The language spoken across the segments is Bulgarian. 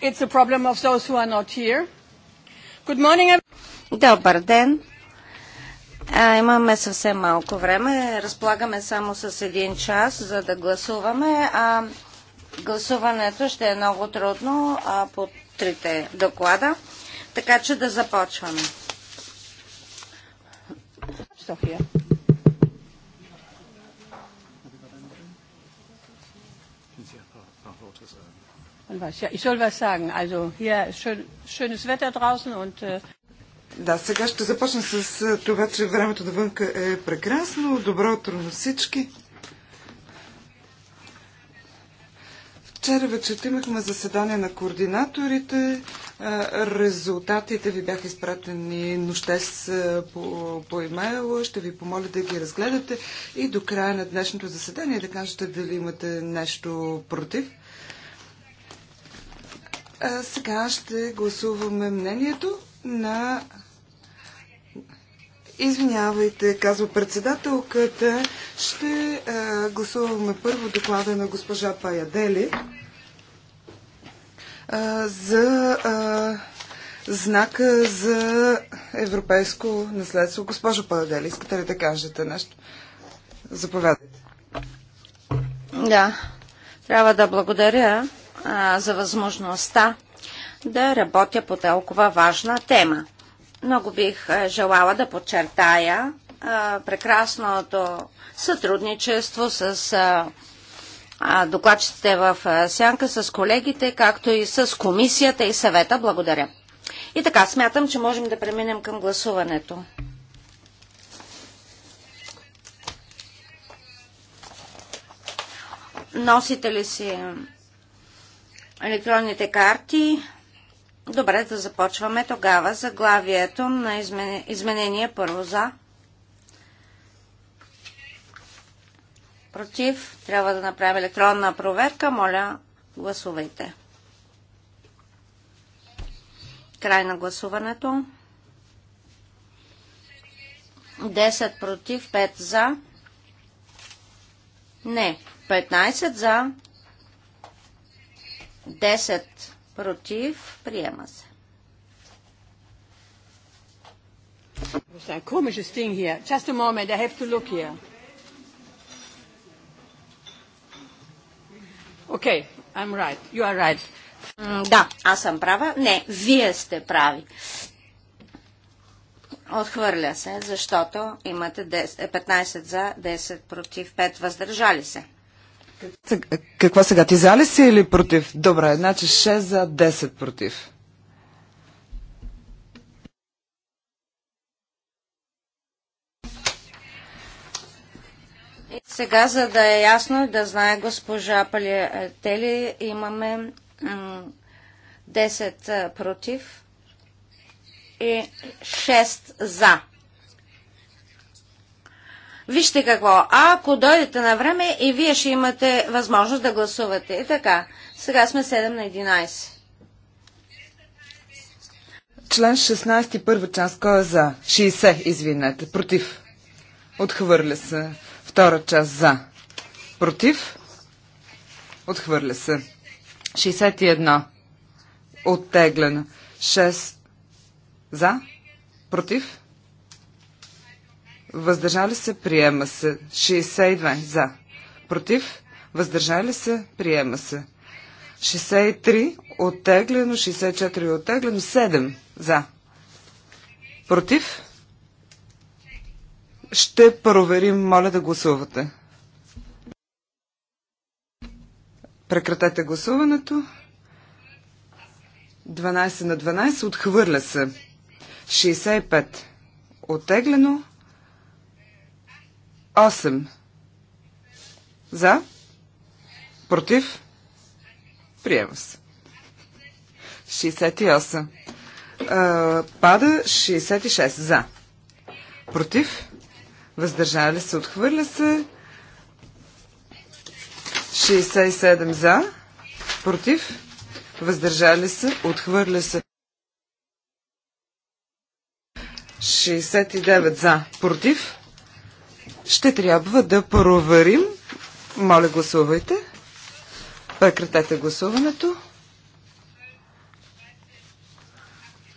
It's a problem of those who are not here. Good morning. Добър ден. А, имаме съвсем малко време. Разполагаме само с един час, за да гласуваме. А, гласуването ще е много трудно а, по трите доклада. Така че да започваме. София. Und was? Ja, ich soll was sagen. Also hier ist schön, schönes Wetter draußen und äh, да, сега ще започна с това, че времето навънка е прекрасно. Добро утро на всички. Вчера вечерта имахме заседание на координаторите. Е, резултатите ви бяха изпратени нощес е, по, по имейл. Ще ви помоля да ги разгледате и до края на днешното заседание да кажете дали имате нещо против. А, сега ще гласуваме мнението на Извинявайте, казва председателката. Ще а, гласуваме първо доклада на госпожа Паядели а, за а, знака за европейско наследство. Госпожа Паядели, искате ли да кажете нещо? Заповядайте. Да, трябва да благодаря за възможността да работя по толкова важна тема. Много бих желала да подчертая прекрасното сътрудничество с докладчиците в сянка, с колегите, както и с комисията и съвета. Благодаря. И така, смятам, че можем да преминем към гласуването. Носите ли си електронните карти. Добре, да започваме тогава заглавието на изменение първо за. Против, трябва да направим електронна проверка. Моля, гласувайте. Край на гласуването. 10 против, 5 за. Не, 15 за, 10 против. Приема се. Окей, Okay, I'm right. You are right. Да, аз съм права. Не, вие сте прави. Отхвърля се, защото имате 10, 15 е, за, 10 против, 5 въздържали се. Какво сега? Ти за ли си или против? Добре, значи 6 за 10 против. Сега, за да е ясно и да знае госпожа Палиатели, имаме 10 против и 6 за. Вижте какво. Ако дойдете на време и вие ще имате възможност да гласувате. И така. Сега сме 7 на 11. Член 16, първа част. Кой е за? 60, извинете. Против. Отхвърля се. Втора част за. Против. Отхвърля се. 61. Оттеглено. 6. За. Против въздържали се, приема се. 62 за, против, въздържали се, приема се. 63 оттеглено, 64 оттеглено, 7 за, против. Ще проверим, моля да гласувате. Прекратете гласуването. 12 на 12 отхвърля се. 65 оттеглено, 8. За. Против. Приема се. 68. А, пада 66. За. Против. Въздържали се. Отхвърля се. 67 за. Против. Въздържали се. Отхвърля се. 69 за. Против. Ще трябва да проверим. Моля, гласувайте. Прекратете гласуването.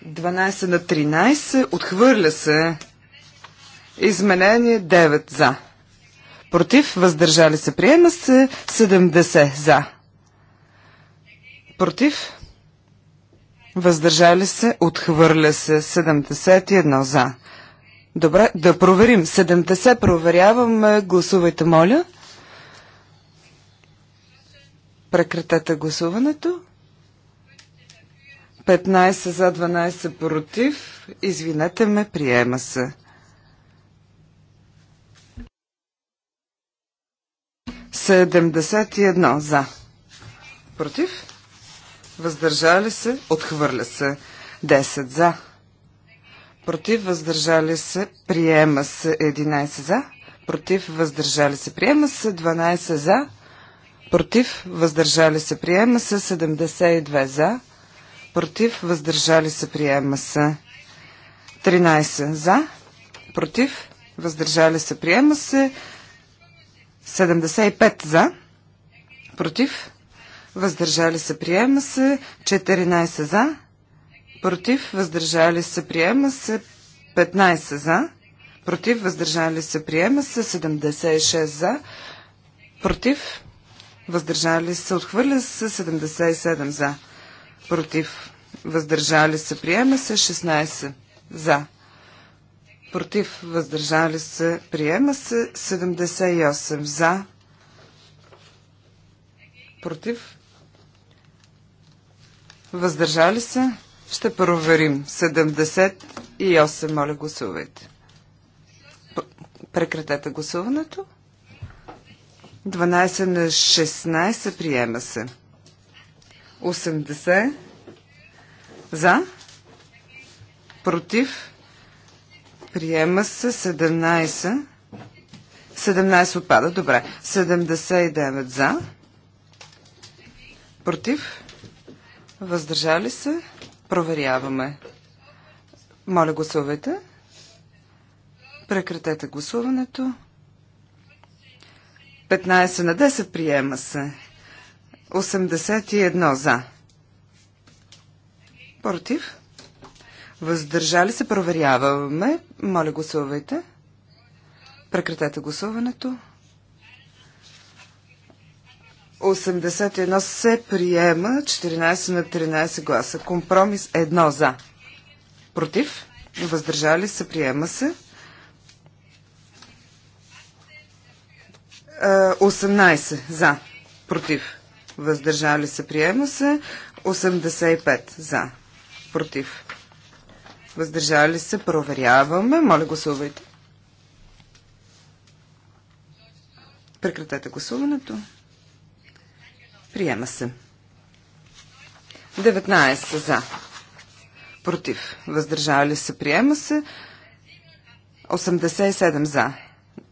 12 на 13. Отхвърля се. Изменение 9 за. Против, въздържали се, приема се 70 за. Против, въздържали се, отхвърля се 71 за. Добре, да проверим. 70 проверяваме. Гласувайте, моля. Прекратете гласуването. 15 за 12 против. Извинете ме, приема се. Седемдесет и едно за. Против? Въздържали се? Отхвърля се. 10 за против, въздържали се, приема се 11 за, против, въздържали се, приема се 12 за, против, въздържали се, приема се 72 за, против, въздържали се, приема се 13 за, против, въздържали се, приема се 75 за, против, въздържали се, приема се 14 за, против, въздържали се, приема се 15 за, против, въздържали се, приема се 76 за, против, въздържали се, отхвърля се 77 за, против, въздържали се, приема се 16 за, против, въздържали се, приема се 78 за, против, въздържали се, ще проверим. 78, моля гласувайте. Прекратете гласуването. 12 на 16 приема се. 80 за. Против. Приема се 17. 17 отпада, добре. 79 за. Против. Въздържали се. Проверяваме. Моля, гласувайте. Прекратете гласуването. 15 на 10 приема се. 81 за. Против. Въздържали се проверяваме. Моля гласувайте. Прекратете гласуването. 81 се приема 14 на 13 гласа. Компромис 1 за. Против. Въздържали се. Приема се. 18 е, за. Против. Въздържали се. Приема се. 85 за. Против. Въздържали се. Проверяваме. Моля гласувайте. Прекратете гласуването. Приема се. 19 за. Против. Въздържали се. Приема се. 87 за.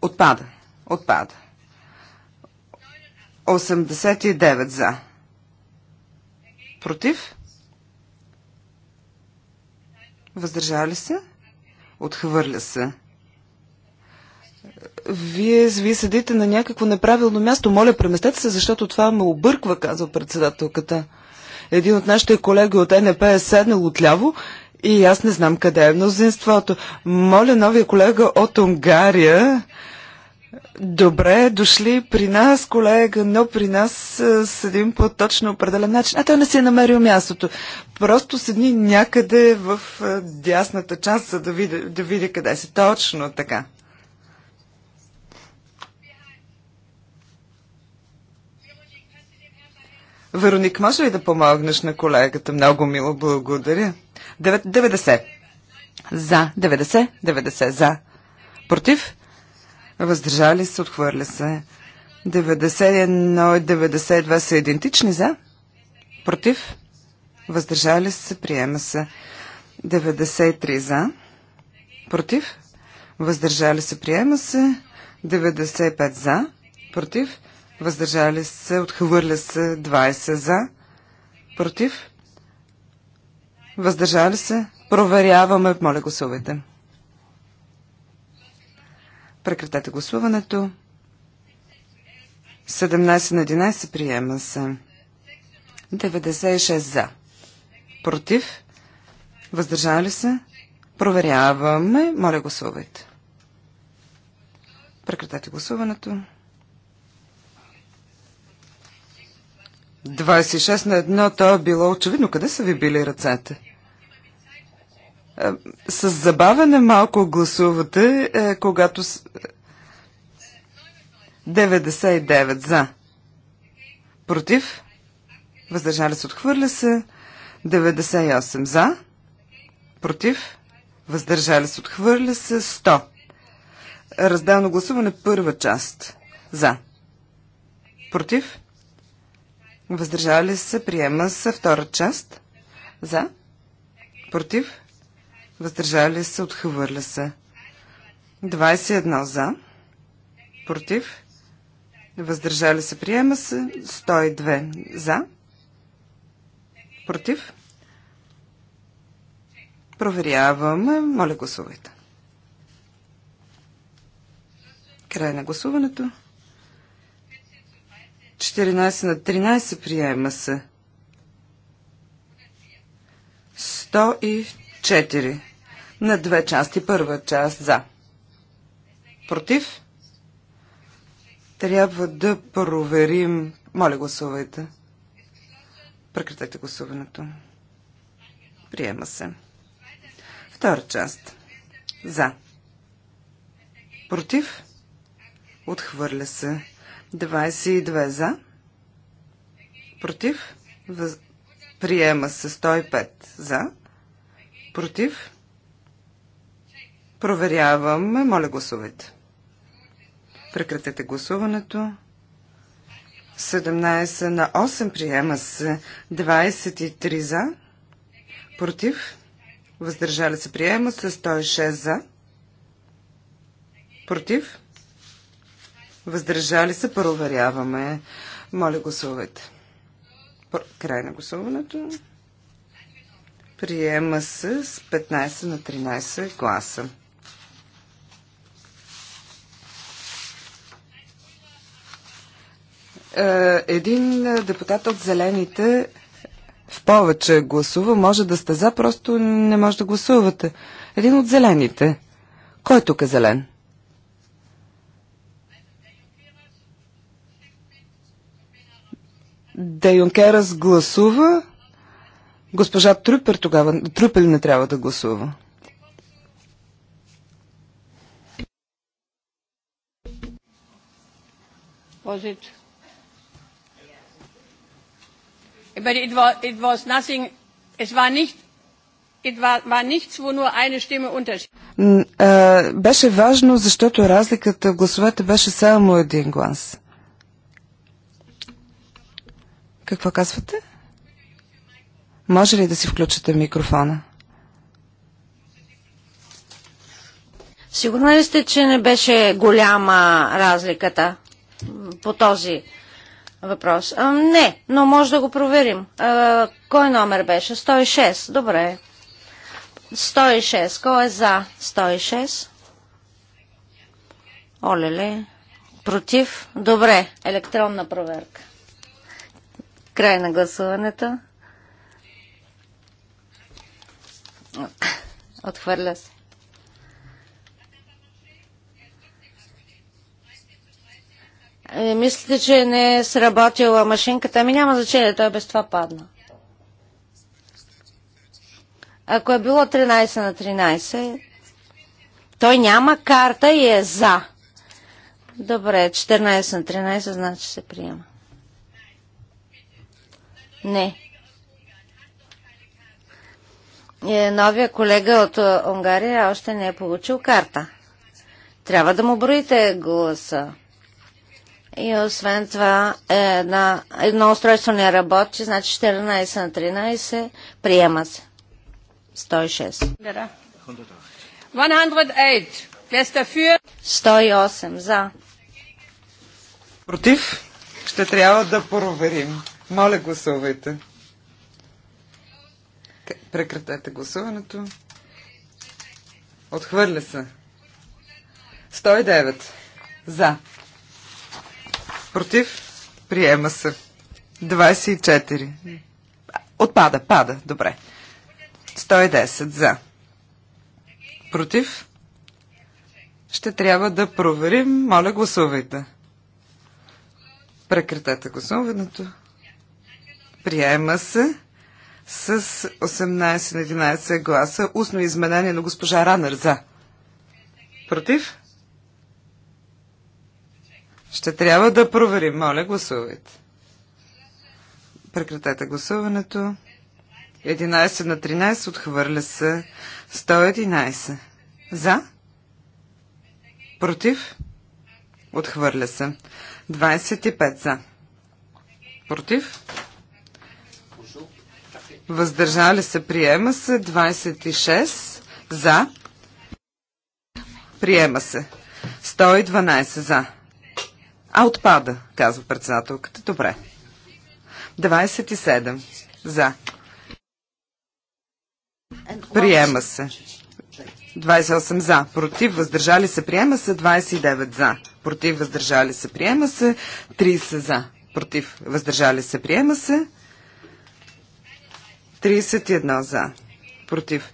Отпада. Отпада. 89 за. Против. Въздържали се. Отхвърля се. Вие, вие седите на някакво неправилно място. Моля, преместете се, защото това ме обърква, казва председателката. Един от нашите колеги от НП е седнал отляво и аз не знам къде е мнозинството. Моля, новия колега от Унгария. Добре, дошли при нас, колега, но при нас седим по точно определен начин. А той не си е намерил мястото. Просто седни някъде в дясната част, за да види, да види къде си. Точно така. Вероник, може ли да помогнеш на колегата? Много мило благодаря. 90. За. 90. 90. За. Против? Въздържали се, отхвърля се. 91 и 92 са идентични за. Против? Въздържали се, приема се. 93 за. Против? Въздържали се, приема се. 95 за. Против? въздържали се, отхвърля се 20 за, против, въздържали се, проверяваме, моля гласувайте. Прекратете гласуването. 17 на 11 приема се. 96 за. Против. Въздържали се. Проверяваме. Моля гласувайте. Прекратете гласуването. 26 на 1, то е било очевидно. Къде са ви били ръцете? Е, с забавене малко гласувате, е, когато... 99 за. Против? Въздържали се, отхвърля се. 98 за. Против? Въздържали се, отхвърля се. 100. Разделно гласуване първа част. За. Против? Въздържали се. Приема се. Втора част. За. Против. Въздържали се. Отхвърля се. 21 за. Против. Въздържали се. Приема се. 102 за. Против. Проверяваме. Моля, гласувайте. Край на гласуването. 14 на 13 приема се. 104 на две части. Първа част за. Против? Трябва да проверим. Моля, гласувайте. Прекратете гласуването. Приема се. Втора част. За. Против? Отхвърля се. 22 за. Против. Въз... Приема се 105 за. Против. Проверяваме. Моля гласувайте. Прекратете гласуването. 17 на 8 приема се 23 за. Против. Въздържали се приема се 106 за. Против. Въздържали се, проверяваме. Моля, гласувайте. Край на гласуването. Приема се с 15 на 13 гласа. Е, един депутат от Зелените в повече гласува. Може да сте за, просто не може да гласувате. Един от Зелените. Кой тук е зелен? Де Юнкерас гласува, госпожа Трюпер тогава, Трюпер не трябва да гласува. Was it? But it was, it was nothing, es war nicht беше важно, защото разликата в гласовете беше само един глас. Какво казвате? Може ли да си включите микрофона? Сигурна ли сте, че не беше голяма разликата по този въпрос? А, не, но може да го проверим. А, кой номер беше? 106. Добре. 106. Кой е за 106? оле ли? Против? Добре. Електронна проверка. Край на гласуването. Отхвърля се. Е, мислите, че не е сработила машинката? Ами няма значение, той без това падна. Ако е било 13 на 13, той няма карта и е за. Добре, 14 на 13 значи се приема. Не. Е, новия колега от е, Унгария още не е получил карта. Трябва да му броите гласа. И освен това, е, една, едно устройство не работи, значи 14 на 13 приема се. 106. 108 за. Против? Ще трябва да проверим. Моля, гласувайте. Прекратете гласуването. Отхвърля се. 109. За. Против. Приема се. 24. Отпада, пада. Добре. 110. За. Против. Ще трябва да проверим. Моля, гласувайте. Прекратете гласуването. Приема се с 18 на 11 гласа. Устно изменение на госпожа Ранър за. Против? Ще трябва да проверим. Моля, гласувайте. Прекратете гласуването. 11 на 13 отхвърля се. 111. За? Против? Отхвърля се. 25 за. Против? въздържали се, приема се. 26 за, приема се. 112 за. А отпада, казва председателката. Добре. 27 за. Приема се. 28 за. Против, въздържали се, приема се. 29 за. Против, въздържали се, приема се. 30 за. Против, въздържали се, приема се. 31 за. Против.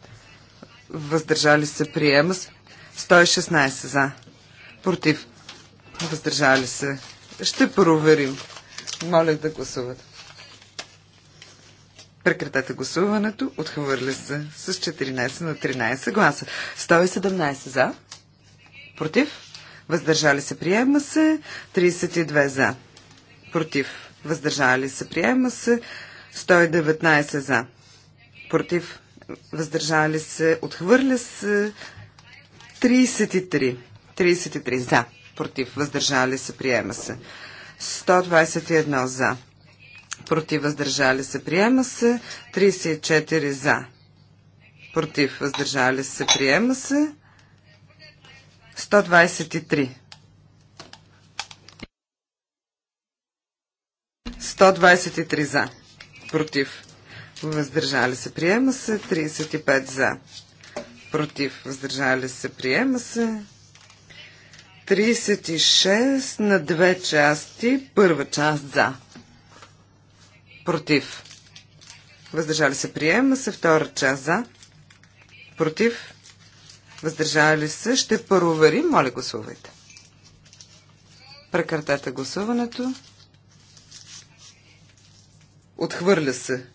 Въздържали се. Приема се. 116 за. Против. Въздържали се. Ще проверим. Моля да гласуват. Прекратете гласуването. Отхвърли се с 14 на 13 гласа. 117 за. Против. Въздържали се. Приема се. 32 за. Против. Въздържали се. Приема се. 119 за. Против. Въздържали се. Отхвърля се. 33. 33 за. Против. Въздържали се. Приема се. 121 за. Против. Въздържали се. Приема се. 34 за. Против. Въздържали се. Приема се. 123. 123 за против, въздържали се, приема се, 35 за, против, въздържали се, приема се, 36 на две части, първа част за, против, въздържали се, приема се, втора част за, против, въздържали се, ще проверим, моля гласувайте. Прекратете гласуването. Отхвърля се.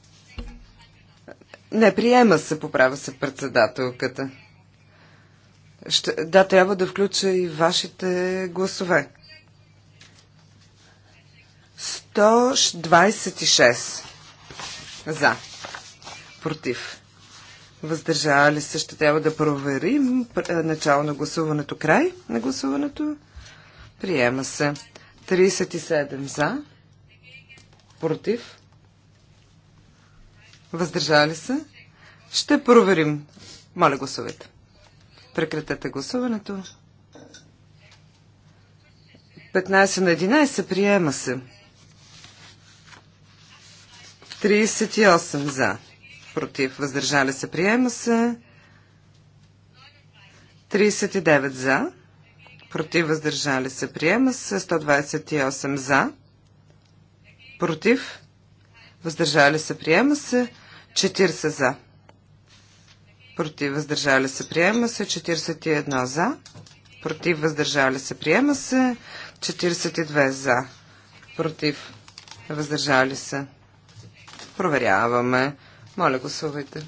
Не, приема се, поправя се председателката. Ще, да, трябва да включа и вашите гласове. 126 за. Против. Въздържали се, ще трябва да проверим е, начало на гласуването, край на гласуването. Приема се. 37 за. Против. Въздържали се? Ще проверим. Моля, гласовете. Прекратете гласуването. 15 на 11 приема се. 38 за. Против. Въздържали се. Приема се. 39 за. Против. Въздържали се. Приема се. 128 за. Против. Въздържали се. Приема се. 40 за. Против въздържали се приема се 41 за. Против въздържали се приема се 42 за. Против въздържали се. Проверяваме. Моля гласувайте.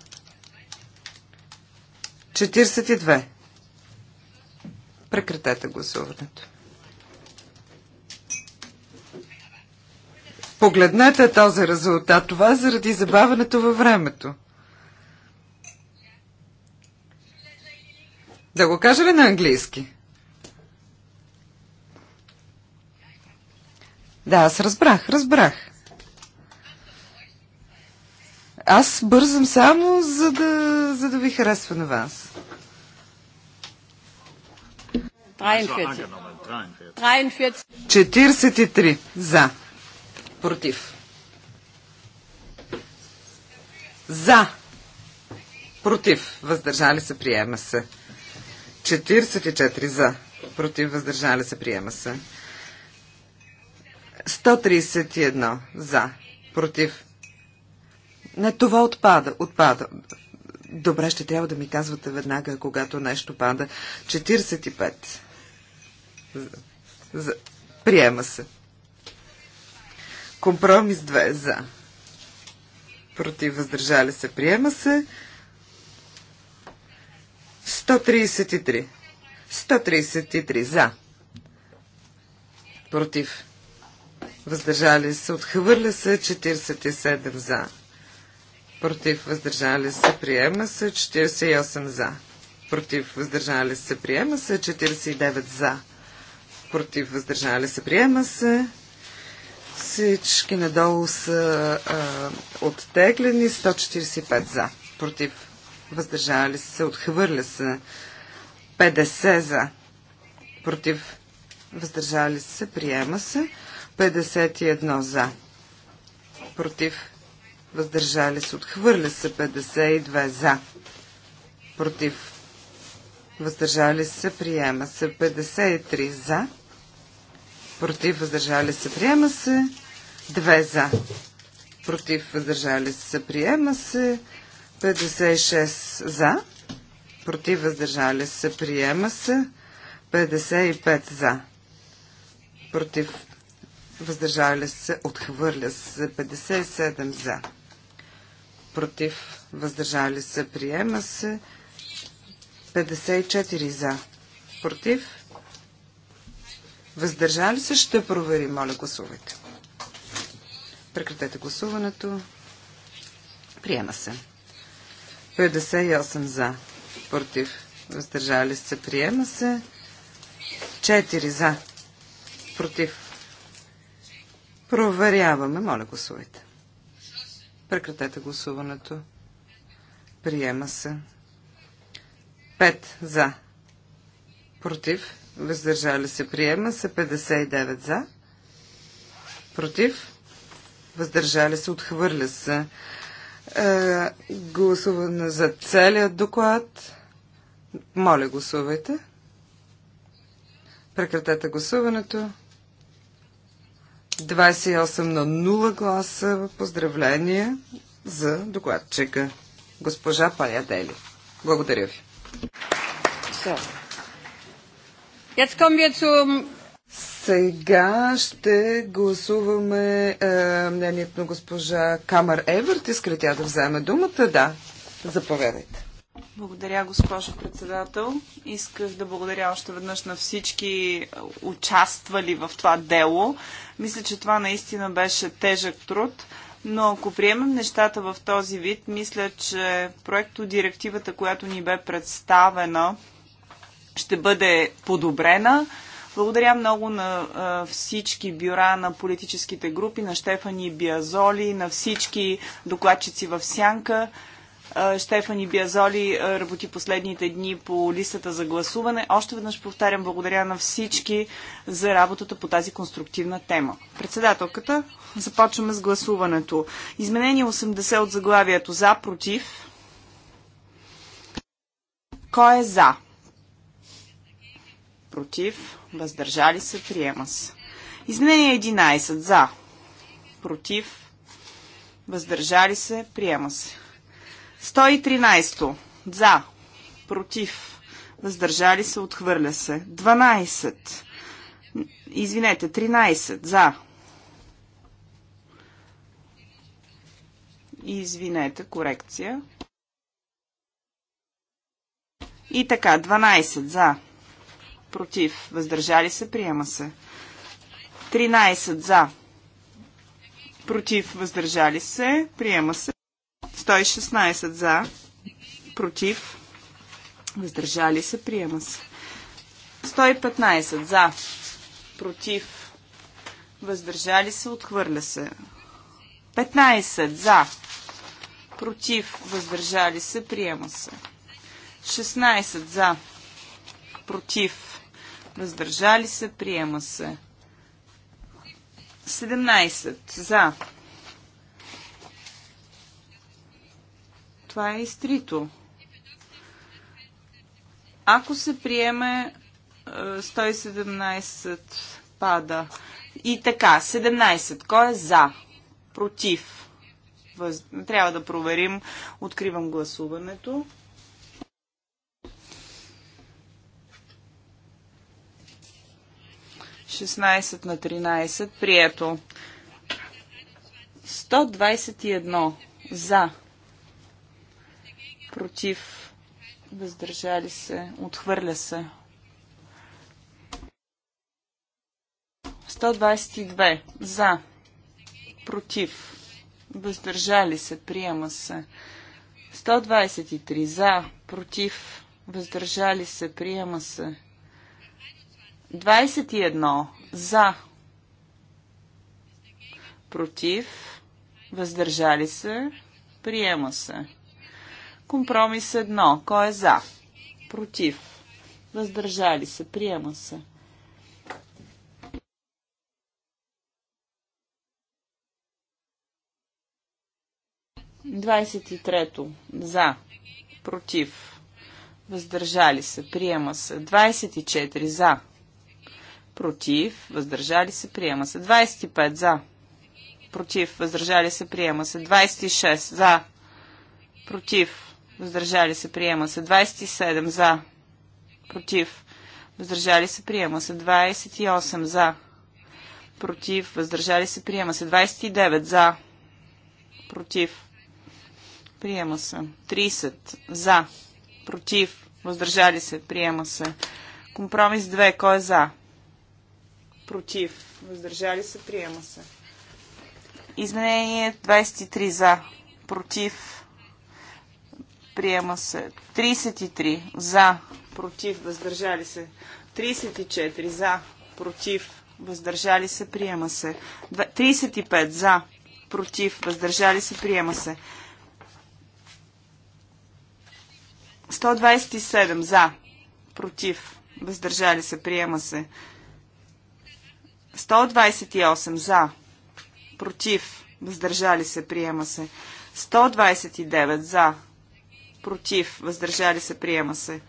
42. Прекратете гласуването. Погледнете този резултат. Това е заради забавянето във времето. Да го кажа ли на английски? Да, аз разбрах, разбрах. Аз бързам само, за да, за да ви харесва на вас. 43. 43. 43. 43. За. Против. За. Против. Въздържали се. Приема се. 44 за. Против. Въздържали се. Приема се. 131 за. Против. Не, това отпада. Отпада. Добре, ще трябва да ми казвате веднага, когато нещо пада. 45. За. за. Приема се. Компромис 2 за. Против въздържали се. Приема се. 133. 133 за. Против. Въздържали се. Отхвърля се. 47 за. Против. Въздържали се. Приема се. 48 за. Против. Въздържали се. Приема се. 49 за. Против. Въздържали се. Приема се. Всички надолу са а, оттеглени. 145 за. Против. Въздържали се. Отхвърля се. 50 за. Против. Въздържали се. Приема се. 51 за. Против. Въздържали се. Отхвърля се. 52 за. Против. Въздържали се. Приема се. 53 за против, въздържали се, приема се. 2 за, против, въздържали се, приема се. 56 за, против, въздържали се, приема се. 55 за, против, въздържали се, отхвърля се. 57 за, против, въздържали се, приема се. 54 за, против, Въздържали се ще провери. Моля, гласувайте. Прекратете гласуването. Приема се. 58 за. Против. Въздържали се. Приема се. 4 за. Против. Проверяваме. Моля, гласувайте. Прекратете гласуването. Приема се. 5 за. Против въздържали се, приема се 59 за, против, въздържали се, отхвърля се. Е, гласуване за целият доклад. Моля, гласувайте. Прекратете гласуването. 28 на 0 гласа. Поздравления за докладчика, госпожа Паядели. Благодаря ви. Все. Сега ще гласуваме е, мнението на госпожа Камър Еверт. Искали тя да вземе думата? Да. Заповядайте. Благодаря, госпожо председател. Исках да благодаря още веднъж на всички е, участвали в това дело. Мисля, че това наистина беше тежък труд. Но ако приемем нещата в този вид, мисля, че проекто директивата, която ни бе представена, ще бъде подобрена. Благодаря много на всички бюра на политическите групи, на Штефани Биазоли, на всички докладчици в Сянка. Штефани Биазоли работи последните дни по листата за гласуване. Още веднъж повтарям благодаря на всички за работата по тази конструктивна тема. Председателката, започваме с гласуването. Изменение 80 от заглавието за, против. Кой е за? против, въздържали се, приема се. Изменение 11 за, против, въздържали се, приема се. 113 за, против, въздържали се, отхвърля се. 12, извинете, 13 за, извинете, корекция. И така, 12 за, против, въздържали се, приема се. 13 за, против, въздържали се, приема се. 116 за, против, въздържали се, приема се. 115 за, против, въздържали се, отхвърля се. 15 за, против, въздържали се, приема се. 16 за, против, въздържали се, приема се. 17 за. Това е изтрито. Ако се приеме 117 е, пада. И така, 17. Кой е за? Против? Въз... Трябва да проверим. Откривам гласуването. 16 на 13. Прието. 121 за. Против. Въздържали се. Отхвърля се. 122 за. Против. Въздържали се. Приема се. 123 за. Против. Въздържали се. Приема се. 21 за, против, въздържали се, приема се. Компромис 1. Кой е за? Против. Въздържали се, приема се. Двадесет и трето. За. Против. Въздържали се. Приема се. Двадесет и четири. За против, въздържали се, приема се. 25 за, против, въздържали се, приема се. 26 за, против, въздържали се, приема се. 27 за, против, въздържали се, приема се. 28 за, против, въздържали се, приема се. 29 за, против, приема се. 30 за, против, въздържали се, приема се. Компромис 2, кой е за? против, въздържали се, приема се. Изменение 23 за, против, приема се. 33 за, против, въздържали се. 34 за, против, въздържали се, приема се. 35 за, против, въздържали се, приема се. 127 за, против, въздържали се, приема се. 128 за, против, въздържали се, приема се. 129 за, против, въздържали се, приема се.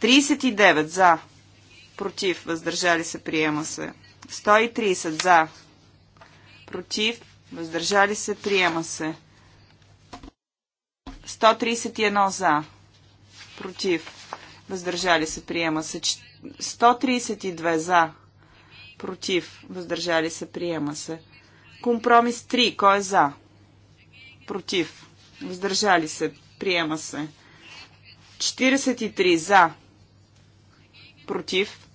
39 за, против, въздържали се, приема се. 130 за, против, въздържали се, приема се. 131 за, против, въздържали се, приема се. 132 за, Против. Въздържали се. Приема се. Компромис 3. Кой е за? Против. Въздържали се. Приема се. 43. За. Против.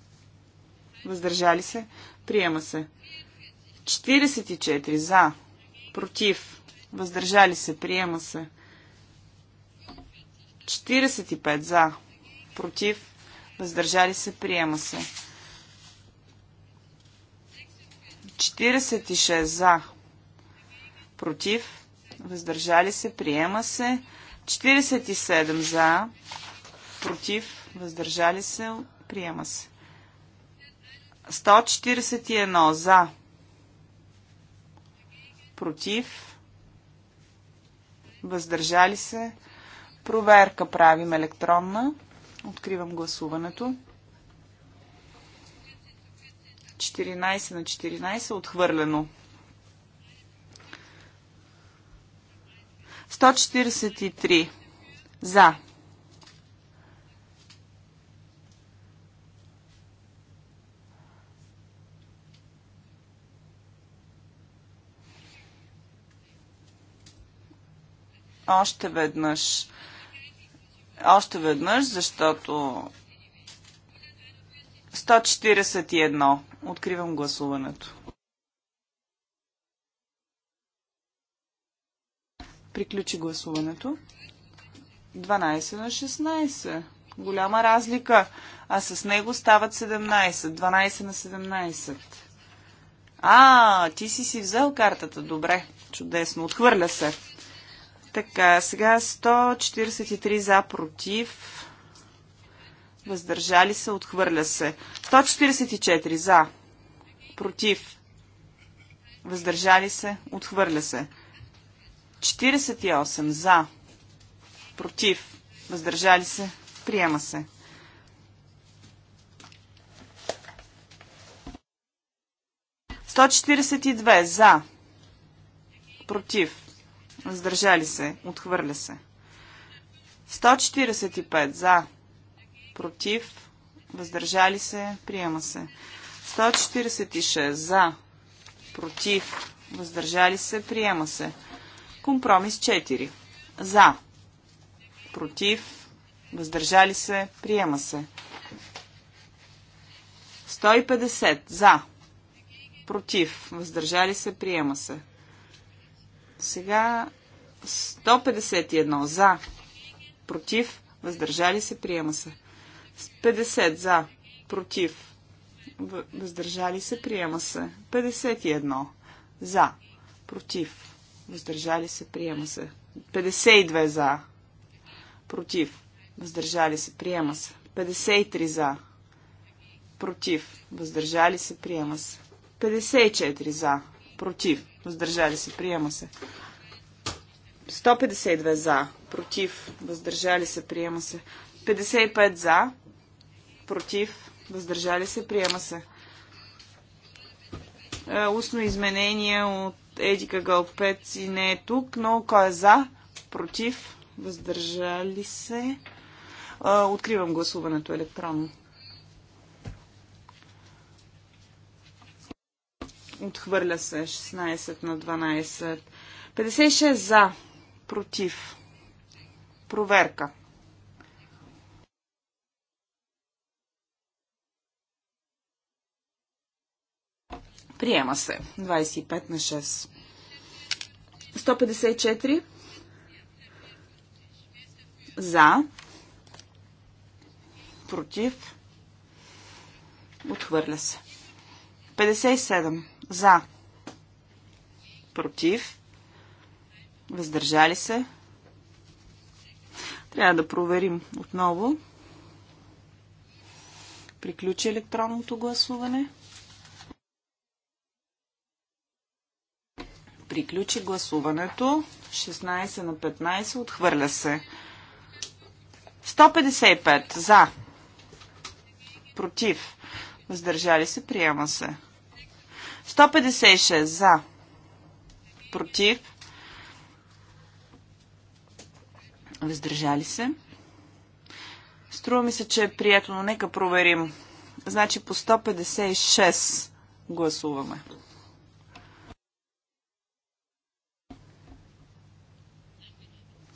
Въздържали се. Приема се. 44. За. Против. Въздържали се. Приема се. 45. За. Против. Въздържали се. Приема се. 46 за, против, въздържали се, приема се. 47 за, против, въздържали се, приема се. 141 за, против, въздържали се. Проверка правим електронна. Откривам гласуването. 14 на 14 е отхвърлено. 143 за. Още веднъж. Още веднъж, защото 141. Откривам гласуването. Приключи гласуването. 12 на 16. Голяма разлика. А с него стават 17. 12 на 17. А, ти си си взел картата. Добре. Чудесно. Отхвърля се. Така, сега 143 за против въздържали се, отхвърля се. 144 за, против, въздържали се, отхвърля се. 48 за, против, въздържали се, приема се. Сто четиридесет и две за, против, въздържали се, отхвърля се. 145 за, против, въздържали се, приема се. 146 за, против, въздържали се, приема се. Компромис 4 за, против, въздържали се, приема се. 150 за, против, въздържали се, приема се. Сега 151 за, против, въздържали се, приема се. 50 за, против, въздържали се, приема се. 51 за, против, въздържали се, приема се. 52 за, против, въздържали се, приема се. 53 за, против, въздържали се, приема се. 54 за, против, въздържали се, приема се. 152 за, против, въздържали се, приема се. 55 за, против, въздържали се, приема се. Е, устно изменение от Едика Гълпец и не е тук, но кой е за, против, въздържали се. Е, откривам гласуването електронно. Отхвърля се 16 на 12. 56 за, против. Проверка. Приема се. 25 на 6. 154 за, против, отхвърля се. 57 за, против, въздържали се. Трябва да проверим отново. Приключи електронното гласуване. Приключи гласуването. 16 на 15. Отхвърля се. 155. За. Против. Въздържали се. Приема се. 156. За. Против. Въздържали се. Струва ми се, че е прието, но нека проверим. Значи по 156 гласуваме.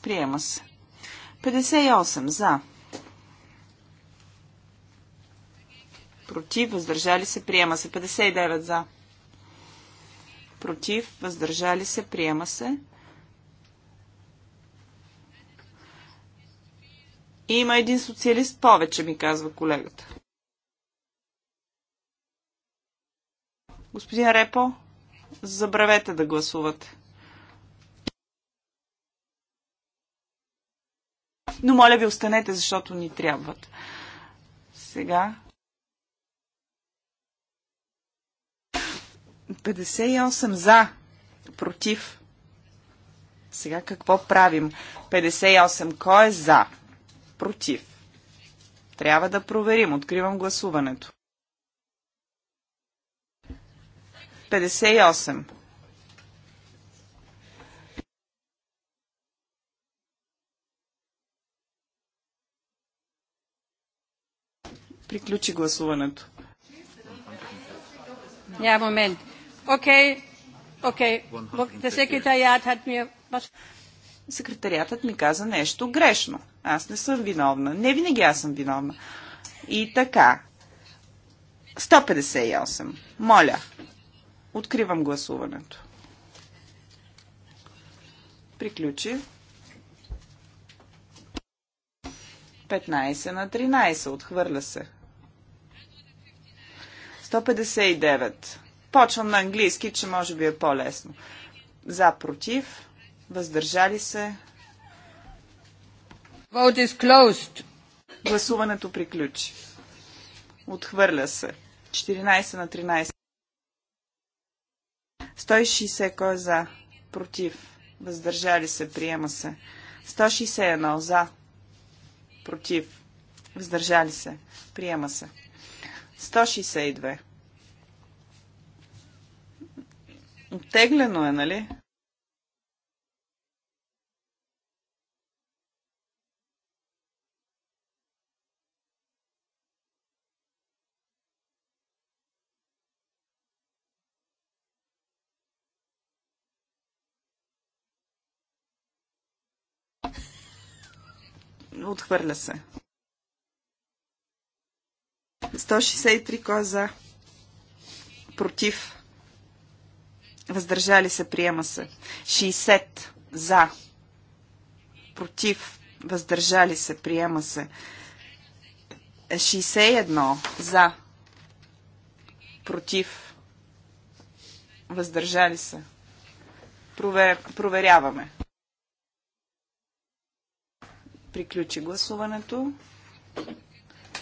Приема се. 58 за. Против, въздържали се, приема се. 59 за. Против, въздържали се, приема се. Има един социалист повече, ми казва колегата. Господин Репо, забравете да гласувате. но моля ви останете, защото ни трябват. Сега. 58 за, против. Сега какво правим? 58. Кой е за? Против. Трябва да проверим. Откривам гласуването. 58. Приключи гласуването. Ja, момент. Окей. Окей. Секретариатът ми каза нещо грешно. Аз не съм виновна. Не винаги аз съм виновна. И така. 158. Моля. Откривам гласуването. Приключи. 15 на 13. Отхвърля се. 159. Почвам на английски, че може би е по-лесно. За, против, въздържали се. Vote is closed. Гласуването приключи. Отхвърля се. 14 на 13. 160 кой е за? Против. Въздържали се. Приема се. 161 за. Против. Въздържали се. Приема се. 162. Оттеглено е, нали? Отхвърля се. 163 кой е за? Против. Въздържали се, приема се. 60 за. Против. Въздържали се, приема се. 61 за. Против. Въздържали се. Провер... Проверяваме. Приключи гласуването.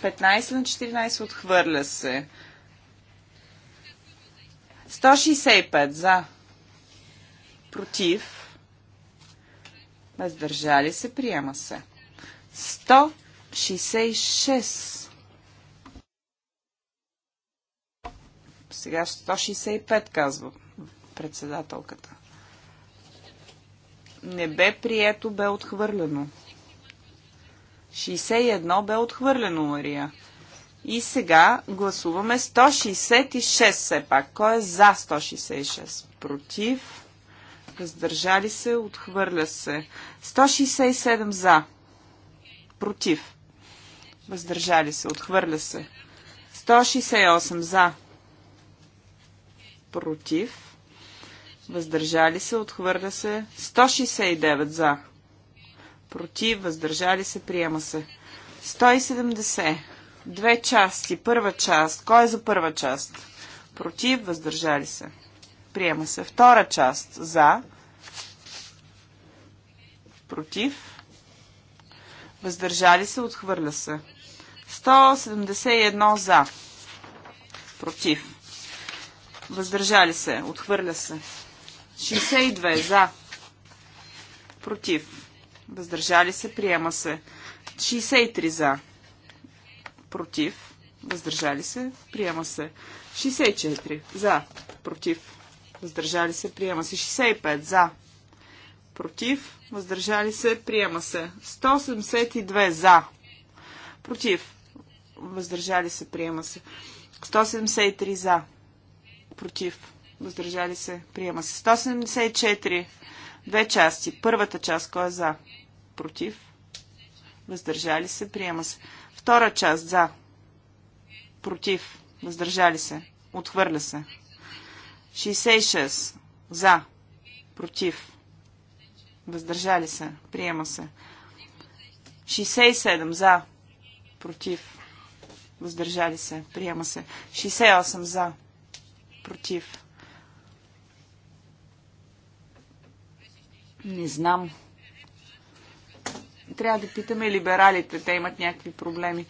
15 на 14 отхвърля се. 165 за. Против. Въздържали се. Приема се. 166. Сега 165 казва председателката. Не бе прието, бе отхвърлено. 61 бе отхвърлено, Мария. И сега гласуваме 166 все пак. Кой е за 166? Против? Въздържали се? Отхвърля се. 167 за. Против? Въздържали се? Отхвърля се. 168 за. Против? Въздържали се? Отхвърля се. 169 за против, въздържали се, приема се. 170. Две части. Първа част. Кой е за първа част? Против, въздържали се. Приема се. Втора част. За. Против. Въздържали се, отхвърля се. 171 за. Против. Въздържали се, отхвърля се. 62 за. Против въздържали се, приема се. 63 за, против, въздържали се, приема се. 64 за, против, въздържали се, приема се. 65 за, против, въздържали се, приема се. 172 за, против, въздържали се, приема се. 173 за, против, въздържали се, приема се. 174 Две части. Първата част, кой е за? Против? Въздържали се? Приема се. Втора част, за? Против? Въздържали се? Отхвърля се. 66. За. Против. Въздържали се. Приема се. 67. За. Против. Въздържали се. Приема се. 68. За. Против. Не знам. Трябва да питаме либералите. Те имат някакви проблеми.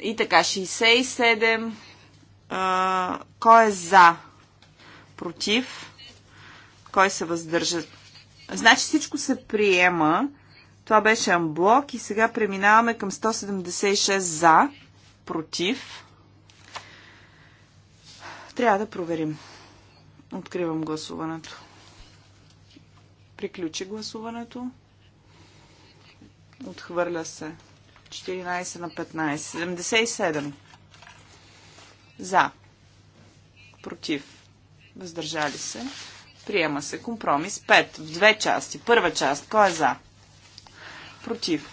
И така, 67. кой е за? Против? Кой се въздържа? Значи всичко се приема. Това беше амблок и сега преминаваме към 176 за, против. Трябва да проверим. Откривам гласуването. Приключи гласуването. Отхвърля се. 14 на 15. 77. За. Против. Въздържали се. Приема се компромис 5 в две части. Първа част. Кой е за? Против.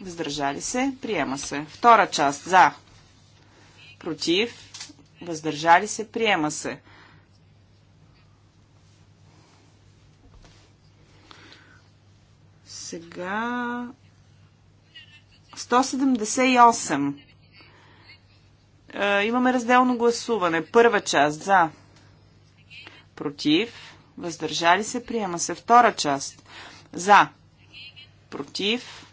Въздържали се. Приема се. Втора част. За. Против. Въздържали се. Приема се. Сега 178. Е, имаме разделно гласуване. Първа част за. Против. Въздържали се. Приема се. Втора част. За. Против.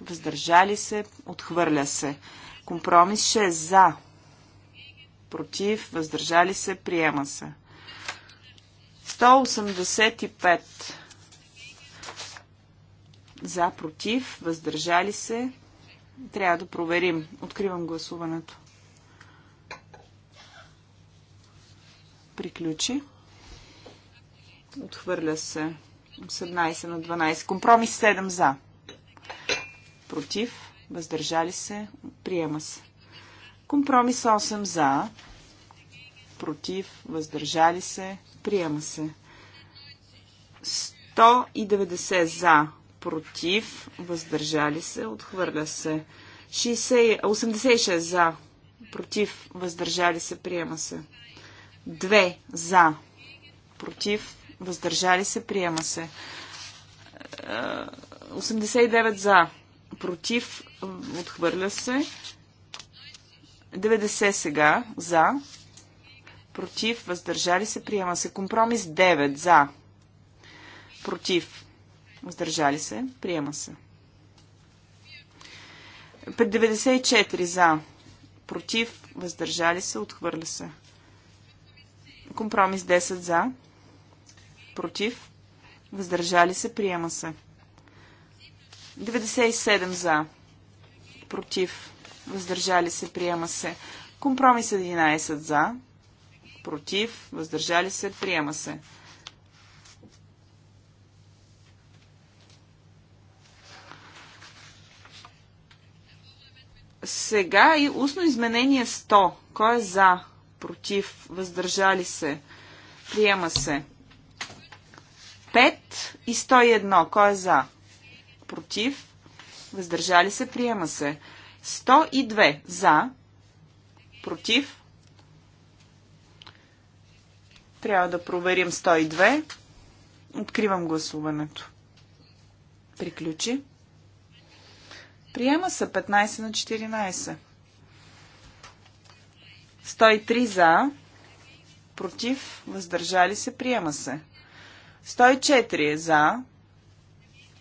Въздържали се. Отхвърля се. Компромис 6. За. Против. Въздържали се. Приема се. 185. За, против, въздържали се. Трябва да проверим. Откривам гласуването. Приключи. Отхвърля се. 18 на 12. Компромис 7 за. Против. Въздържали се. Приема се. Компромис 8 за. Против. Въздържали се. Приема се. 190 за против, въздържали се, отхвърля се. 60, 86 за, против, въздържали се, приема се. 2 за, против, въздържали се, приема се. 89 е, за, против, отхвърля се. 90 сега, за, против, въздържали се, приема се. Компромис 9 за, против, Въздържали се. Приема се. 94 за. Против. Въздържали се. Отхвърля се. Компромис 10 за. Против. Въздържали се. Приема се. 97 за. Против. Въздържали се. Приема се. Компромис 11 за. Против. Въздържали се. Приема се. Сега и устно изменение 100. Кой е за? Против? Въздържали се? Приема се. 5 и 101. Кой е за? Против? Въздържали се? Приема се. 102. За? Против? Трябва да проверим 102. Откривам гласуването. Приключи. Приема се 15 на 14. 103 за, против, въздържали се, приема се. 104 за,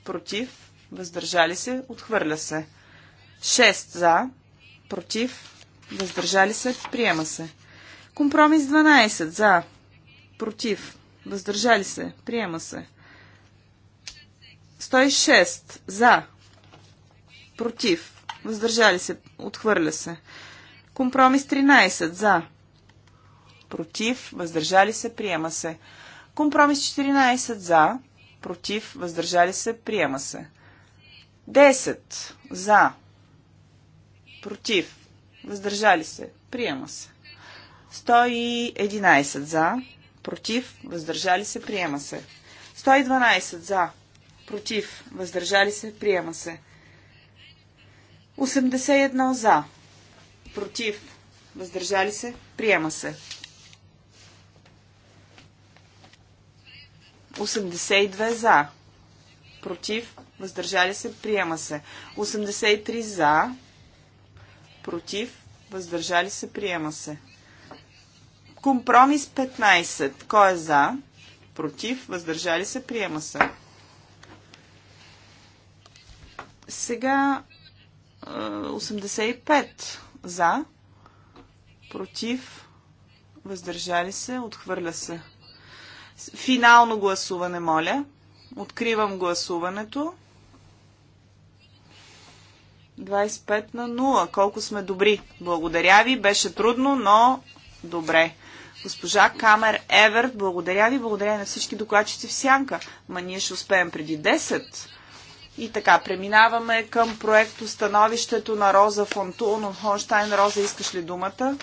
против, въздържали се, отхвърля се. 6 за, против, въздържали се, приема се. Компромис 12 за, против, въздържали се, приема се. 106 за, Против. Въздържали се. Отхвърля се. Компромис 13. За. Против. Въздържали се. Приема се. Компромис 14. За. Против. Въздържали се. Приема се. 10. За. Против. Въздържали се. Приема се. 111 за. Против. Въздържали се. Приема се. 112 за. Против. Въздържали се. Приема се. 81 за. Против. Въздържали се. Приема се. 82 за. Против. Въздържали се. Приема се. 83 за. Против. Въздържали се. Приема се. Компромис 15. Кой е за? Против. Въздържали се. Приема се. Сега 85 за, против, въздържали се, отхвърля се. Финално гласуване, моля. Откривам гласуването. 25 на 0. Колко сме добри. Благодаря ви. Беше трудно, но добре. Госпожа Камер Еверт, благодаря ви. Благодаря на всички докладчици в Сянка. Ма ние ще успеем преди 10. И така, преминаваме към проекто становището на Роза Фонтун от Хонштайн. Роза, искаш ли думата?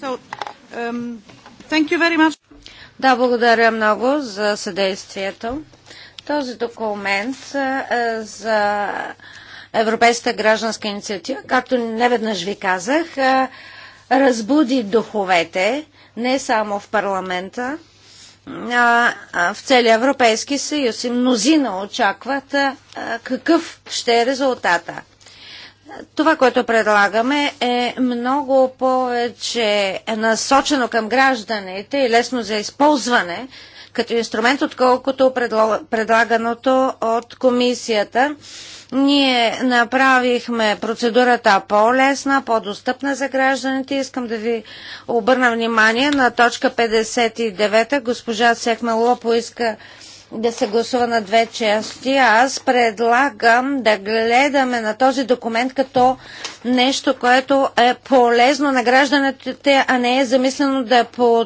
So, um, thank you very much. Да, благодаря много за съдействието. Този документ е за Европейската гражданска инициатива, както неведнъж ви казах, е, разбуди духовете не само в парламента, в целия Европейски съюз и мнозина очакват какъв ще е резултата. Това, което предлагаме е много повече насочено към гражданите и лесно за използване като инструмент, отколкото предлаганото от комисията. Ние направихме процедурата по-лесна, по-достъпна за гражданите. Искам да ви обърна внимание на точка 59. Госпожа Сехмелова поиска да се гласува на две части. Аз предлагам да гледаме на този документ като нещо, което е полезно на гражданите, а не е замислено да е, по,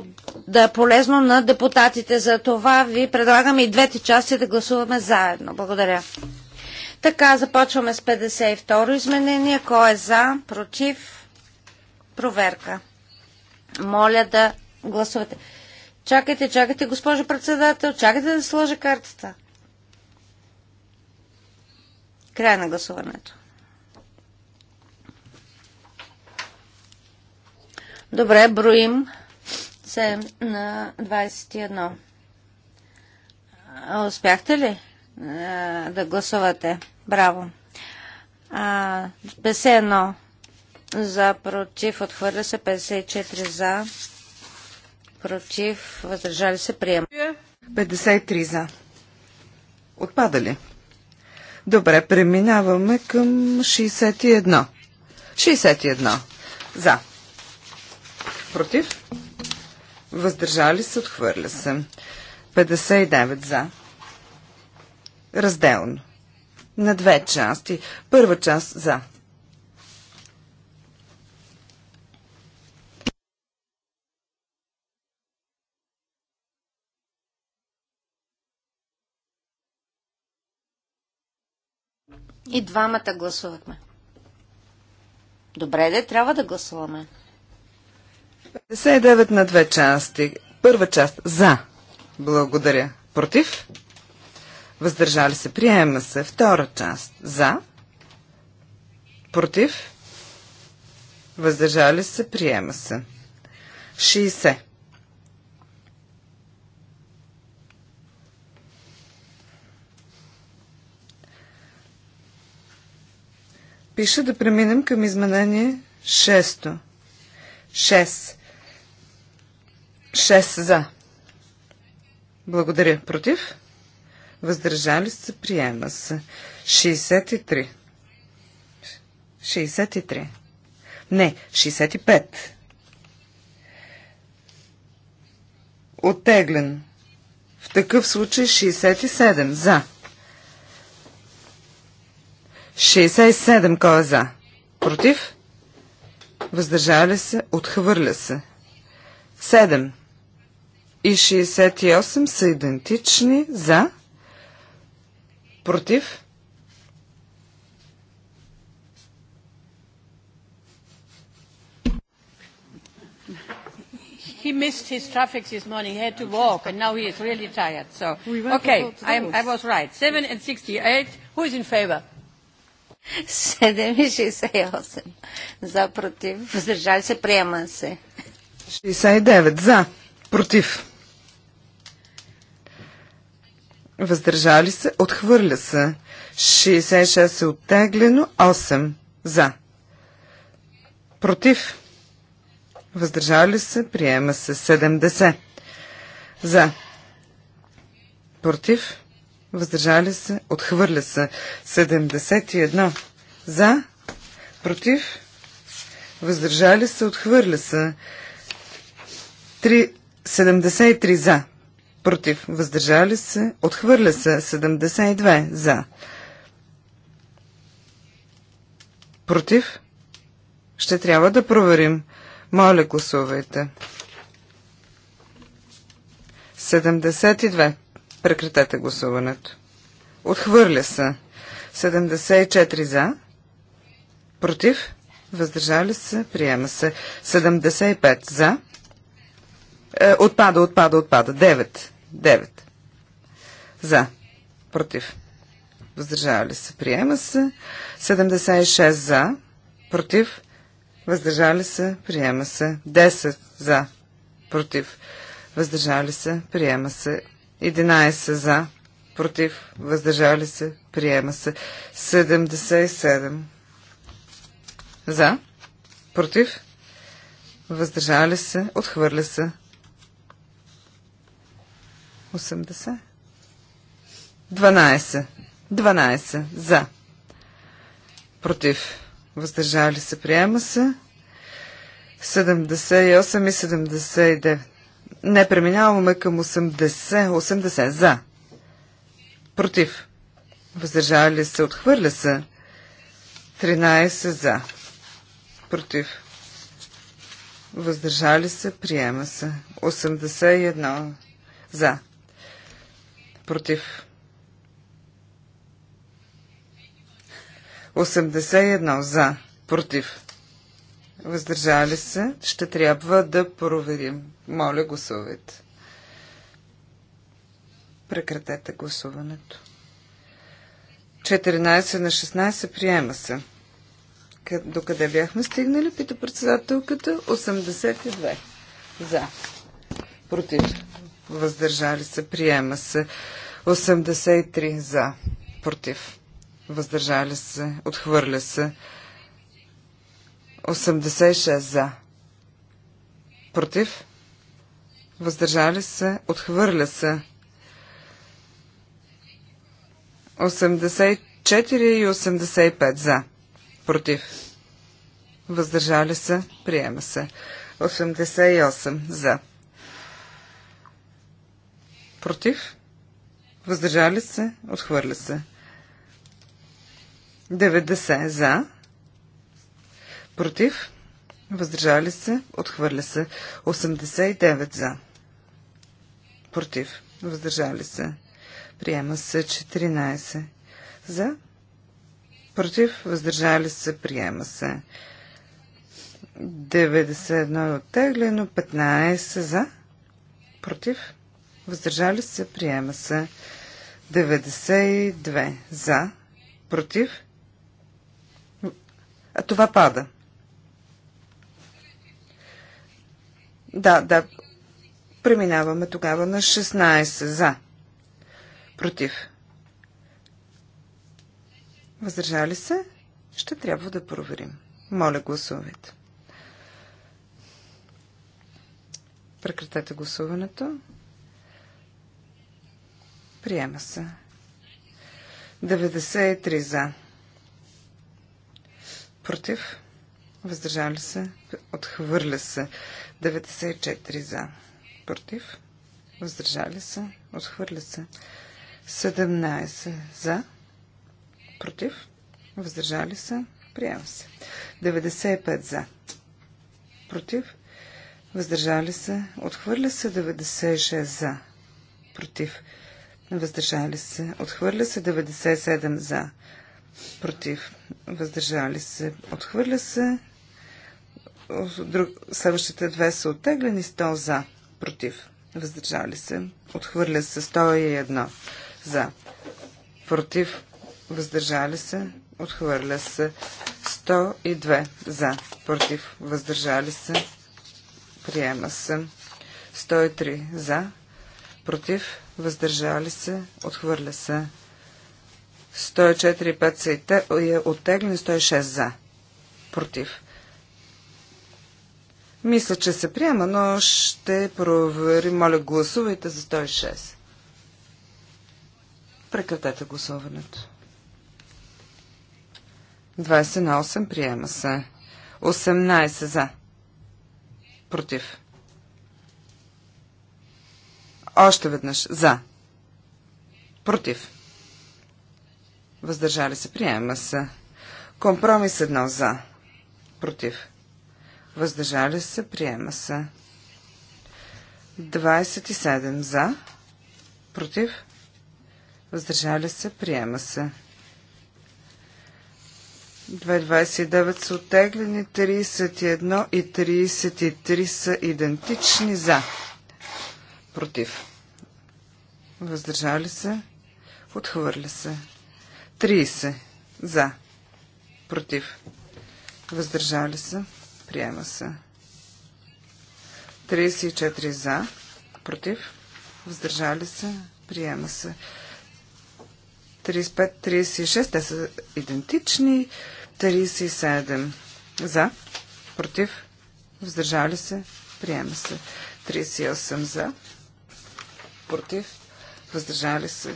да е полезно на депутатите. За това ви предлагам и двете части да гласуваме заедно. Благодаря. Така, започваме с 52-ро изменение. Кой е за, против? Проверка. Моля да гласувате. Чакайте, чакайте, госпожо председател, чакайте да сложа картата. Край на гласуването. Добре, броим 7 на 21. Успяхте ли? Е, да гласувате. Браво. А, 51 за, против, отхвърля се, 54 за, против, въздържали се, приема. 53 за. Отпада ли? Добре, преминаваме към 61. 61. За. Против? Въздържали се, отхвърля се. 59 за разделно. На две части. Първа част за. И двамата гласувахме. Добре, де, трябва да гласуваме. 59 на две части. Първа част за. Благодаря. Против? въздържали се, приема се. Втора част за, против, въздържали се, приема се. 60. Пиша да преминем към изменение 6. 6. 6 за. Благодаря. Против? въздържали се, приема се. 63. 63. Не, 65. Оттеглен. В такъв случай 67. За. 67. Кой е за? Против? Въздържали се? Отхвърля се. 7 и 68 са идентични за, Против? he missed his traffic this morning. He had to walk, and now he is really tired. So, okay, I, I was right. Seven and sixty-eight. Who is in favor? 7,68. За, против. Въздържали се, приема се. 69. За, против въздържали се, отхвърля се. 66 е оттеглено, 8 за. Против, въздържали се, приема се 70 за. Против, въздържали се, отхвърля се 71 за. Против, въздържали се, отхвърля се 3, 73 за против, въздържали се, отхвърля се 72 за. Против? Ще трябва да проверим. Моля, гласувайте. 72. Прекратете гласуването. Отхвърля се. 74 за. Против? Въздържали се? Приема се. 75 за. Е, отпада, отпада, отпада. 9 9. За. Против. Въздържали се. Приема се. 76 за. Против. Въздържали се. Приема се. 10 за. Против. Въздържали се. Приема се. 11 за. Против. Въздържали се. Приема се. 77 за. Против. Въздържали се. Отхвърля се. 80. 12. 12. За. Против. Въздържали се. Приема се. 78 и 79. Не преминаваме към 80. 80. За. Против. Въздържали се. Отхвърля се. 13 за. Против. Въздържали се. Приема се. 81 за. Против. 81 за. Против. Въздържали се. Ще трябва да проверим. Моля, гласувайте. Прекратете гласуването. 14 на 16 приема се. До къде бяхме стигнали, пита председателката. 82. За. Против въздържали се, приема се. 83 за, против, въздържали се, отхвърля се. 86 за, против, въздържали се, отхвърля се. 84 и 85 за, против, въздържали се, приема се. 88 за, Против? Въздържали се? Отхвърля се. 90 за. Против? Въздържали се? Отхвърля се. 89 за. Против? Въздържали се? Приема се 14. За? Против? Въздържали се? Приема се. 91 е оттеглено. 15 за? Против? въздържали се, приема се. 92 за, против. А това пада. Да, да. Преминаваме тогава на 16 за, против. Въздържали се? Ще трябва да проверим. Моля, гласувайте. Прекратете гласуването. Приема се. 93 за. Против. Въздържали се. Отхвърля се. 94 за. Против. Въздържали се. Отхвърля се. 17 за. Против. Въздържали се. Приема се. 95 за. Против. Въздържали се. Отхвърля се. 96 за. Против въздържали се, отхвърля се 97 за, против, въздържали се, отхвърля се, друг, следващите две са оттеглени, 100 за, против, въздържали се, отхвърля се 101 за, против, въздържали се, отхвърля се 102 за, против, въздържали се, приема се 103 за, против, въздържали се, отхвърля се. са и 5 се е оттеглен, 106 за, против. Мисля, че се приема, но ще проверим. Моля, гласувайте за 106. Прекратете гласуването. 20 на 8 приема се. 18 за. Против. Още веднъж. За. Против. Въздържали се. Приема се. Компромис едно. За. Против. Въздържали се. Приема се. 27 за. Против. Въздържали се. Приема се. 229 са оттеглени, 31 и 33 са идентични за. Против. Въздържали се. Отхвърля се. 30. За. Против. Въздържали се. Приема се. 34 за. Против. Въздържали се. Приема се. 35, 36. Те са идентични. 37 за. Против. Въздържали се. Приема се. 38 за против, въздържали се.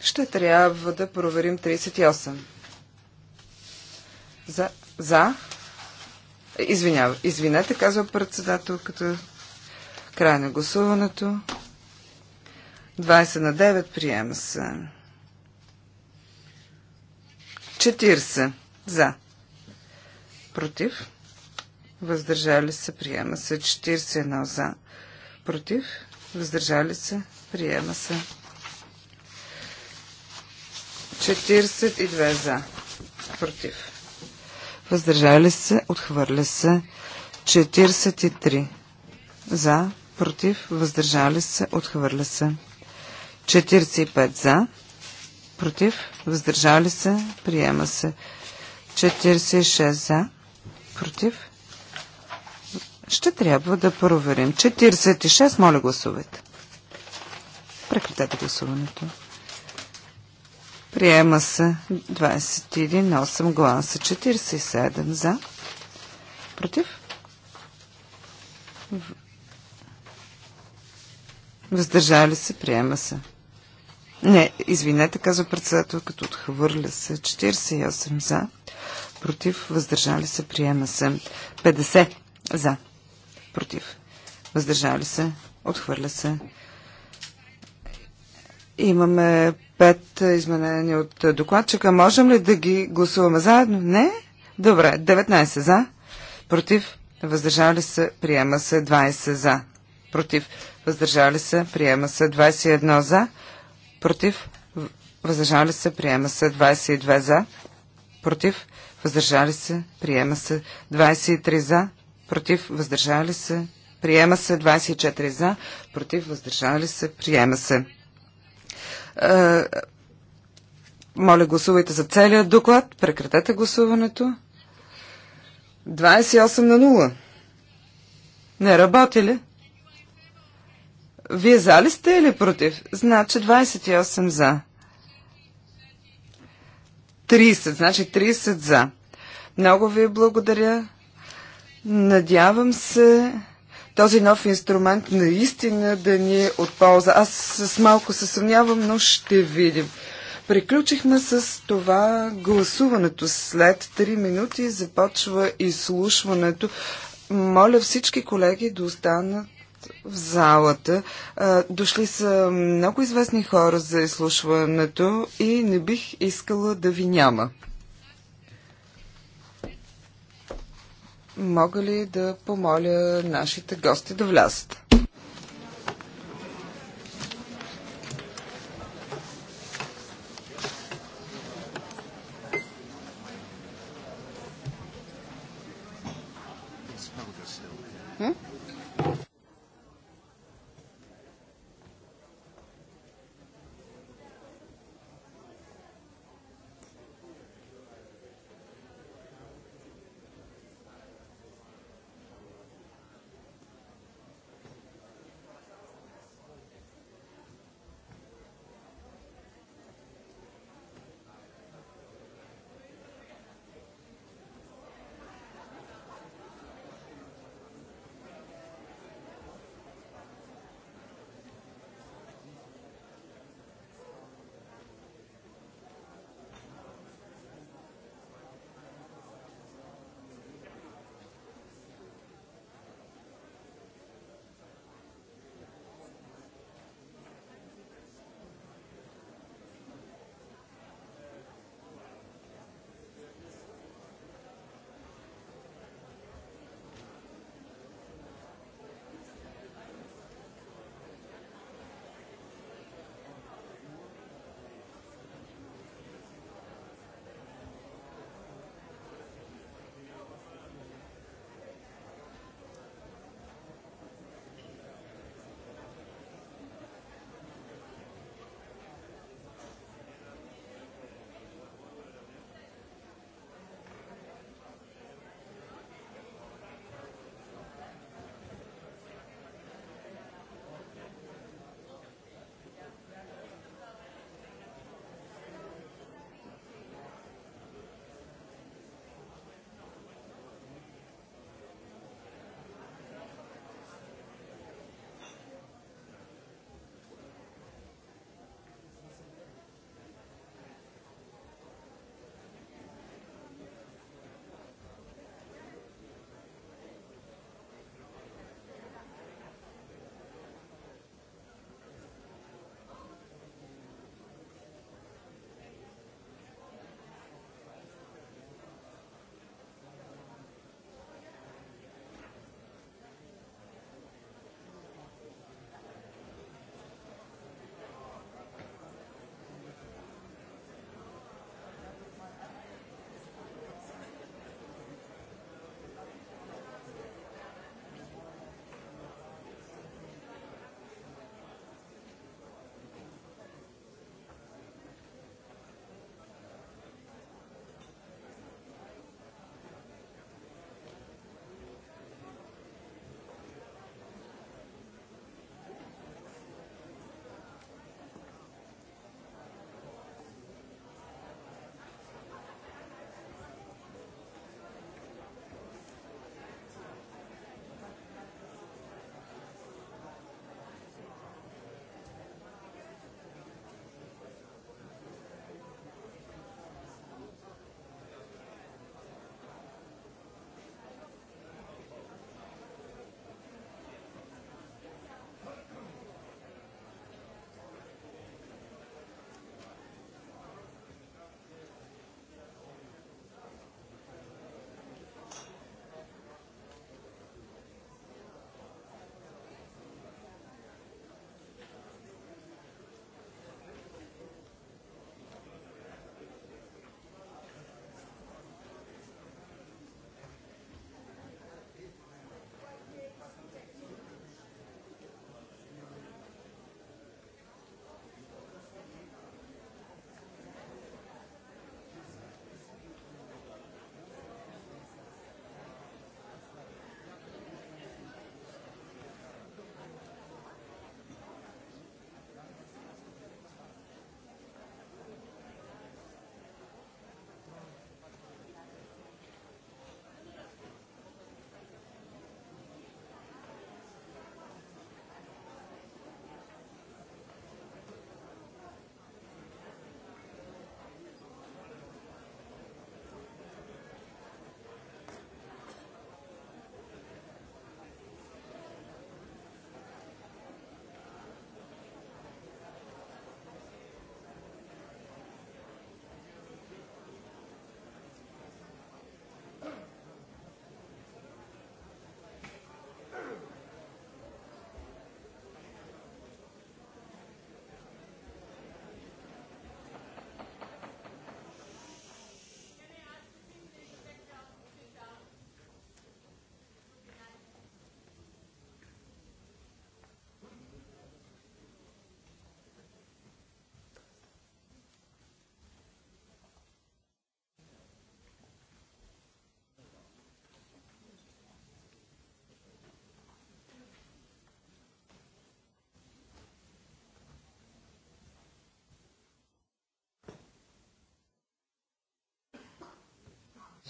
Ще трябва да проверим 38. За, за. Извинява, извинете, казва като Край на гласуването. 20 на 9 приема се. 40 за. Против. Въздържали се приема се 41 за. Против въздържали се, приема се. 42 за, против. Въздържали се, отхвърля се. 43 за, против, въздържали се, отхвърля се. 45 за, против, въздържали се, приема се. 46 за, против, ще трябва да проверим. 46, моля гласувайте. Прекратете гласуването. Приема се 21 на 8 гласа, 47 за. Против? Въздържали се, приема се. Не, извинете, казва председател, като отхвърля се. 48 за. Против, въздържали се, приема се. 50 за против, въздържали се, отхвърля се. Имаме пет изменения от докладчика. Можем ли да ги гласуваме заедно? Не? Добре, 19 за, против, въздържали се, приема се 20 за, против, въздържали се, приема се 21 за, против, въздържали се, приема се 22 за, против, въздържали се, приема се 23 за, против, въздържали се, приема се. 24 за, против, въздържали се, приема се. Е, моля, гласувайте за целия доклад. Прекратете гласуването. 28 на 0. Не работи ли? Вие за ли сте или против? Значи 28 за. 30, значи 30 за. Много ви благодаря. Надявам се този нов инструмент наистина да ни е от полза. Аз с малко се съмнявам, но ще видим. Приключихме с това гласуването. След 3 минути започва изслушването. Моля всички колеги да останат в залата. Дошли са много известни хора за изслушването и не бих искала да ви няма. мога ли да помоля нашите гости да влязат?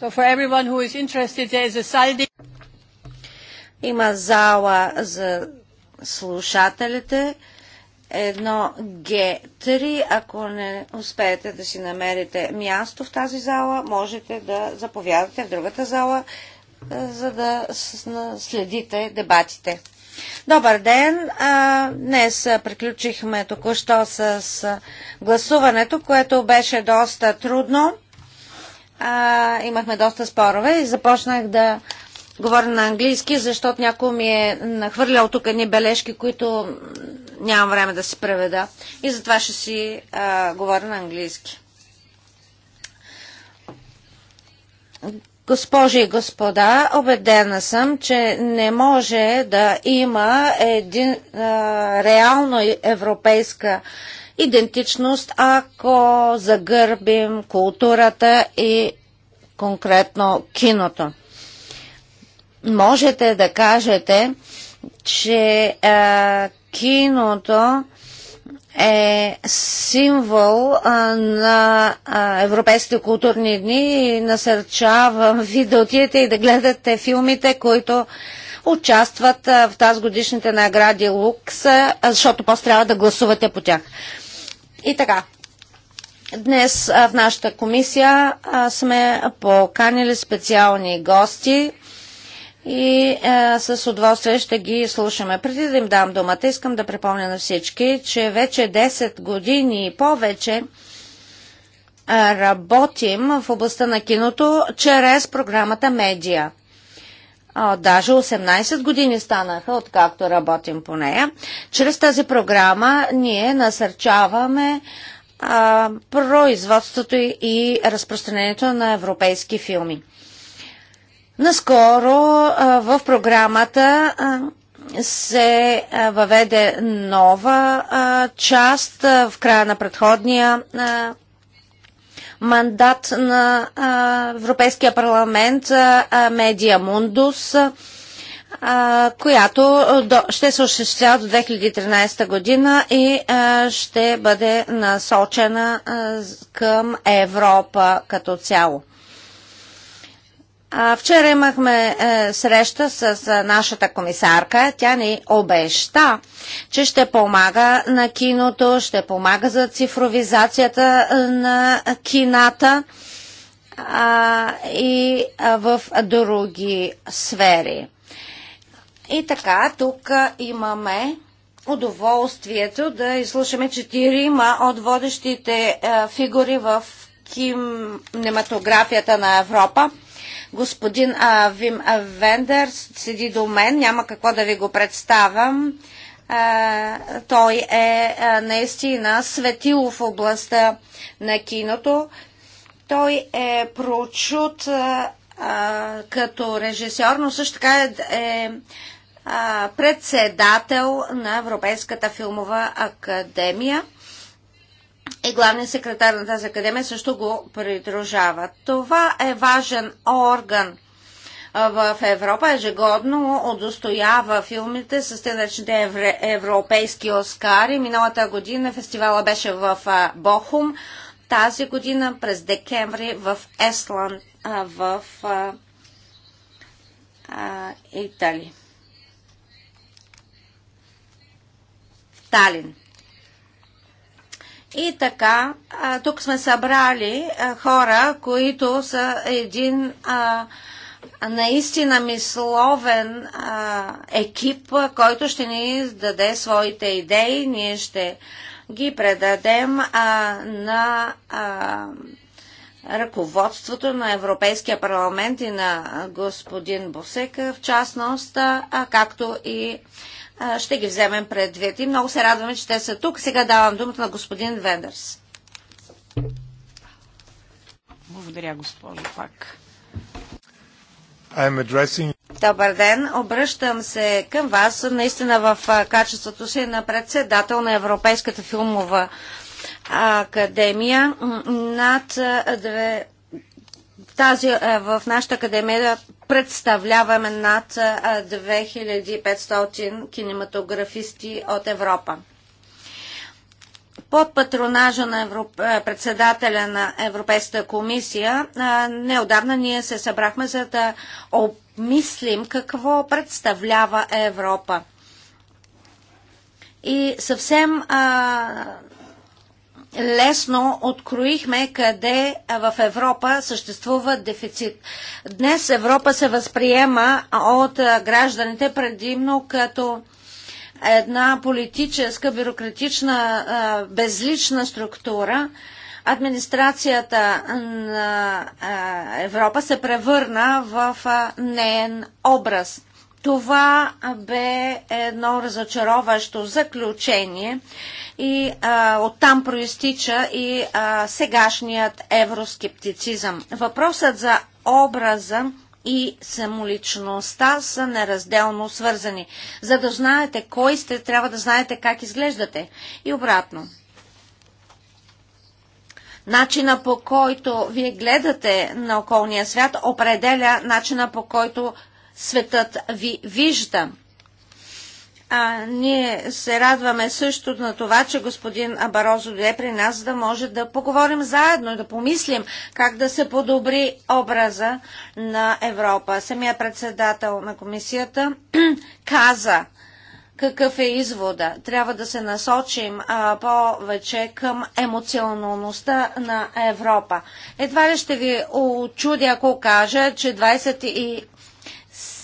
So for everyone who is interested, there is a Има зала за слушателите. Едно Г3. Ако не успеете да си намерите място в тази зала, можете да заповядате в другата зала, е, за да следите дебатите. Добър ден! Днес приключихме току-що с гласуването, което беше доста трудно а, имахме доста спорове и започнах да говоря на английски, защото някой ми е нахвърлял тук едни бележки, които нямам време да си преведа. И затова ще си а, говоря на английски. Госпожи и господа, убедена съм, че не може да има един а, реално европейска а, идентичност, ако загърбим културата и конкретно киното. Можете да кажете, че а, е, киното е символ а, е, на а, е, европейските културни дни и насърчавам ви да отидете и да гледате филмите, които участват а, в тази годишните награди Лукс, защото после трябва да гласувате по тях. И така, днес в нашата комисия сме поканили специални гости и е, с удоволствие ще ги слушаме. Преди да им дам думата, искам да припомня на всички, че вече 10 години и повече работим в областта на киното чрез програмата Медиа а, даже 18 години станаха, откакто работим по нея. Чрез тази програма ние насърчаваме а, производството и разпространението на европейски филми. Наскоро а, в програмата а, се въведе нова а, част в края на предходния мандат на Европейския парламент Медиа Мундус, която ще се осъществява до 2013 година и ще бъде насочена към Европа като цяло. Вчера имахме е, среща с е, нашата комисарка. Тя ни обеща, че ще помага на киното, ще помага за цифровизацията е, на кината и в други сфери. И така, тук имаме удоволствието да изслушаме четирима от водещите фигури в кинематографията на Европа – Господин а, Вим а, Вендер седи до мен, няма какво да ви го представям. А, той е а, наистина светило в областта на киното. Той е прочут а, а, като режисьор, но също така е, е а, председател на Европейската филмова академия и главният секретар на тази академия също го придружава. Това е важен орган в Европа. Ежегодно удостоява филмите с тенечните европейски Оскари. Миналата година фестивала беше в Бохум. Тази година през декември в Есланд в Италия. Талин. И така, тук сме събрали хора, които са един наистина мисловен екип, който ще ни даде своите идеи. Ние ще ги предадем на ръководството на Европейския парламент и на господин Босека в частност, както и ще ги вземем предвид. И много се радваме, че те са тук. Сега давам думата на господин Вендерс. Благодаря, госпожо Пак. Addressing... Добър ден! Обръщам се към вас наистина в качеството си на председател на Европейската филмова академия. Над две тази, е, в нашата академия представляваме над 2500 е, кинематографисти от Европа. Под патронажа на Европ... Е, председателя на Европейската комисия, неодавна ние се събрахме за да обмислим какво представлява Европа. И съвсем а, лесно откроихме къде в Европа съществува дефицит. Днес Европа се възприема от гражданите предимно като една политическа, бюрократична, безлична структура. Администрацията на Европа се превърна в неен образ. Това бе едно разочароващо заключение и а, оттам проистича и а, сегашният евроскептицизъм. Въпросът за образа и самоличността са неразделно свързани. За да знаете кой сте, трябва да знаете как изглеждате. И обратно. Начина по който вие гледате на околния свят определя начина по който светът ви вижда. А, ние се радваме също на това, че господин Барозо дойде при нас, да може да поговорим заедно и да помислим как да се подобри образа на Европа. Самия председател на комисията каза, какъв е извода? Трябва да се насочим а, повече към емоционалността на Европа. Едва ли ще ви очудя, ако кажа, че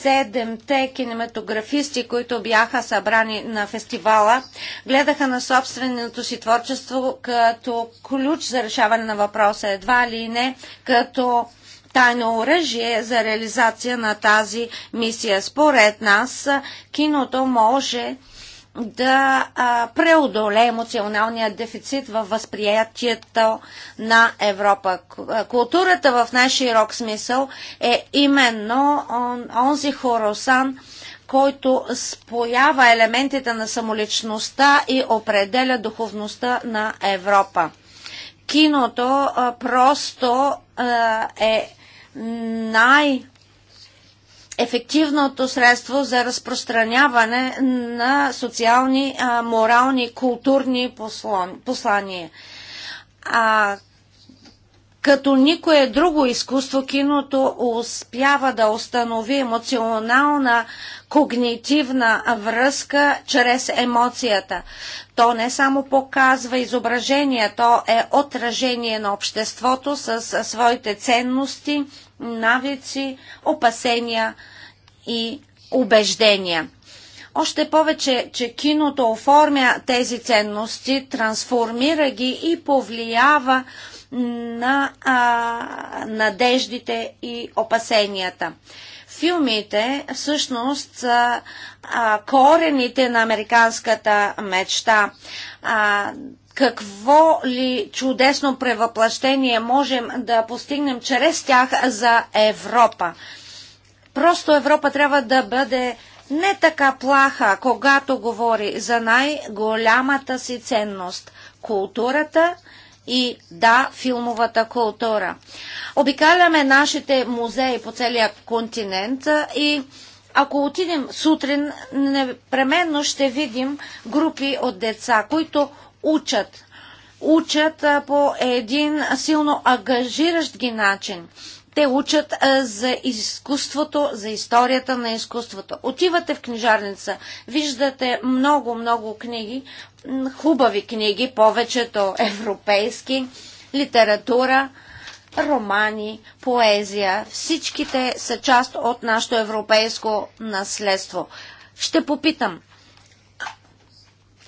седемте кинематографисти, които бяха събрани на фестивала, гледаха на собственото си творчество като ключ за решаване на въпроса, едва ли не като тайно оръжие за реализация на тази мисия. Според нас, киното може да преодоле емоционалния дефицит във възприятието на Европа. Културата в най-широк смисъл е именно онзи хоросан, който споява елементите на самоличността и определя духовността на Европа. Киното просто е най- ефективното средство за разпространяване на социални, морални, културни послания. А, като никое друго изкуство, киното успява да установи емоционална, когнитивна връзка чрез емоцията. То не само показва изображение, то е отражение на обществото с своите ценности, навици, опасения и убеждения. Още повече, че киното оформя тези ценности, трансформира ги и повлиява на а, надеждите и опасенията филмите всъщност са корените на американската мечта. А, какво ли чудесно превъплъщение можем да постигнем чрез тях за Европа? Просто Европа трябва да бъде не така плаха, когато говори за най-голямата си ценност – културата – и да, филмовата култура. Обикаляме нашите музеи по целия континент и ако отидем сутрин, непременно ще видим групи от деца, които учат. Учат по един силно ангажиращ ги начин те учат а, за изкуството, за историята на изкуството. Отивате в книжарница, виждате много, много книги, хубави книги, повечето европейски, литература, романи, поезия. Всичките са част от нашето европейско наследство. Ще попитам,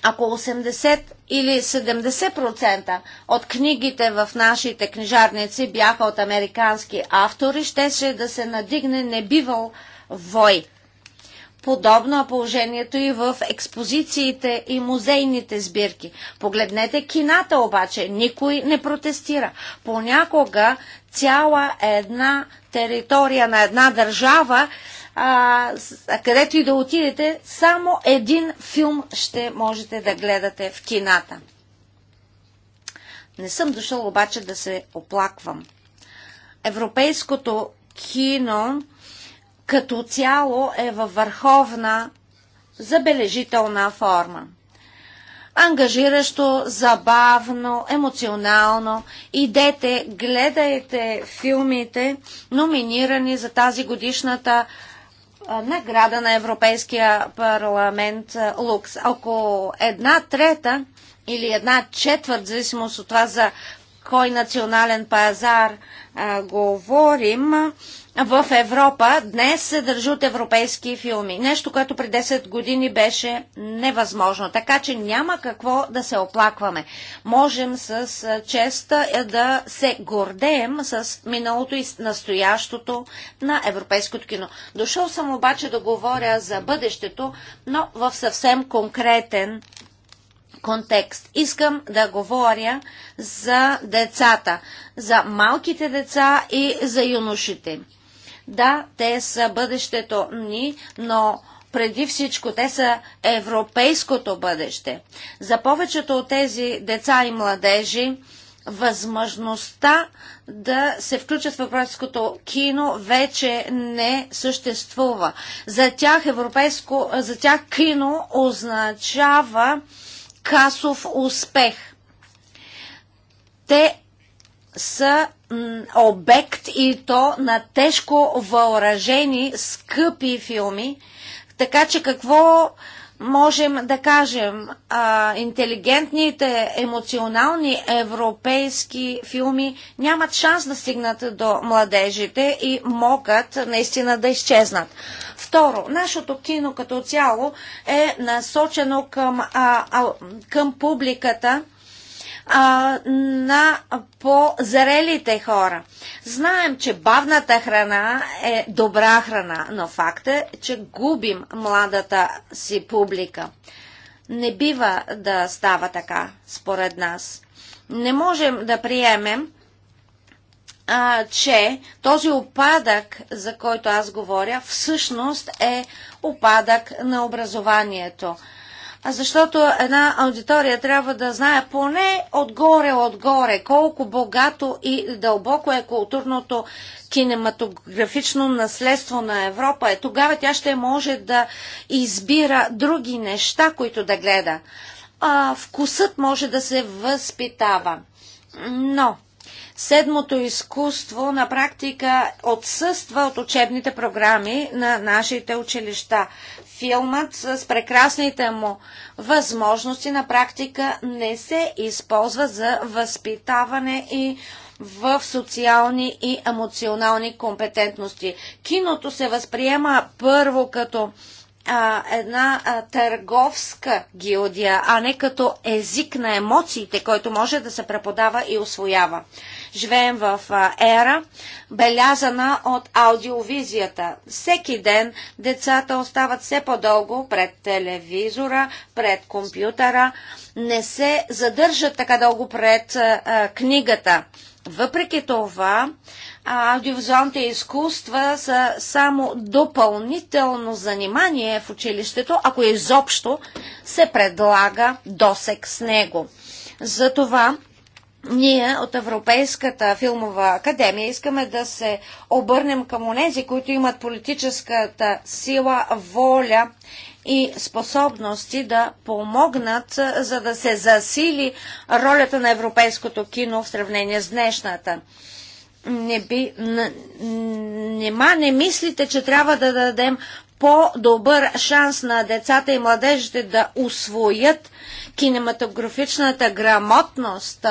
ако 80 или 70% от книгите в нашите книжарници бяха от американски автори, щеше да се надигне небивал вой. Подобно е положението и в експозициите и музейните сбирки. Погледнете кината обаче, никой не протестира. Понякога цяла една територия на една държава а, където и да отидете, само един филм ще можете да гледате в кината. Не съм дошъл обаче да се оплаквам. Европейското кино като цяло е във върховна забележителна форма. Ангажиращо, забавно, емоционално. Идете, гледайте филмите, номинирани за тази годишната награда на Европейския парламент Лукс. Ако една трета или една четвърт, в зависимост от това за кой национален пазар а, говорим, в Европа днес се държи от европейски филми. Нещо, което при 10 години беше невъзможно. Така че няма какво да се оплакваме. Можем с е, честа е, да се гордеем с миналото и настоящото на европейското кино. Дошъл съм обаче да говоря за бъдещето, но в съвсем конкретен контекст. Искам да говоря за децата, за малките деца и за юношите. Да, те са бъдещето ни, но преди всичко те са европейското бъдеще. За повечето от тези деца и младежи възможността да се включат в европейското кино вече не съществува. За тях, европейско, за тях кино означава касов успех. Те са обект и то на тежко въоръжени, скъпи филми. Така че какво можем да кажем? А, интелигентните, емоционални европейски филми нямат шанс да стигнат до младежите и могат наистина да изчезнат. Второ, нашето кино като цяло е насочено към, а, а, към публиката, а, на по-зрелите хора. Знаем, че бавната храна е добра храна, но факт е, че губим младата си публика. Не бива да става така, според нас. Не можем да приемем, а, че този опадък, за който аз говоря, всъщност е опадък на образованието защото една аудитория трябва да знае поне отгоре-отгоре колко богато и дълбоко е културното кинематографично наследство на Европа. Е, тогава тя ще може да избира други неща, които да гледа. А, вкусът може да се възпитава. Но седмото изкуство на практика отсъства от учебните програми на нашите училища филмът с прекрасните му възможности на практика не се използва за възпитаване и в социални и емоционални компетентности. Киното се възприема първо като а, една а, търговска гилдия, а не като език на емоциите, който може да се преподава и освоява. Живеем в а, ера, белязана от аудиовизията. Всеки ден децата остават все по-дълго пред телевизора, пред компютъра, не се задържат така дълго пред а, книгата. Въпреки това, аудиовизуалните изкуства са само допълнително занимание в училището, ако изобщо се предлага досек с него. Затова ние от Европейската филмова академия искаме да се обърнем към онези, които имат политическата сила, воля и способности да помогнат, за да се засили ролята на европейското кино в сравнение с днешната. Не, би, нема, не мислите, че трябва да дадем по-добър шанс на децата и младежите да освоят кинематографичната грамотност.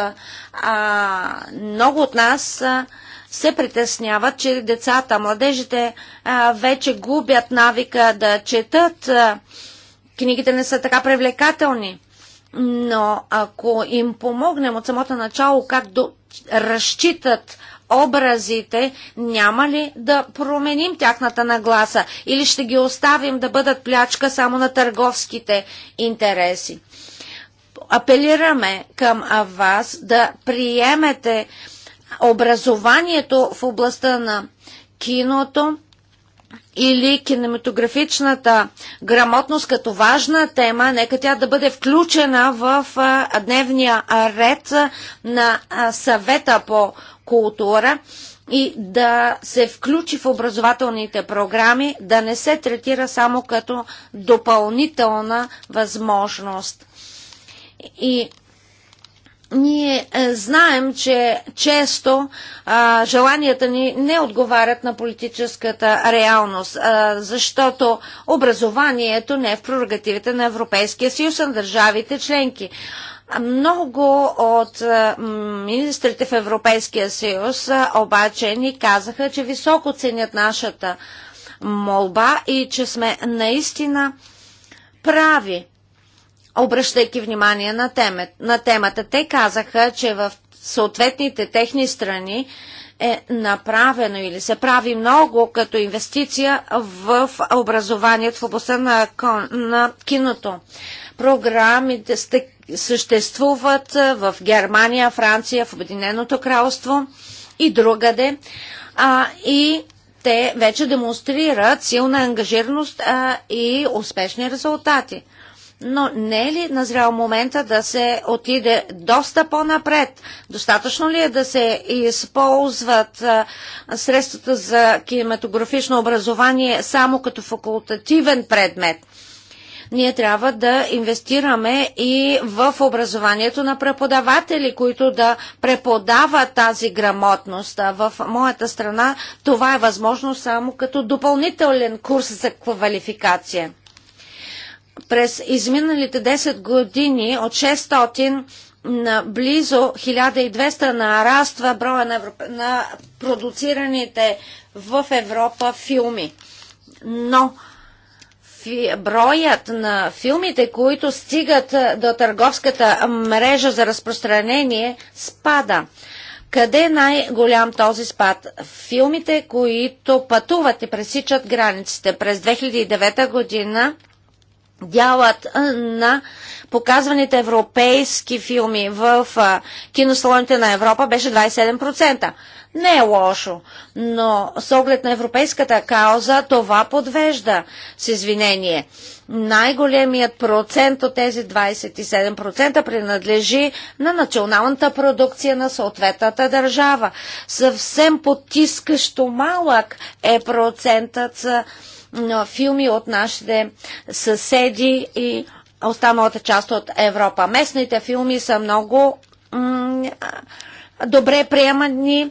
А, много от нас а, се притесняват, че децата, младежите а, вече губят навика да четат. А, книгите не са така привлекателни. Но ако им помогнем от самото начало как да разчитат образите, няма ли да променим тяхната нагласа или ще ги оставим да бъдат плячка само на търговските интереси? Апелираме към вас да приемете образованието в областта на киното или кинематографичната грамотност като важна тема, нека тя да бъде включена в дневния ред на съвета по култура и да се включи в образователните програми, да не се третира само като допълнителна възможност. И ние е, знаем, че често а, желанията ни не отговарят на политическата реалност, а, защото образованието не е в пророгативите на Европейския съюз, на държавите членки. Много от министрите в Европейския съюз обаче ни казаха, че високо ценят нашата молба и че сме наистина прави обръщайки внимание на, теме, на темата. Те казаха, че в съответните техни страни е направено или се прави много като инвестиция в образованието в областта на, на киното. Програмите съществуват в Германия, Франция, в Обединеното кралство и другаде. А, и те вече демонстрират силна ангажираност а, и успешни резултати но не е ли назрял момента да се отиде доста по-напред? Достатъчно ли е да се използват средствата за кинематографично образование само като факултативен предмет? ние трябва да инвестираме и в образованието на преподаватели, които да преподават тази грамотност. В моята страна това е възможно само като допълнителен курс за квалификация. През изминалите 10 години от 600 на близо 1200 нараства броя на, Европ... на продуцираните в Европа филми. Но фи... броят на филмите, които стигат до търговската мрежа за разпространение, спада. Къде е най-голям този спад? Филмите, които пътуват и пресичат границите. През 2009 година дялът на показваните европейски филми в киносалоните на Европа беше 27%. Не е лошо, но с оглед на европейската кауза това подвежда с извинение. Най-големият процент от тези 27% принадлежи на националната продукция на съответната държава. Съвсем потискащо малък е процентът за филми от нашите съседи и останалата част от Европа. Местните филми са много добре приемани.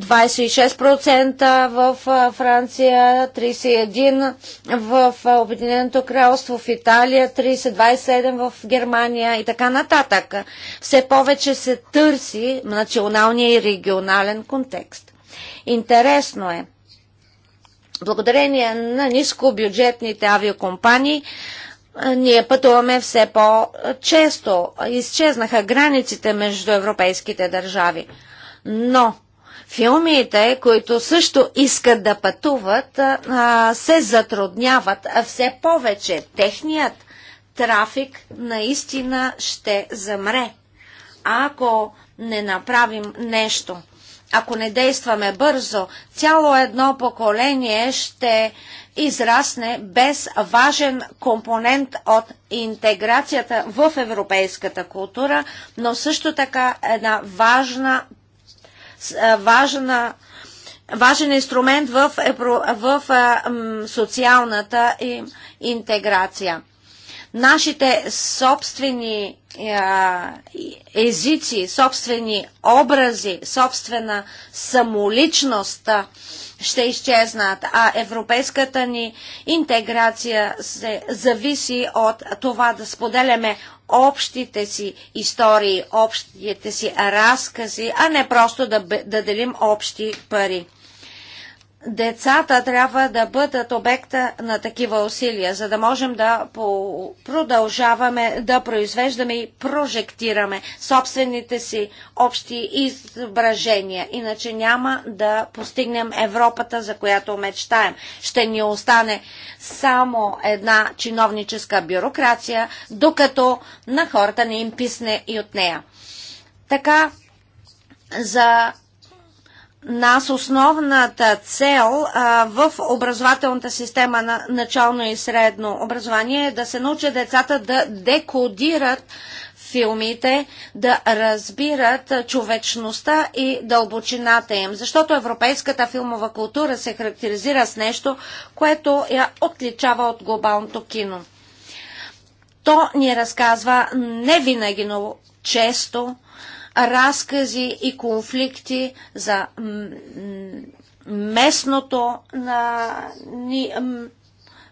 26% в Франция, 31% в Обединеното кралство, в Италия, 30-27% в Германия и така нататък. Все повече се търси националния и регионален контекст. Интересно е, Благодарение на нискобюджетните авиокомпании ние пътуваме все по-често. Изчезнаха границите между европейските държави. Но филмите, които също искат да пътуват, се затрудняват все повече. Техният трафик наистина ще замре, ако не направим нещо ако не действаме бързо, цяло едно поколение ще израсне без важен компонент от интеграцията в европейската култура, но също така една важна, важна важен инструмент в, в, в социалната им интеграция. Нашите собствени е, езици, собствени образи, собствена самоличност ще изчезнат, а европейската ни интеграция се зависи от това да споделяме общите си истории, общите си разкази, а не просто да, да делим общи пари децата трябва да бъдат обекта на такива усилия, за да можем да продължаваме да произвеждаме и прожектираме собствените си общи изображения. Иначе няма да постигнем Европата, за която мечтаем. Ще ни остане само една чиновническа бюрокрация, докато на хората не им писне и от нея. Така, за нас основната цел а, в образователната система на начално и средно образование е да се научат децата да декодират филмите, да разбират човечността и дълбочината им. Защото европейската филмова култура се характеризира с нещо, което я отличава от глобалното кино. То ни разказва не винаги, но често разкази и конфликти за местното на ни,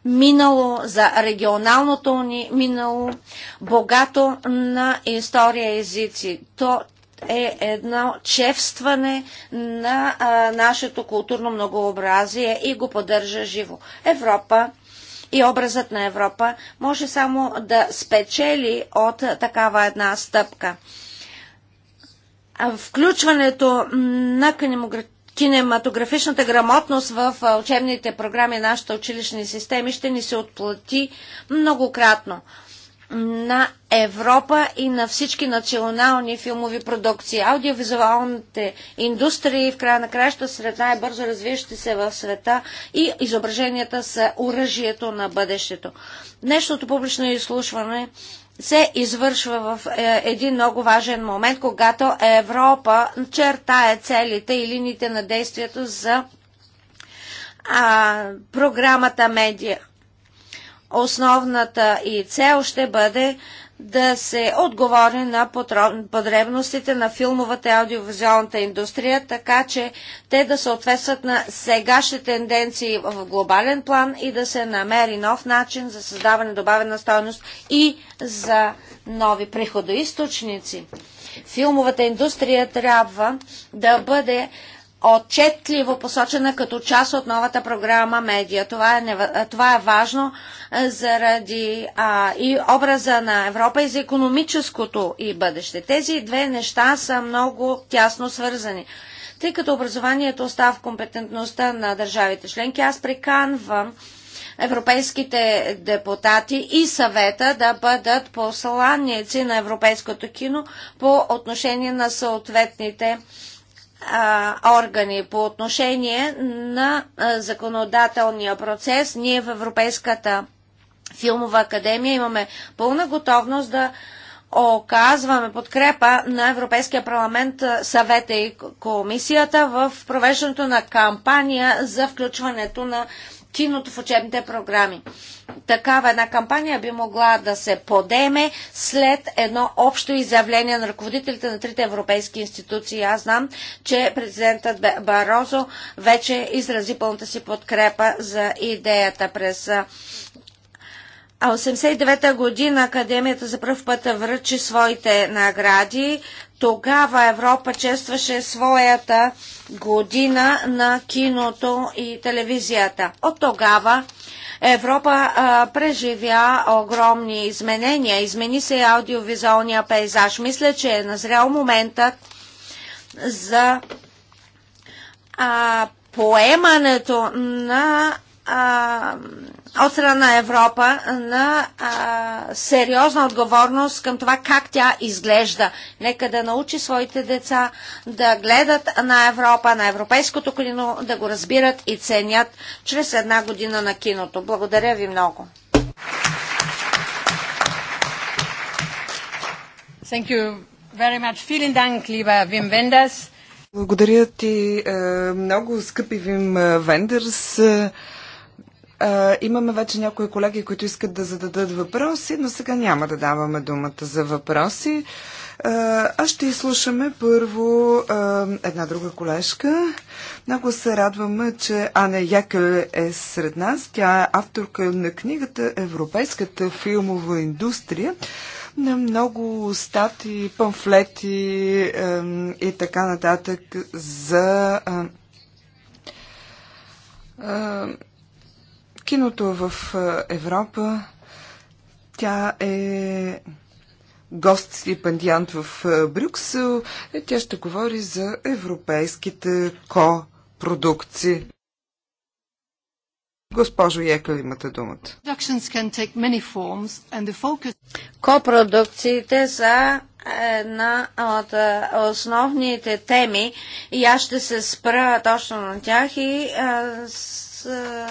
минало, за регионалното ни минало, богато на история и езици. То е едно чевстване на а, нашето културно многообразие и го поддържа живо. Европа и образът на Европа може само да спечели от такава една стъпка включването на кинематографичната грамотност в учебните програми на нашите училищни системи ще ни се отплати многократно на Европа и на всички национални филмови продукции. Аудиовизуалните индустрии в края на краища сред най-бързо развиващи се в света и изображенията са оръжието на бъдещето. Днешното публично изслушване се извършва в е, един много важен момент, когато Европа чертае целите и линиите на действието за а, програмата медия. Основната и цел ще бъде да се отговори на потребностите на филмовата и аудиовизуалната индустрия, така че те да съответстват на сегашните тенденции в глобален план и да се намери нов начин за създаване добавена стойност и за нови приходоисточници. Филмовата индустрия трябва да бъде отчетливо посочена като част от новата програма Медия. Това е, нев... това е важно заради а, и образа на Европа и за економическото и бъдеще. Тези две неща са много тясно свързани. Тъй като образованието остава в компетентността на държавите членки, аз приканвам европейските депутати и съвета да бъдат посланници на европейското кино по отношение на съответните органи по отношение на законодателния процес. Ние в Европейската филмова академия имаме пълна готовност да оказваме подкрепа на Европейския парламент, съвета и комисията в провеждането на кампания за включването на киното в учебните програми такава една кампания би могла да се подеме след едно общо изявление на ръководителите на трите европейски институции. Аз знам, че президентът Барозо вече изрази пълната си подкрепа за идеята през а 89-та година Академията за първ път връчи своите награди. Тогава Европа честваше своята година на киното и телевизията. От тогава Европа а, преживя огромни изменения. Измени се аудиовизуалния пейзаж. Мисля, че е назрял моментът за а, поемането на от страна на Европа на а, сериозна отговорност към това как тя изглежда. Нека да научи своите деца да гледат на Европа, на европейското кино, да го разбират и ценят чрез една година на киното. Благодаря ви много. Thank you very much. Vielen Dank, lieber Wim Wenders. Благодаря ти е, много, скъпи Вим е, Вендерс. А, имаме вече някои колеги, които искат да зададат въпроси, но сега няма да даваме думата за въпроси. А ще изслушаме първо а, една друга колежка. Много се радваме, че Ане Якел е сред нас. Тя е авторка на книгата Европейската филмова индустрия на много стати, памфлети а, и така нататък за а, киното в е, Европа. Тя е гост и пандиант в е, Брюксел. Е, тя ще говори за европейските ко-продукции. Госпожо Екъл, имате думата. Ко-продукциите са една от основните теми и аз ще се спра точно на тях и а, е,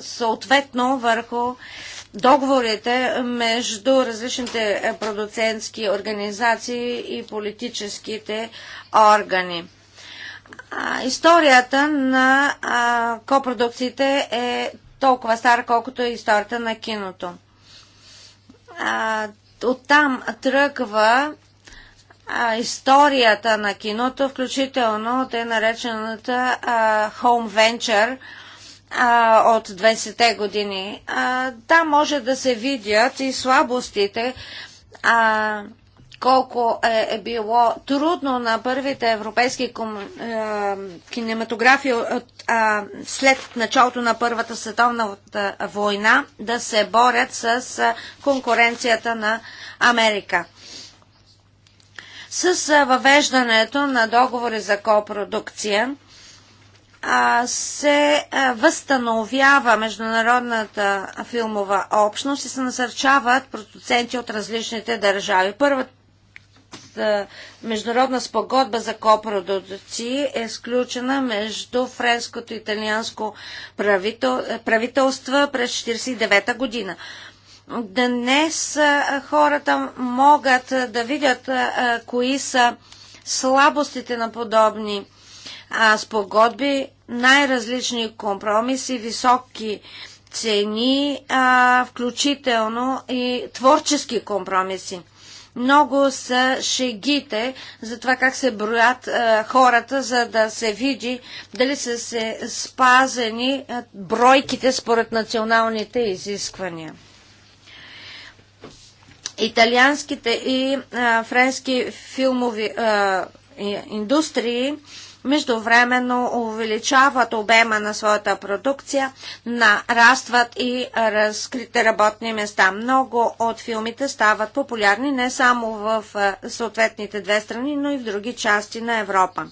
съответно върху договорите между различните продуцентски организации и политическите органи. Историята на копродукциите е толкова стара, колкото е историята на киното. Оттам тръгва а, историята на киното, включително те наречената а, Home Venture а, от 20-те години. А, да, може да се видят и слабостите, а, колко е, е било трудно на първите европейски ком, а, е, кинематографи от, а, след началото на Първата световна война да се борят с конкуренцията на Америка. С въвеждането на договори за копродукция се възстановява международната филмова общност и се насърчават продуценти от различните държави. Първата международна спогодба за копродукции е сключена между френското и италианско правител, правителство през 1949 година. Днес хората могат да видят кои са слабостите на подобни спогодби, най-различни компромиси, високи цени, включително и творчески компромиси. Много са шегите за това как се броят хората, за да се види дали са се спазени бройките според националните изисквания италианските и а, френски филмови а, индустрии междувременно увеличават обема на своята продукция, нарастват и разкрите работни места. Много от филмите стават популярни не само в съответните две страни, но и в други части на Европа.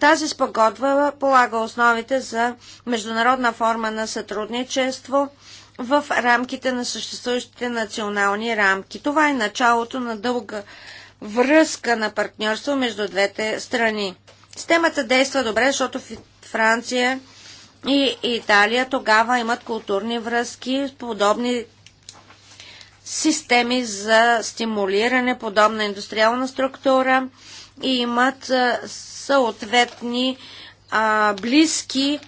Тази спогодва полага основите за международна форма на сътрудничество – в рамките на съществуващите национални рамки. Това е началото на дълга връзка на партньорство между двете страни. Системата действа добре, защото Франция и Италия тогава имат културни връзки, подобни системи за стимулиране, подобна индустриална структура и имат съответни а, близки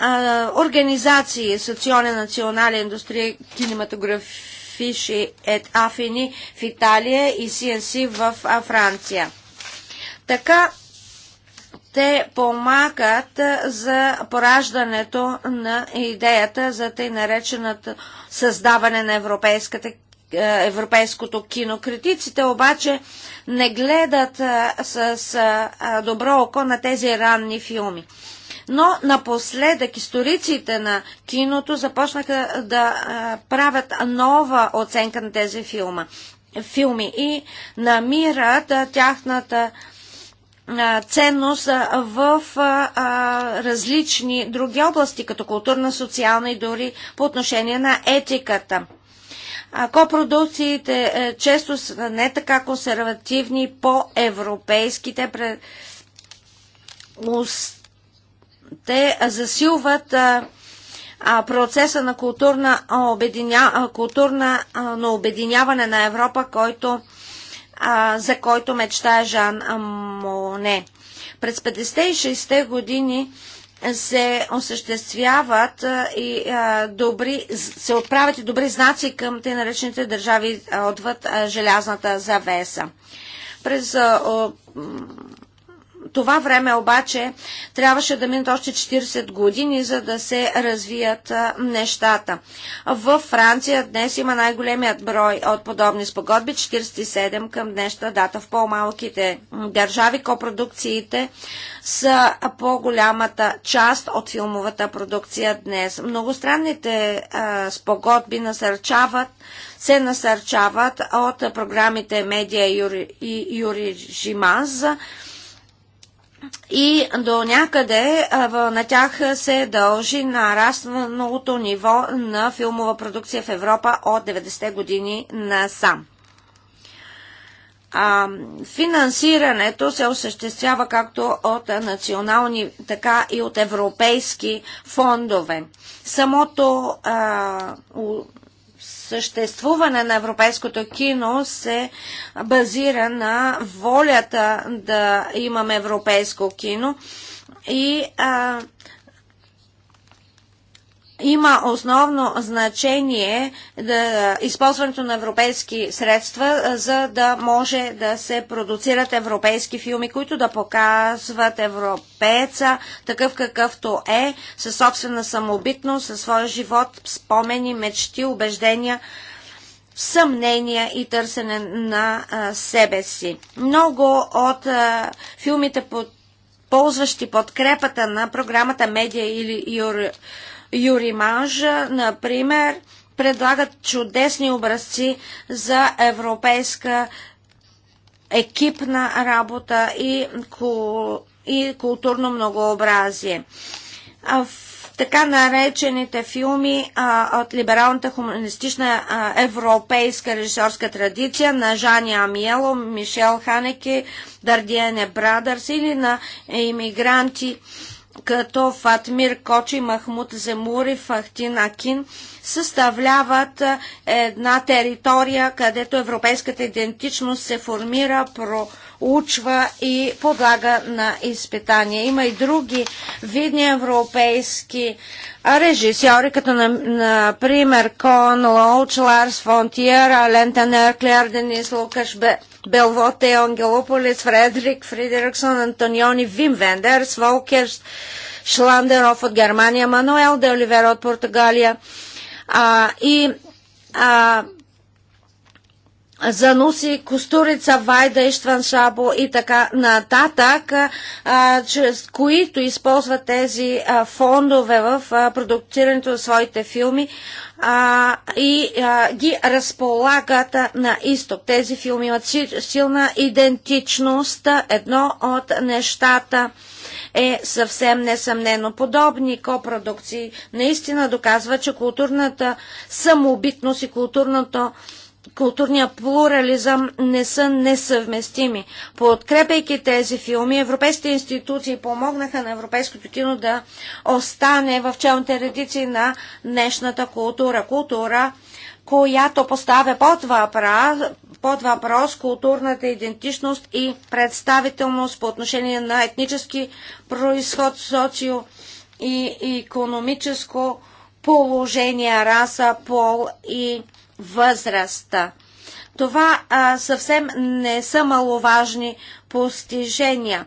организации, Асоционен национален индустрия кинематографиши ет Афини в Италия и CNC в Франция. Така те помагат за пораждането на идеята за тъй нареченото създаване на европейската европейското кино. Критиците обаче не гледат с добро око на тези ранни филми. Но напоследък историците на киното започнаха да правят нова оценка на тези филма, филми и намират тяхната ценност в различни други области, като културна, социална и дори по отношение на етиката. Копродукциите е, често са не така консервативни по-европейските пред те засилват процеса на културна, обединя, културна на обединяване на Европа, който, за който мечтае Жан Моне. През 50 и 60 години се осъществяват и добри, се отправят и добри знаци към те наречените държави отвъд желязната завеса. През това време обаче трябваше да минат още 40 години, за да се развият нещата. В Франция днес има най-големият брой от подобни спогодби, 47 към днешна дата. В по-малките държави копродукциите са по-голямата част от филмовата продукция днес. Многостранните а, спогодби насърчават, се насърчават от програмите Медиа и Юри Жимаз, и до някъде на тях се дължи нарасналото ниво на филмова продукция в Европа от 90-те години насам. А, финансирането се осъществява както от национални, така и от европейски фондове. Самото а, съществуване на европейското кино се базира на волята да имаме европейско кино и а, има основно значение да, използването на европейски средства, за да може да се продуцират европейски филми, които да показват европееца такъв какъвто е, със собствена самобитност, със своя живот, спомени, мечти, убеждения съмнения и търсене на себе си. Много от филмите, ползващи подкрепата на програмата Медиа или Юрия. Юриманжа, например, предлагат чудесни образци за европейска екипна работа и, и културно многообразие. В така наречените филми а, от либералната хуманистична а, европейска режисьорска традиция на Жани Амиело, Мишел Ханеке, Дардиене Брадърс или на иммигранти като Фатмир Кочи, Махмуд Земури, Фахтин Акин съставляват една територия, където европейската идентичност се формира, проучва и подлага на изпитания. Има и други видни европейски режисьори, като например Кон Лоуч, Ларс Фонтиер, Лентан Ерклер, Денис Лукаш Бе Белвоте, Ангелополис, Фредрик, Фридериксон, Антониони, Вим Вендерс, Волкерс, Шландеров от Германия, Мануел де Оливера от Португалия а, и а, Зануси, Костурица, Вайда, Иштваншабо и така нататък, чрез които използват тези фондове в продуктирането на своите филми и ги разполагат на изток. Тези филми имат силна идентичност. Едно от нещата е съвсем несъмнено. Подобни копродукции наистина доказва, че културната самобитност и културното културния плурализъм не са несъвместими. Подкрепяйки тези филми, европейските институции помогнаха на европейското кино да остане в челните редици на днешната култура. Култура, която поставя под въпрос, под въпрос културната идентичност и представителност по отношение на етнически происход, социо и економическо положение, раса, пол и възрастта. Това а, съвсем не са маловажни постижения.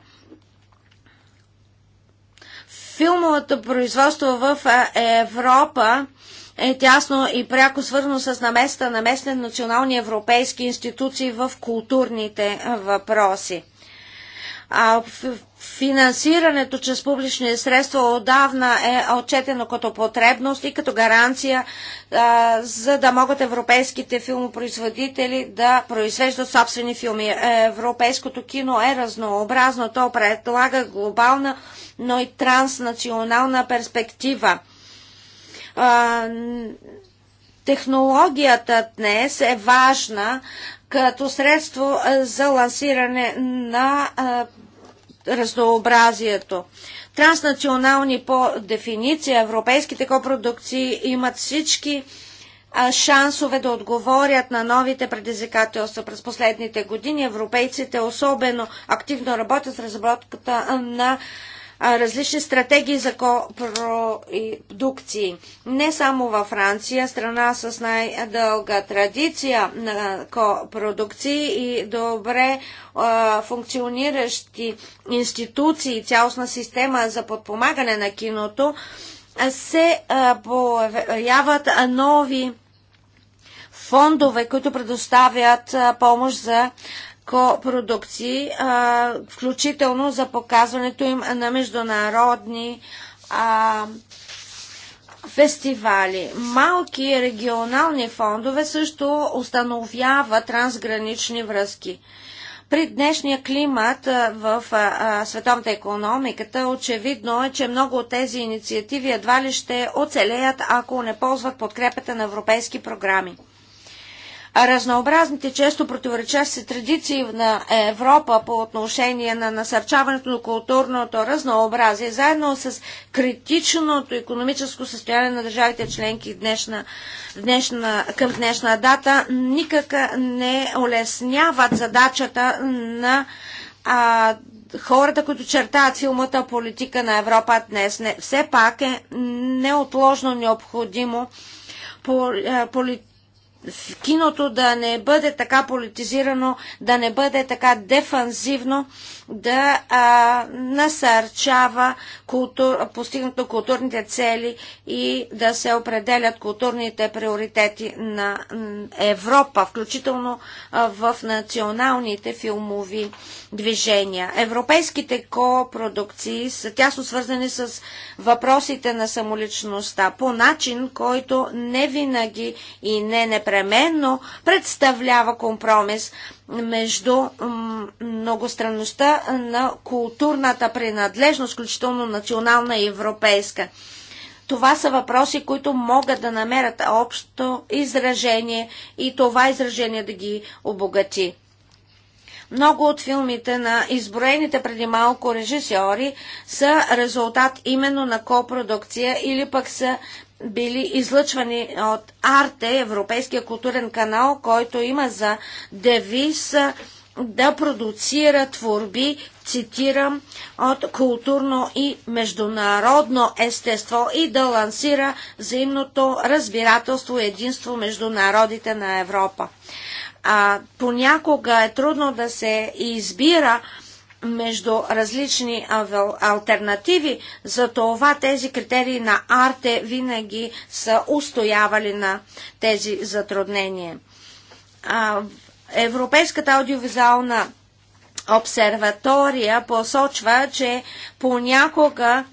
Филмовото производство в Европа е тясно и пряко свързано с наместа на местни национални европейски институции в културните въпроси. А финансирането чрез публични средства отдавна е отчетено като потребност и като гаранция, а, за да могат европейските филмопроизводители да произвеждат собствени филми. Е, европейското кино е разнообразно, то предлага глобална, но и транснационална перспектива. А, Технологията днес е важна като средство за лансиране на разнообразието. Транснационални по дефиниция, европейските копродукции имат всички шансове да отговорят на новите предизвикателства. През последните години европейците особено активно работят с разработката на различни стратегии за продукции. Не само във Франция, страна с най-дълга традиция на продукции и добре функциониращи институции, цялостна система за подпомагане на киното, се появяват нови фондове, които предоставят помощ за копродукции, включително за показването им на международни а, фестивали. Малки регионални фондове също установяват трансгранични връзки. При днешния климат в световната економиката очевидно е, че много от тези инициативи едва ли ще оцелеят, ако не ползват подкрепата на европейски програми разнообразните, често противоречащи традиции на Европа по отношение на насърчаването на културното разнообразие, заедно с критичното економическо състояние на държавите членки днешна, днешна, към днешна дата, никак не улесняват задачата на а, хората, които чертаят силната политика на Европа днес. Не, все пак е неотложно необходимо е, политика киното да не бъде така политизирано, да не бъде така дефанзивно, да а, насърчава култур, постигнато културните цели и да се определят културните приоритети на Европа, включително в националните филмови движения. Европейските копродукции са тясно свързани с въпросите на самоличността по начин, който не винаги и не непременно представлява компромис между многостранността на културната принадлежност, включително национална и европейска. Това са въпроси, които могат да намерят общо изражение и това изражение да ги обогати. Много от филмите на изброените преди малко режисьори са резултат именно на копродукция или пък са били излъчвани от Арте, Европейския културен канал, който има за девиз да продуцира творби, цитирам, от културно и международно естество и да лансира взаимното разбирателство и единство между народите на Европа. А, понякога е трудно да се избира между различни альтернативи, за това тези критерии на Арте винаги са устоявали на тези затруднения. Европейската аудиовизуална обсерватория посочва, че понякога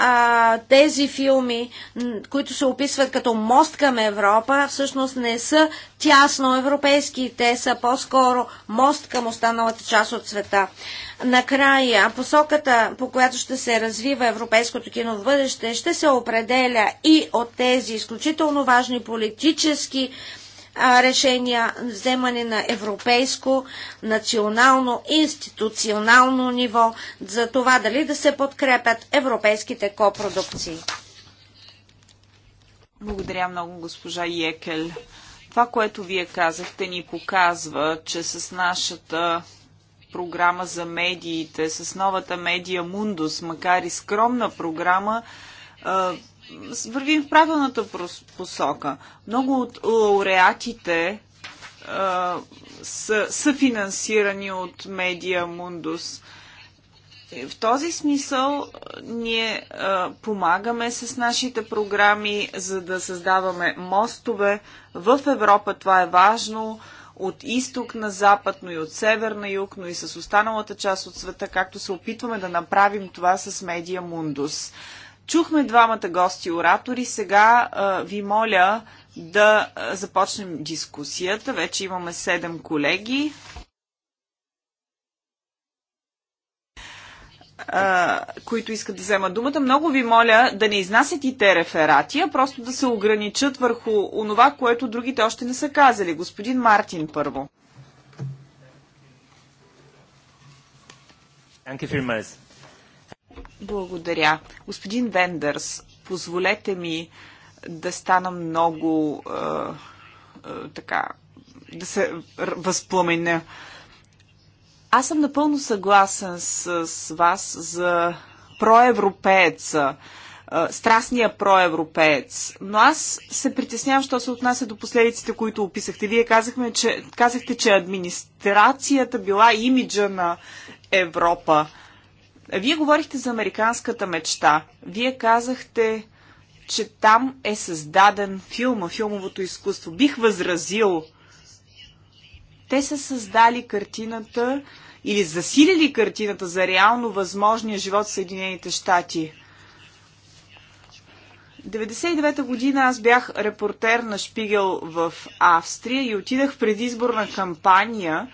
а, тези филми, които се описват като мост към Европа, всъщност не са тясно европейски, те са по-скоро мост към останалата част от света. Накрая, посоката, по която ще се развива европейското кино в бъдеще, ще се определя и от тези изключително важни политически решения, вземане на европейско, национално, институционално ниво за това дали да се подкрепят европейските копродукции. Благодаря много, госпожа Екел. Това, което вие казахте, ни показва, че с нашата програма за медиите, с новата медия Мундус, макар и скромна програма, вървим в правилната посока. Много от лауреатите са, са финансирани от медия Мундус. В този смисъл ние а, помагаме с нашите програми, за да създаваме мостове. В Европа това е важно. А, от изток на запад, но и от север на юг, но и с останалата част от света, както се опитваме да направим това с Медиа Мундус. Чухме двамата гости оратори. Сега а, ви моля да започнем дискусията. Вече имаме седем колеги. които искат да вземат думата. Много ви моля да не изнасят и те реферати, а просто да се ограничат върху онова, което другите още не са казали. Господин Мартин първо. Благодаря. Господин Вендърс, позволете ми да стана много е, е, така, да се възпламеня. Аз съм напълно съгласен с, с вас за проевропееца, страстния проевропеец. Но аз се притеснявам, що се отнася до последиците, които описахте. Вие казахме, че, казахте, че администрацията била имиджа на Европа. Вие говорихте за американската мечта. Вие казахте, че там е създаден филма, филмовото изкуство. Бих възразил, те са създали картината или засилили картината за реално възможния живот в Съединените щати. 99-та година аз бях репортер на Шпигел в Австрия и отидах пред изборна кампания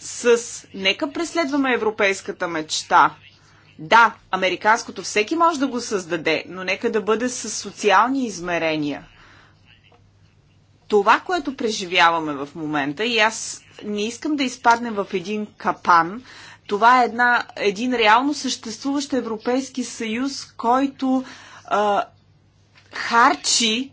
с «Нека преследваме европейската мечта». Да, американското всеки може да го създаде, но нека да бъде с социални измерения. Това, което преживяваме в момента, и аз не искам да изпаднем в един капан. Това е една, един реално съществуващ Европейски съюз, който а, харчи,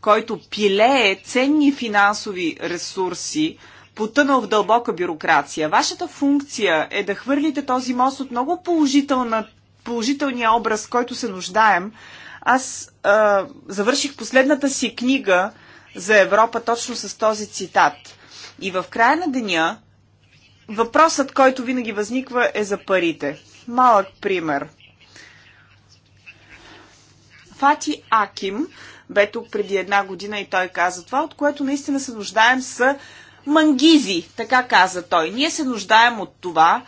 който пилее ценни финансови ресурси, потънал в дълбока бюрокрация. Вашата функция е да хвърлите този мост от много положителна, положителния образ, който се нуждаем. Аз а, завърших последната си книга за Европа точно с този цитат – и в края на деня въпросът, който винаги възниква е за парите. Малък пример. Фати Аким бе тук преди една година и той каза това, от което наистина се нуждаем са мангизи, така каза той. Ние се нуждаем от това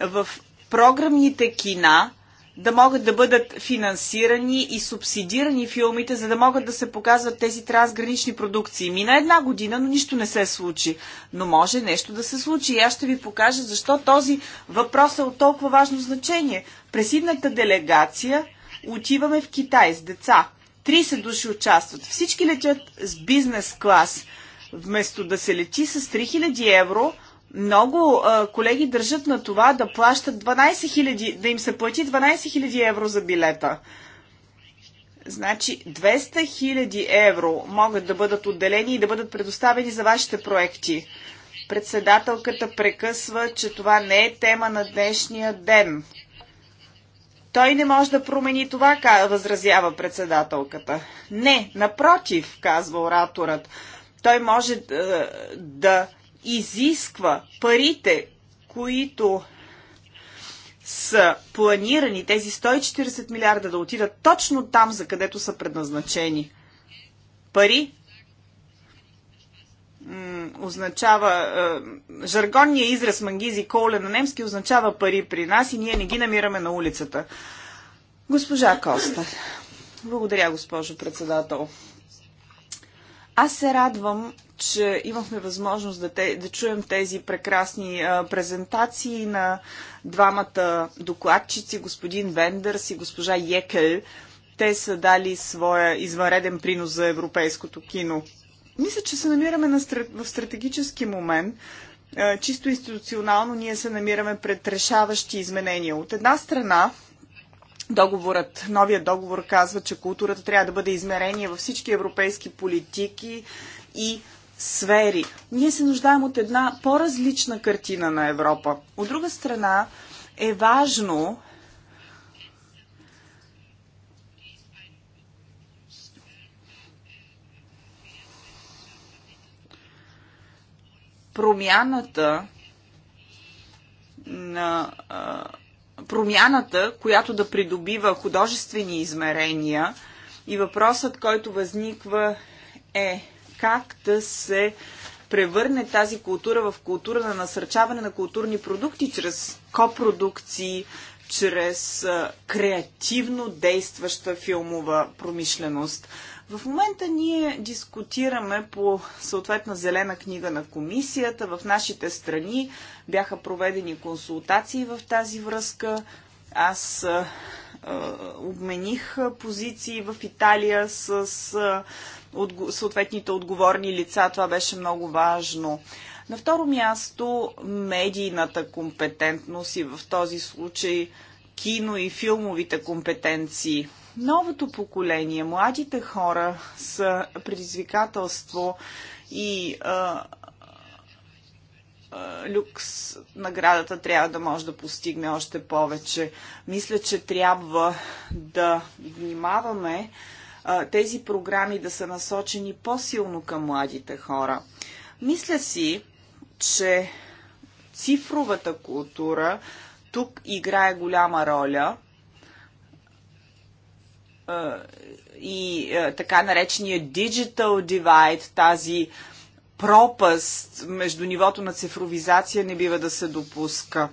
в програмните кина да могат да бъдат финансирани и субсидирани филмите, за да могат да се показват тези трансгранични продукции. Мина една година, но нищо не се случи. Но може нещо да се случи и аз ще ви покажа защо този въпрос е от толкова важно значение. През делегация отиваме в Китай с деца. 30 души участват. Всички летят с бизнес клас. Вместо да се лети с 3000 евро, много а, колеги държат на това да плащат 12 000, да им се плати 12 000 евро за билета. Значи 200 000 евро могат да бъдат отделени и да бъдат предоставени за вашите проекти. Председателката прекъсва, че това не е тема на днешния ден. Той не може да промени това, възразява председателката. Не, напротив, казва ораторът. Той може да, да изисква парите, които са планирани тези 140 милиарда да отидат точно там, за където са предназначени. Пари означава, е, жаргонният израз мангизи коле на немски означава пари при нас и ние не ги намираме на улицата. Госпожа Коста. Благодаря, госпожо председател. Аз се радвам че имахме възможност да, те, да чуем тези прекрасни а, презентации на двамата докладчици, господин Вендърс и госпожа Екел. Те са дали своя извънреден принос за европейското кино. Мисля, че се намираме на стра... в стратегически момент. А, чисто институционално ние се намираме пред решаващи изменения. От една страна, договорът, новия договор казва, че културата трябва да бъде измерение във всички европейски политики и сфери. Ние се нуждаем от една по-различна картина на Европа. От друга страна е важно промяната на промяната, която да придобива художествени измерения и въпросът, който възниква е как да се превърне тази култура в култура на насърчаване на културни продукти чрез копродукции, чрез креативно действаща филмова промишленост. В момента ние дискутираме по съответна зелена книга на комисията. В нашите страни бяха проведени консултации в тази връзка. Аз обмених позиции в Италия с от съответните отговорни лица. Това беше много важно. На второ място, медийната компетентност и в този случай кино и филмовите компетенции. Новото поколение, младите хора са предизвикателство и а, а, люкс наградата трябва да може да постигне още повече. Мисля, че трябва да внимаваме тези програми да са насочени по-силно към младите хора. Мисля си, че цифровата култура тук играе голяма роля и така наречения digital divide, тази пропаст между нивото на цифровизация не бива да се допуска.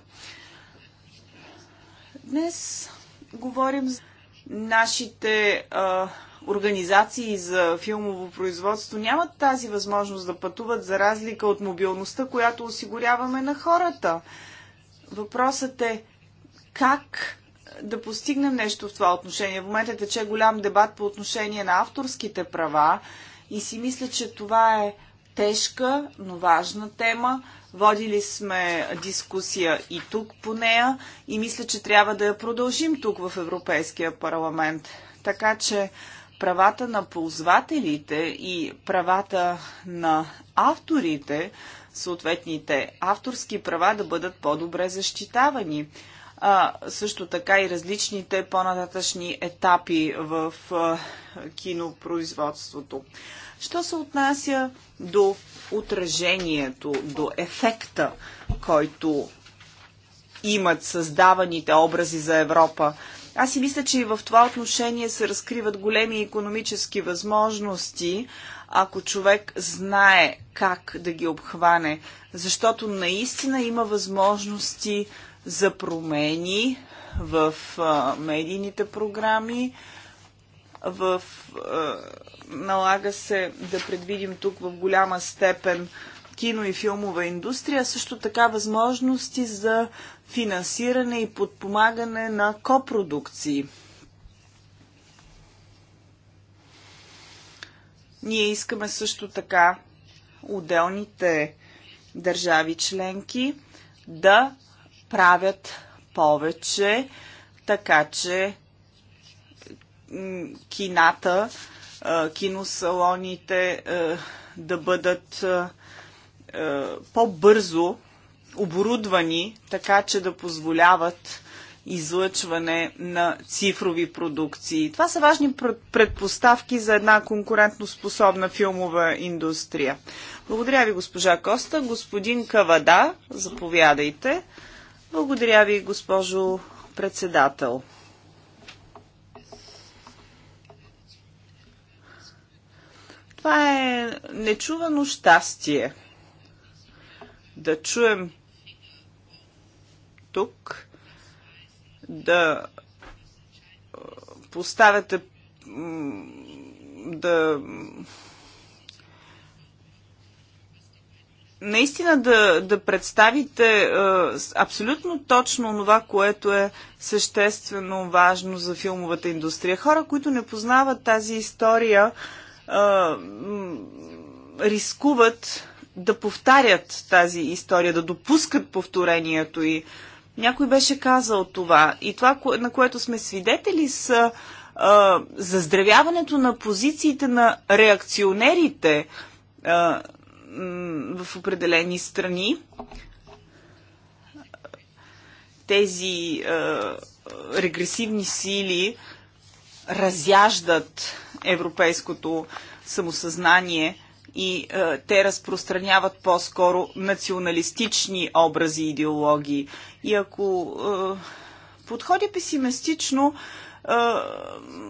Днес говорим за нашите а, организации за филмово производство нямат тази възможност да пътуват за разлика от мобилността, която осигуряваме на хората. Въпросът е как да постигнем нещо в това отношение. В момента тече голям дебат по отношение на авторските права и си мисля, че това е тежка, но важна тема. Водили сме дискусия и тук по нея и мисля, че трябва да я продължим тук в Европейския парламент. Така че правата на ползвателите и правата на авторите, съответните авторски права да бъдат по-добре защитавани. А, също така и различните по-нататъчни етапи в а, кинопроизводството. Що се отнася до отражението, до ефекта, който имат създаваните образи за Европа, аз си мисля, че и в това отношение се разкриват големи економически възможности, ако човек знае как да ги обхване, защото наистина има възможности за промени в а, медийните програми, в, а, налага се да предвидим тук в голяма степен кино и филмова индустрия, също така възможности за финансиране и подпомагане на копродукции. Ние искаме също така отделните държави членки да правят повече, така че кината, киносалоните да бъдат по-бързо оборудвани така, че да позволяват излъчване на цифрови продукции. Това са важни предпоставки за една конкурентноспособна филмова индустрия. Благодаря ви, госпожа Коста. Господин Кавада, заповядайте. Благодаря ви, госпожо председател. Това е нечувано щастие. Да чуем тук да поставяте да наистина да, да представите а, абсолютно точно това, което е съществено важно за филмовата индустрия. Хора, които не познават тази история, а, рискуват да повтарят тази история, да допускат повторението и някой беше казал това. И това, на което сме свидетели, са а, заздравяването на позициите на реакционерите а, в определени страни. Тези а, регресивни сили разяждат европейското самосъзнание и е, те разпространяват по-скоро националистични образи и идеологии. И ако е, подходя песимистично, е,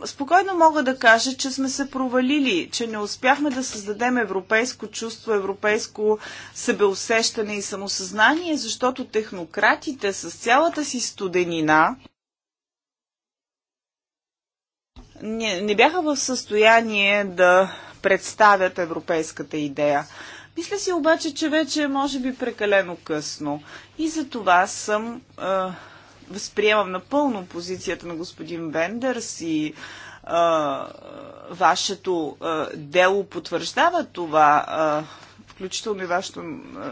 спокойно мога да кажа, че сме се провалили, че не успяхме да създадем европейско чувство, европейско себеусещане и самосъзнание, защото технократите с цялата си студенина не, не бяха в състояние да представят европейската идея. Мисля си обаче, че вече е може би прекалено късно. И за това съм, а, възприемам напълно позицията на господин Вендърс и а, вашето а, дело потвърждава това. а, включително и вашето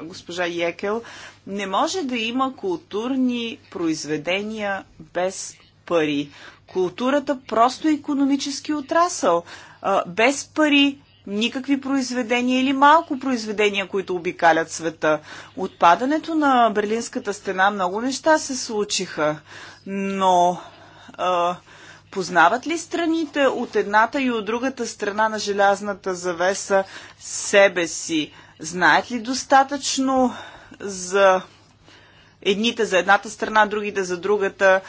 госпожа Екел, не може да има културни произведения без пари. Културата просто е економически отрасъл. Без пари никакви произведения или малко произведения, които обикалят света. Отпадането на Берлинската стена много неща се случиха, но а, познават ли страните от едната и от другата страна на желязната завеса себе си? Знаят ли достатъчно за едните за едната страна, другите за другата.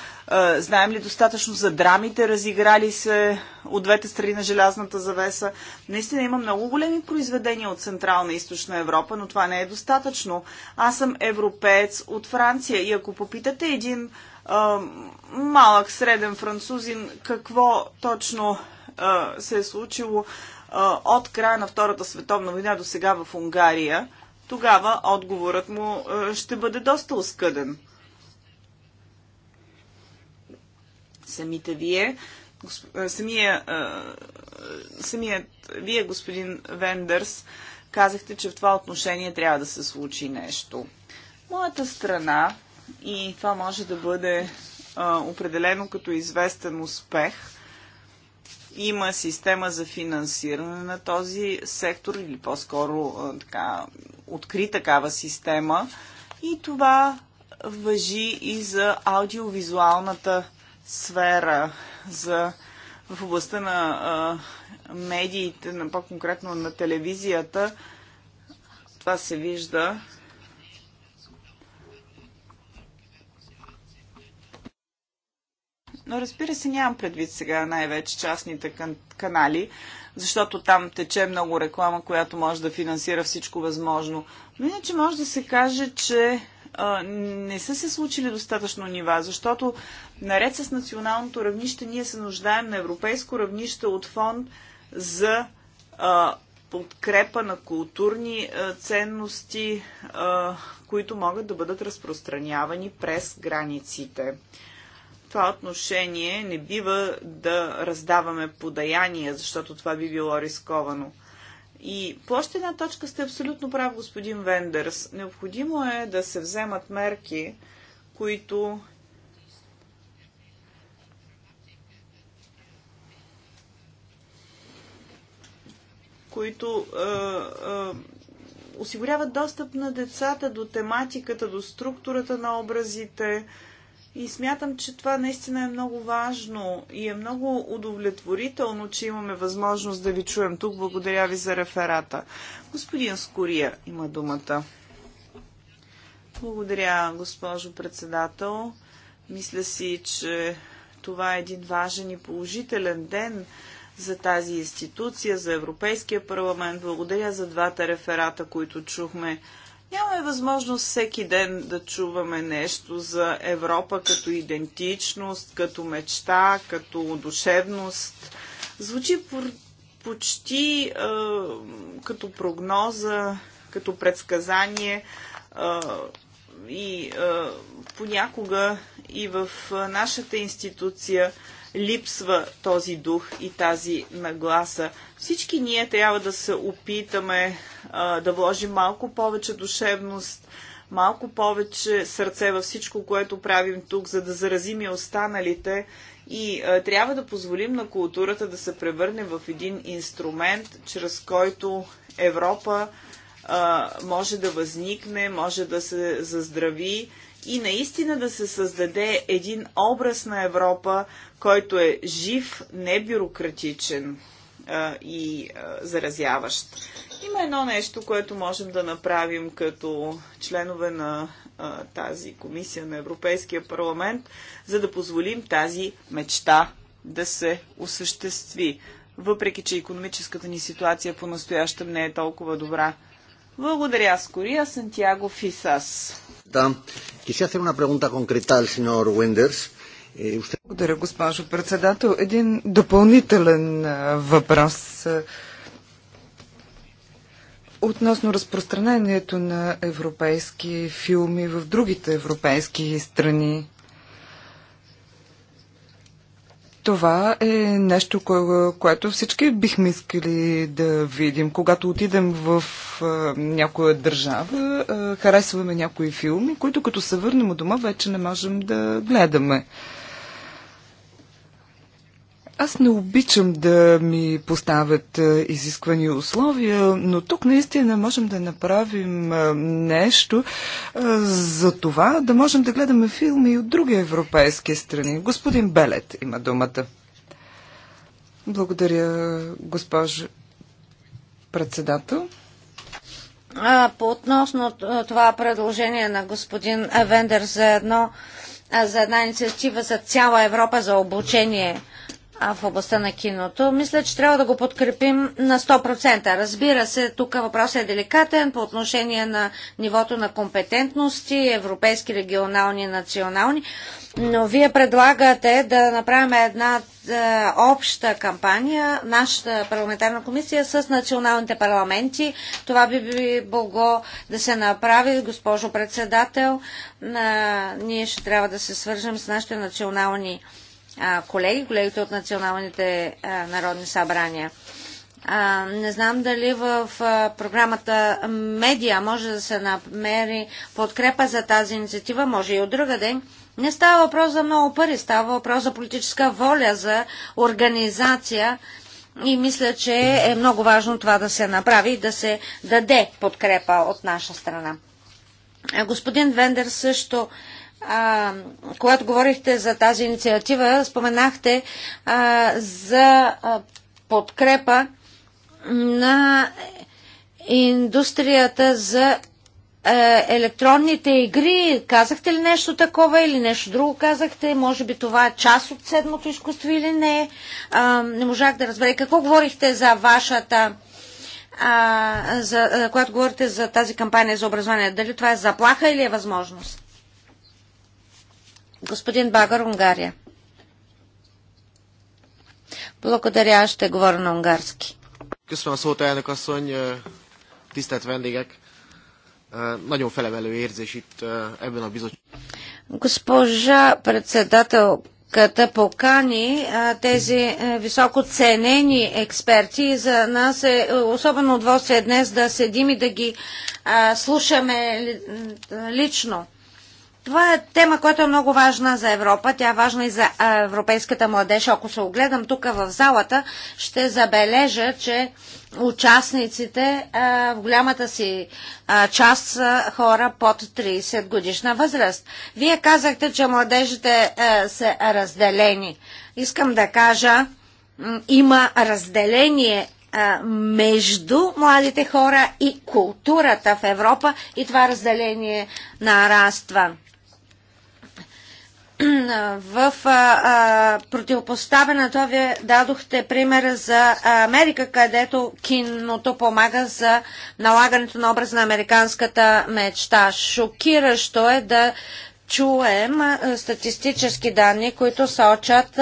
Знаем ли достатъчно за драмите, разиграли се от двете страни на желязната завеса? Наистина има много големи произведения от Централна и Източна Европа, но това не е достатъчно. Аз съм европеец от Франция и ако попитате един а, малък среден французин какво точно а, се е случило а, от края на Втората световна война до сега в Унгария – тогава отговорът му е, ще бъде доста оскъден. Самите вие, госп... Е, самия, е, самият вие, господин Вендърс, казахте, че в това отношение трябва да се случи нещо. Моята страна, и това може да бъде определено като известен успех, има система за финансиране на този сектор или по-скоро така откри такава система и това въжи и за аудиовизуалната сфера, за в областта на а, медиите, на по-конкретно на телевизията. Това се вижда. Но разбира се, нямам предвид сега най-вече частните кан- канали, защото там тече много реклама, която може да финансира всичко възможно. Но иначе може да се каже, че а, не са се случили достатъчно нива, защото наред с националното равнище ние се нуждаем на европейско равнище от фонд за а, подкрепа на културни а, ценности, а, които могат да бъдат разпространявани през границите това отношение не бива да раздаваме подаяния, защото това би било рисковано. И по още една точка сте абсолютно прав, господин Вендерс. Необходимо е да се вземат мерки, които които е, е, осигуряват достъп на децата до тематиката, до структурата на образите, и смятам, че това наистина е много важно и е много удовлетворително, че имаме възможност да ви чуем тук. Благодаря ви за реферата. Господин Скория има думата. Благодаря, госпожо председател. Мисля си, че това е един важен и положителен ден за тази институция, за Европейския парламент. Благодаря за двата реферата, които чухме. Нямаме възможност всеки ден да чуваме нещо за Европа като идентичност, като мечта, като душевност. Звучи почти е, като прогноза, като предсказание е, и е, понякога и в е, нашата институция липсва този дух и тази нагласа. Всички ние трябва да се опитаме а, да вложим малко повече душевност, малко повече сърце във всичко, което правим тук, за да заразим и останалите. И а, трябва да позволим на културата да се превърне в един инструмент, чрез който Европа а, може да възникне, може да се заздрави и наистина да се създаде един образ на Европа, който е жив, небюрократичен и заразяващ. Има едно нещо, което можем да направим като членове на а, тази комисия на Европейския парламент, за да позволим тази мечта да се осъществи. Въпреки, че економическата ни ситуация по-настоящем не е толкова добра. Благодаря, Скория Сантьяго Фисас. Да, hacer una pregunta concreta al señor Wenders. Благодаря, госпожо председател. Един допълнителен въпрос относно разпространението на европейски филми в другите европейски страни. Това е нещо, което всички бихме искали да видим. Когато отидем в някоя държава, харесваме някои филми, които като се върнем от дома вече не можем да гледаме. Аз не обичам да ми поставят изисквани условия, но тук наистина можем да направим нещо за това да можем да гледаме филми и от други европейски страни. Господин Белет има думата. Благодаря, госпожо председател. А, по относно това предложение на господин Вендер за, едно, за една инициатива за цяла Европа за обучение в областта на киното. Мисля, че трябва да го подкрепим на 100%. Разбира се, тук въпросът е деликатен по отношение на нивото на компетентности, европейски, регионални, национални, но вие предлагате да направим една е, обща кампания, нашата парламентарна комисия с националните парламенти. Това би било да се направи, госпожо председател. Е, ние ще трябва да се свържем с нашите национални парламенти колеги, колегите от националните народни събрания. Не знам дали в програмата Медиа може да се намери подкрепа за тази инициатива, може и от друга ден. Не става въпрос за много пари, става въпрос за политическа воля, за организация и мисля, че е много важно това да се направи и да се даде подкрепа от наша страна. Господин Вендер също а, когато говорихте за тази инициатива, споменахте а, за а, подкрепа на индустрията за а, е, електронните игри. Казахте ли нещо такова или нещо друго казахте? Може би това е част от седмото изкуство или не? А, не можах да разбера. Какво говорихте за вашата а, за, когато говорите за тази кампания за образование, дали това е заплаха или е възможност? Господин Багар, Унгария. Благодаря, ще говоря на унгарски. Късвам a szót, elnök asszony, tisztelt vendégek. Nagyon felemelő érzés itt ebben a bizottságban. Госпожа председателката покани тези е, високо ценени експерти. За нас е, е особено удоволствие днес да седим и да ги слушаме е, лично. Това е тема, която е много важна за Европа. Тя е важна и за европейската младеж. Ако се огледам тук в залата, ще забележа, че участниците а, в голямата си а, част са хора под 30 годишна възраст. Вие казахте, че младежите а, са разделени. Искам да кажа, има разделение между младите хора и културата в Европа и това разделение нараства. в а, а, противопоставянето ви дадохте пример за Америка, където киното помага за налагането на образ на американската мечта. Шокиращо е да чуем статистически данни, които сочат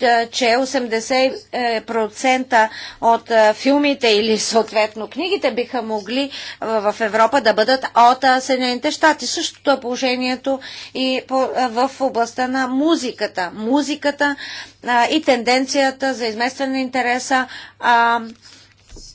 е, че 80% е от е, филмите или съответно книгите биха могли в Европа да бъдат от Съединените щати. Същото е положението и в областта на музиката. Музиката и тенденцията за изместване на интереса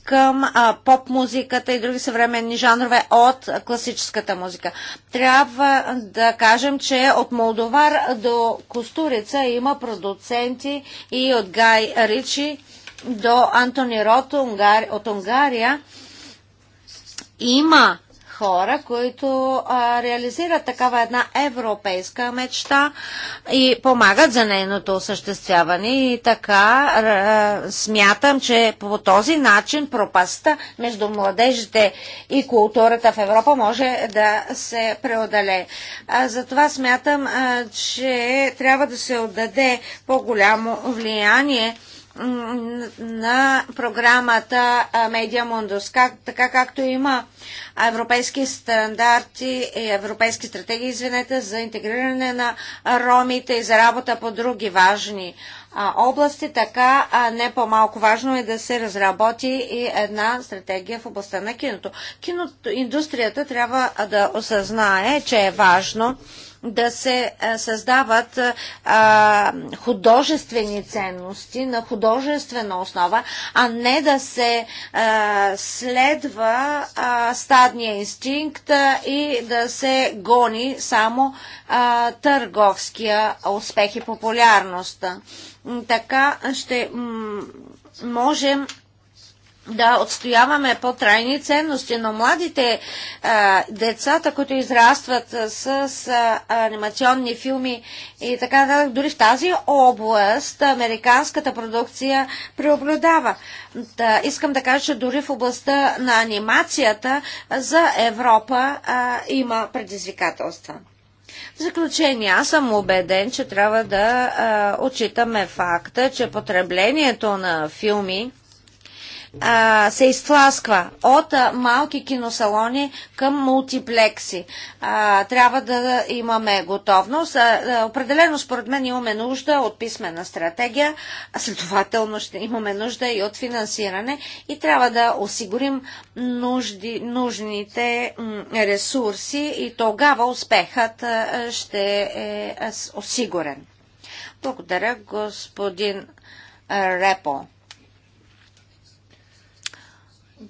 към поп-музиката и други съвременни жанрове от класическата музика. Трябва да кажем, че от Молдовар до Костурица има продуценти и от Гай Ричи до Антони Рото от Унгария има хора, които а, реализират такава една европейска мечта и помагат за нейното осъществяване. И така а, смятам, че по този начин пропаста между младежите и културата в Европа може да се преодолее. затова смятам, а, че трябва да се отдаде по-голямо влияние на програмата Media Mundus, как, така както има европейски стандарти и европейски стратегии, извинете, за интегриране на ромите и за работа по други важни а, области, така а не по-малко важно е да се разработи и една стратегия в областта на киното. Киното, индустрията трябва да осъзнае, че е важно да се създават художествени ценности на художествена основа, а не да се следва стадния инстинкт и да се гони само търговския успех и популярност. Така ще можем да отстояваме по-трайни ценности, но младите а, децата, които израстват с, с а, анимационни филми и така нататък, дори в тази област американската продукция преобладава. Да, искам да кажа, че дори в областта на анимацията за Европа а, има предизвикателства. В заключение, аз съм убеден, че трябва да а, отчитаме факта, че потреблението на филми а, се изтласква от а, малки киносалони към мултиплекси. А, трябва да имаме готовност. А, а, определено според мен имаме нужда от писмена стратегия, а следователно ще имаме нужда и от финансиране и трябва да осигурим нужди, нужните ресурси и тогава успехът а, ще е, е осигурен. Благодаря, господин Репо.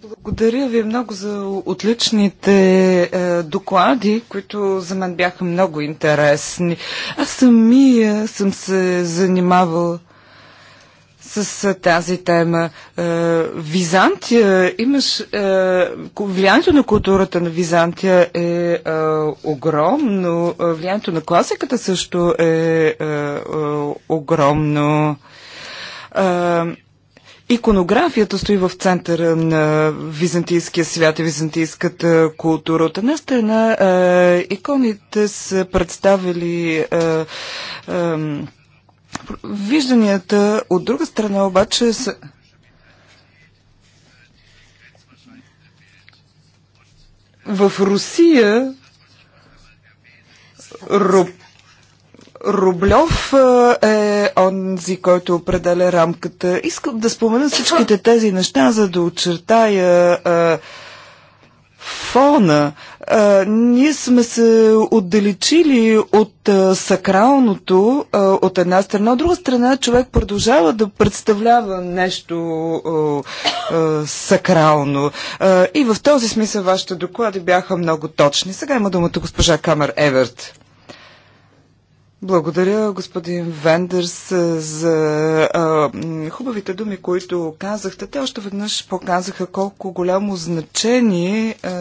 Благодаря ви много за отличните е, доклади, които за мен бяха много интересни. Аз самия съм се занимавал с е, тази тема. Е, Византия, имаш... Е, влиянието на културата на Византия е, е огромно. Е, влиянието на класиката също е, е, е огромно. Е, Иконографията стои в центъра на византийския свят и византийската култура. От една страна е, иконите са представили е, е, вижданията, от друга страна обаче са... В Русия Роб Рублев е, е онзи, който определя рамката. Искам да спомена всичките тези неща, за да очертая е, фона. Е, ние сме се отдалечили от е, сакралното е, от една страна, от друга страна човек продължава да представлява нещо е, е, сакрално. Е, и в този смисъл вашите доклади бяха много точни. Сега има думата госпожа Камер Еверт. Благодаря, господин Вендерс, за а, хубавите думи, които казахте. Те още веднъж показаха колко голямо значение а,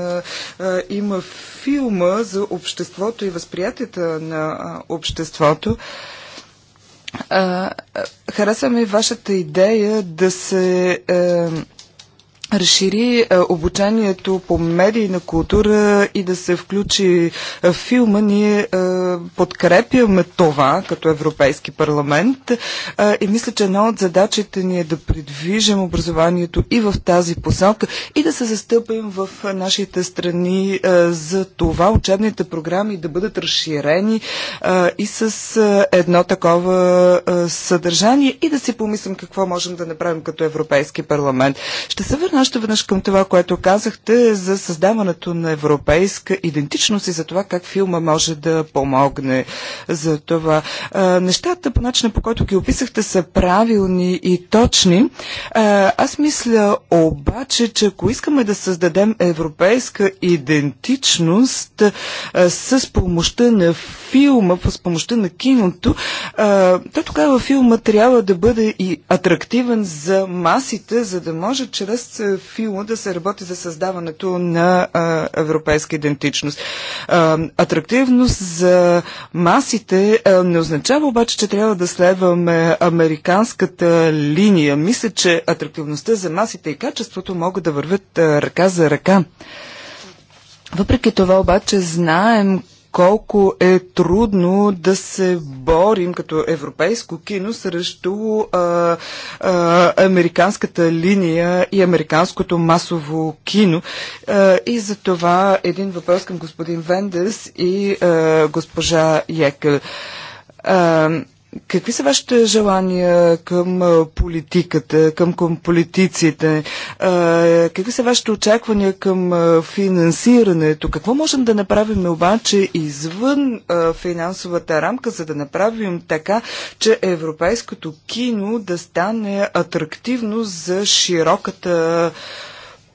а, има филма за обществото и възприятията на а, обществото. А, харесва ми вашата идея да се. А, разшири е, обучението по медийна култура и да се включи е, в филма. Ние е, подкрепяме това като Европейски парламент и мисля, че една от задачите ни е да придвижим образованието и в тази посока и да се застъпим в нашите страни за това учебните програми да бъдат разширени и с едно такова съдържание и да си помислим какво можем да направим като Европейски парламент. Ще се върна още веднъж към това, което казахте за създаването на европейска идентичност и за това как филма може да помогне за това. нещата по начина по който ги описахте са правилни и точни. аз мисля обаче, че ако искаме да създадем европейска идентичност с помощта на филма, с помощта на киното, то тогава филма трябва да бъде и атрактивен за масите, за да може чрез филма да се работи за създаването на а, европейска идентичност. А, атрактивност за масите а, не означава обаче, че трябва да следваме американската линия. Мисля, че атрактивността за масите и качеството могат да вървят а, ръка за ръка. Въпреки това обаче знаем колко е трудно да се борим като европейско кино срещу а, а, американската линия и американското масово кино. А, и за това един въпрос към господин Вендес и а, госпожа Екъл. А, Какви са вашите желания към политиката, към, към политиците? Какви са вашите очаквания към финансирането? Какво можем да направим обаче извън финансовата рамка, за да направим така, че европейското кино да стане атрактивно за широката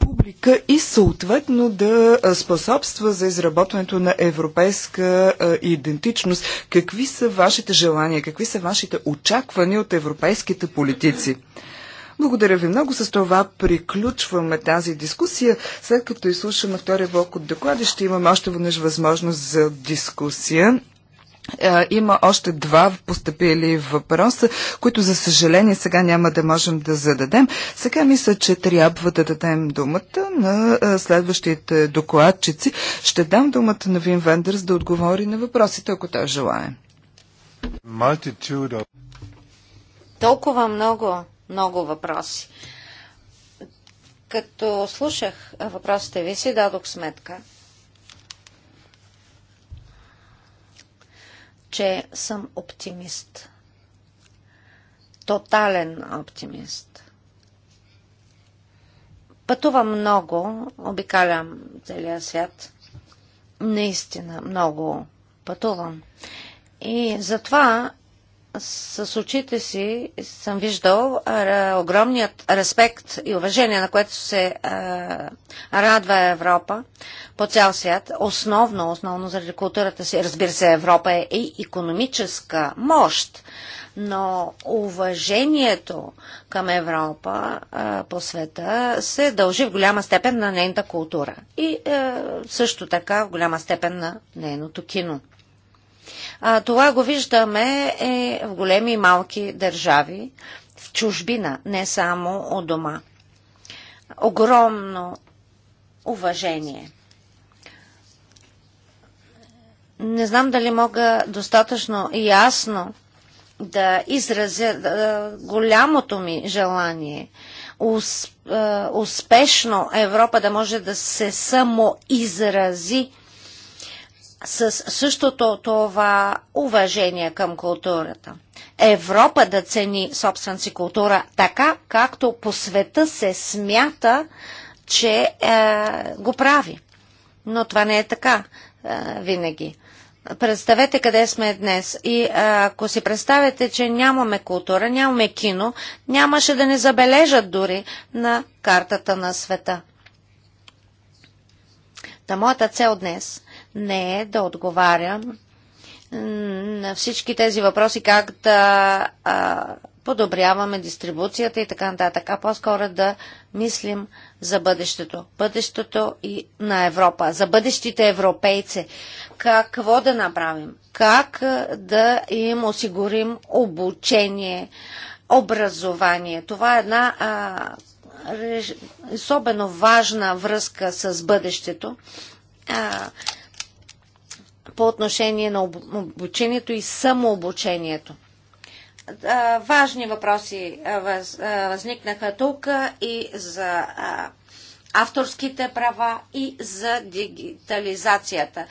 публика и съответно да способства за изработването на европейска идентичност. Какви са вашите желания, какви са вашите очаквания от европейските политици? Благодаря ви много. С това приключваме тази дискусия. След като изслушаме втория блок от доклади, ще имаме още веднъж възможност за дискусия. Е, има още два поступили въпроса, които за съжаление сега няма да можем да зададем. Сега мисля, че трябва да дадем думата на е, следващите докладчици. Ще дам думата на Вин Вендерс да отговори на въпросите, ако той желая. Толкова много, много въпроси. Като слушах въпросите ви, си дадох сметка – че съм оптимист. Тотален оптимист. Пътувам много, обикалям целия свят. Наистина много пътувам. И затова с очите си съм виждал огромният респект и уважение, на което се радва Европа по цял свят, основно, основно заради културата си. Разбира се, Европа е и економическа мощ, но уважението към Европа по света се дължи в голяма степен на нейната култура и също така в голяма степен на нейното кино. А, това го виждаме е в големи и малки държави, в чужбина, не само у дома. Огромно уважение. Не знам дали мога достатъчно ясно да изразя голямото ми желание е, успешно Европа да може да се самоизрази с същото това уважение към културата. Европа да цени собствената си култура така, както по света се смята, че е, го прави. Но това не е така е, винаги. Представете къде сме днес. И е, ако си представите, че нямаме култура, нямаме кино, нямаше да не забележат дори на картата на света. Та моята цел днес не е да отговарям на всички тези въпроси, как да а, подобряваме дистрибуцията и така нататък, а по-скоро да мислим за бъдещето. Бъдещето и на Европа, за бъдещите европейци. Какво да направим? Как да им осигурим обучение, образование? Това е една а, особено важна връзка с бъдещето. А, по отношение на обучението и самообучението. Важни въпроси възникнаха тук и за авторските права и за дигитализацията.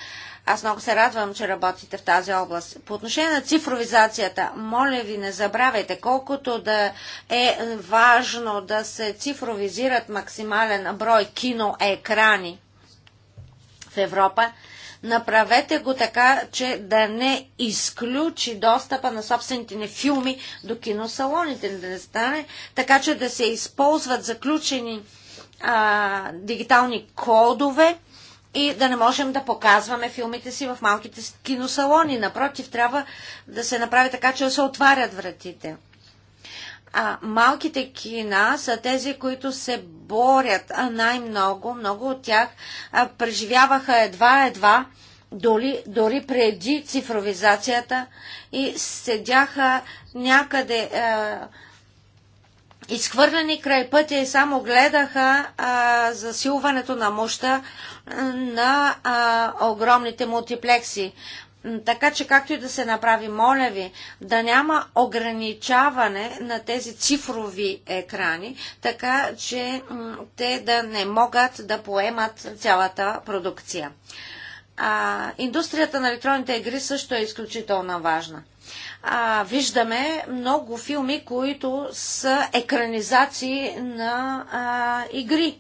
Аз много се радвам, че работите в тази област. По отношение на цифровизацията, моля ви, не забравяйте, колкото да е важно да се цифровизират максимален брой киноекрани в Европа, направете го така, че да не изключи достъпа на собствените ни филми до киносалоните, да не стане, така че да се използват заключени а, дигитални кодове, и да не можем да показваме филмите си в малките киносалони. Напротив, трябва да се направи така, че да се отварят вратите а, малките кина са тези, които се борят най-много. Много от тях а, преживяваха едва-едва, дори, дори преди цифровизацията и седяха някъде а, изхвърлени край пътя и само гледаха а, засилването на мощта на а, огромните мултиплекси. Така че както и да се направи, моля ви, да няма ограничаване на тези цифрови екрани, така че те да не могат да поемат цялата продукция. А, индустрията на електронните игри също е изключително важна. А, виждаме много филми, които са екранизации на а, игри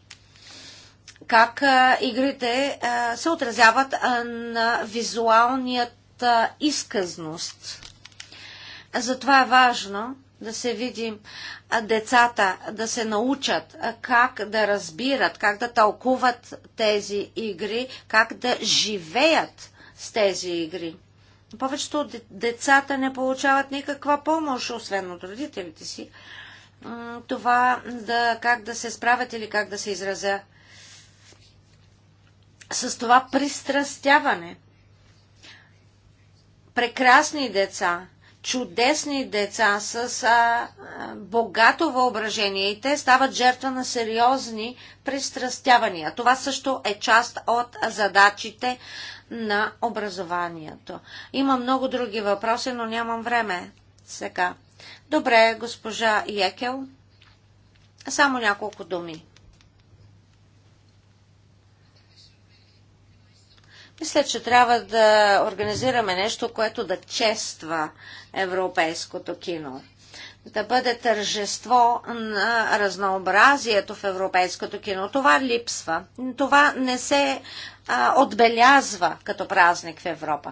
как а, игрите а, се отразяват а, на визуалният а, изказност. Затова е важно да се видим а, децата, да се научат а, как да разбират, как да тълкуват тези игри, как да живеят с тези игри. Повечето от децата не получават никаква помощ, освен от родителите си. Това да, как да се справят или как да се изразя с това пристрастяване – прекрасни деца, чудесни деца с а, богато въображение и те стават жертва на сериозни пристрастявания. Това също е част от задачите на образованието. Има много други въпроси, но нямам време сега. Добре, госпожа Екел. Само няколко думи. Мисля, че трябва да организираме нещо, което да чества европейското кино. Да бъде тържество на разнообразието в европейското кино. Това липсва. Това не се а, отбелязва като празник в Европа.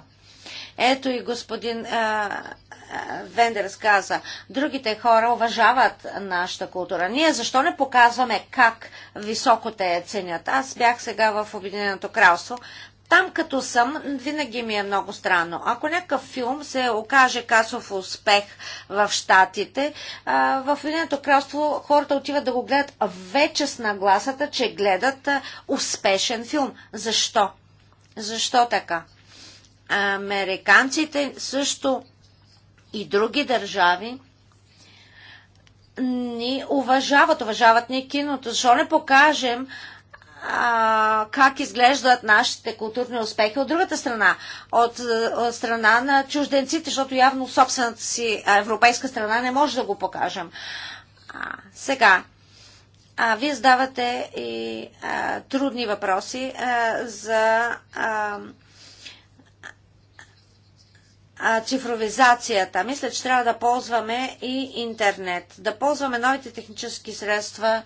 Ето и господин а, Вендерс каза, другите хора уважават нашата култура. Ние защо не показваме как високо те я ценят? Аз бях сега в Обединеното кралство. Там като съм, винаги ми е много странно. Ако някакъв филм се окаже касов успех в Штатите, в Единеното кралство хората отиват да го гледат вече с нагласата, че гледат успешен филм. Защо? Защо така? Американците също и други държави ни уважават, уважават ни киното. Защо не покажем как изглеждат нашите културни успехи от другата страна, от, е, от страна на чужденците, защото явно собствената си европейска страна не може да го покажем. А, сега, а, вие задавате и а, трудни въпроси а, за а, а, цифровизацията. Мисля, че трябва да ползваме и интернет, да ползваме новите технически средства, а,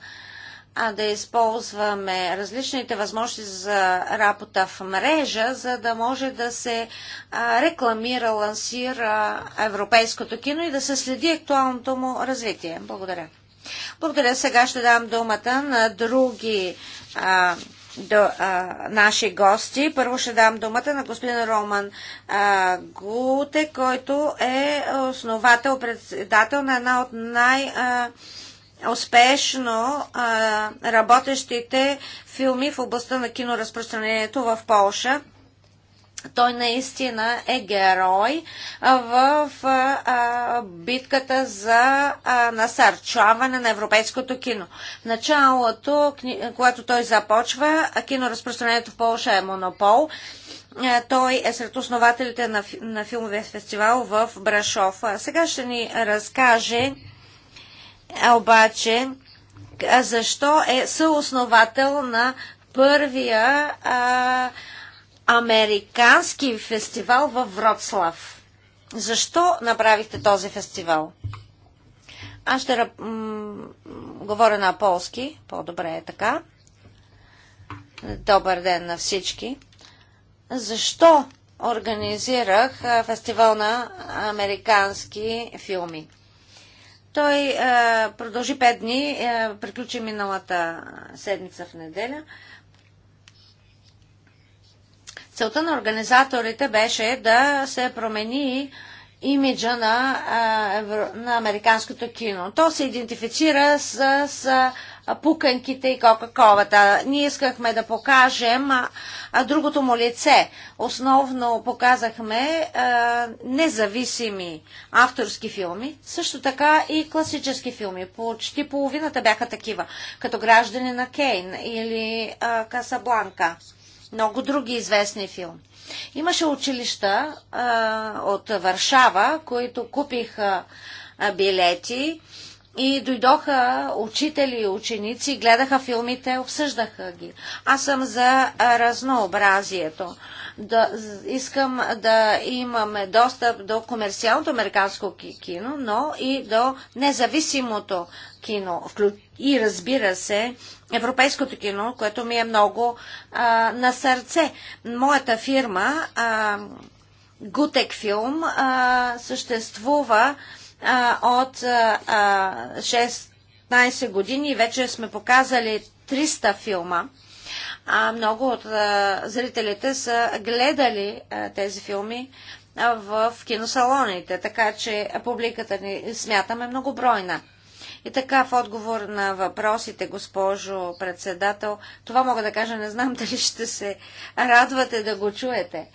а да използваме различните възможности за работа в мрежа, за да може да се рекламира, лансира европейското кино и да се следи актуалното му развитие. Благодаря. Благодаря. Сега ще дам думата на други а, до, а, наши гости. Първо ще дам думата на господин Роман а, Гуте, който е основател, председател на една от най- а, успешно а, работещите филми в областта на киноразпространението в Полша. Той наистина е герой в а, битката за а, насърчаване на европейското кино. В началото, когато той започва, киноразпространението в Полша е монопол. Той е сред основателите на, на филмовия фестивал в Брашов. сега ще ни разкаже е, обаче защо е съосновател на първия а, американски фестивал в Вроцлав. Защо направихте този фестивал? Аз ще говоря на полски, по-добре е така. Добър ден на всички. Защо организирах фестивал на американски филми? Той е, продължи 5 дни, е, приключи миналата седмица в неделя. Целта на организаторите беше да се промени имиджа на, е, на американското кино. То се идентифицира с, с пуканките и Кока-Колата. Ние искахме да покажем другото му лице. Основно показахме независими авторски филми, също така и класически филми. Почти половината бяха такива, като Граждане на Кейн или Касабланка. Много други известни филми. Имаше училища а, от Варшава, които купиха билети и дойдоха учители и ученици, гледаха филмите, обсъждаха ги. Аз съм за разнообразието. Да, искам да имаме достъп до комерциалното американско кино, но и до независимото кино. И разбира се, европейското кино, което ми е много а, на сърце. Моята фирма, а, Гутек Филм, а, съществува а, от а, 16 години. Вече сме показали 300 филма. А много от а, зрителите са гледали а, тези филми а, в киносалоните, така че публиката ни смятаме е многобройна. И така, в отговор на въпросите, госпожо председател, това мога да кажа, не знам дали ще се радвате да го чуете.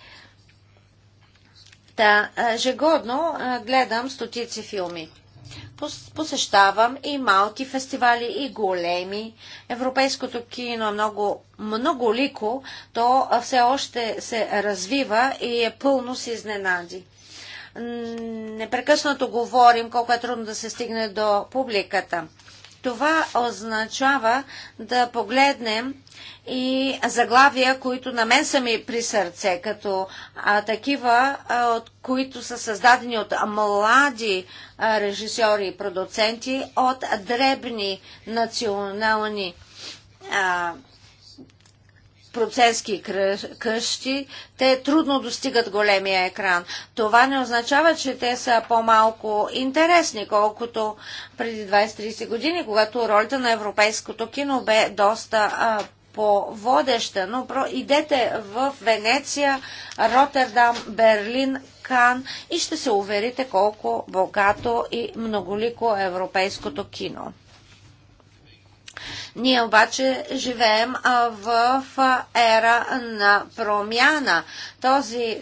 Та, ежегодно гледам стотици филми. Посещавам и малки фестивали, и големи. Европейското кино е много, много лико. То все още се развива и е пълно с изненади непрекъснато говорим колко е трудно да се стигне до публиката. Това означава да погледнем и заглавия, които на мен са ми при сърце, като а, такива, а, от, които са създадени от млади а, режисьори и продуценти, от дребни национални а, процески къщи, те трудно достигат големия екран. Това не означава, че те са по-малко интересни, колкото преди 20-30 години, когато ролята на европейското кино бе доста а, по-водеща, но идете в Венеция, Роттердам, Берлин, Кан и ще се уверите колко богато и многолико е европейското кино. Ние обаче живеем в ера на промяна. Този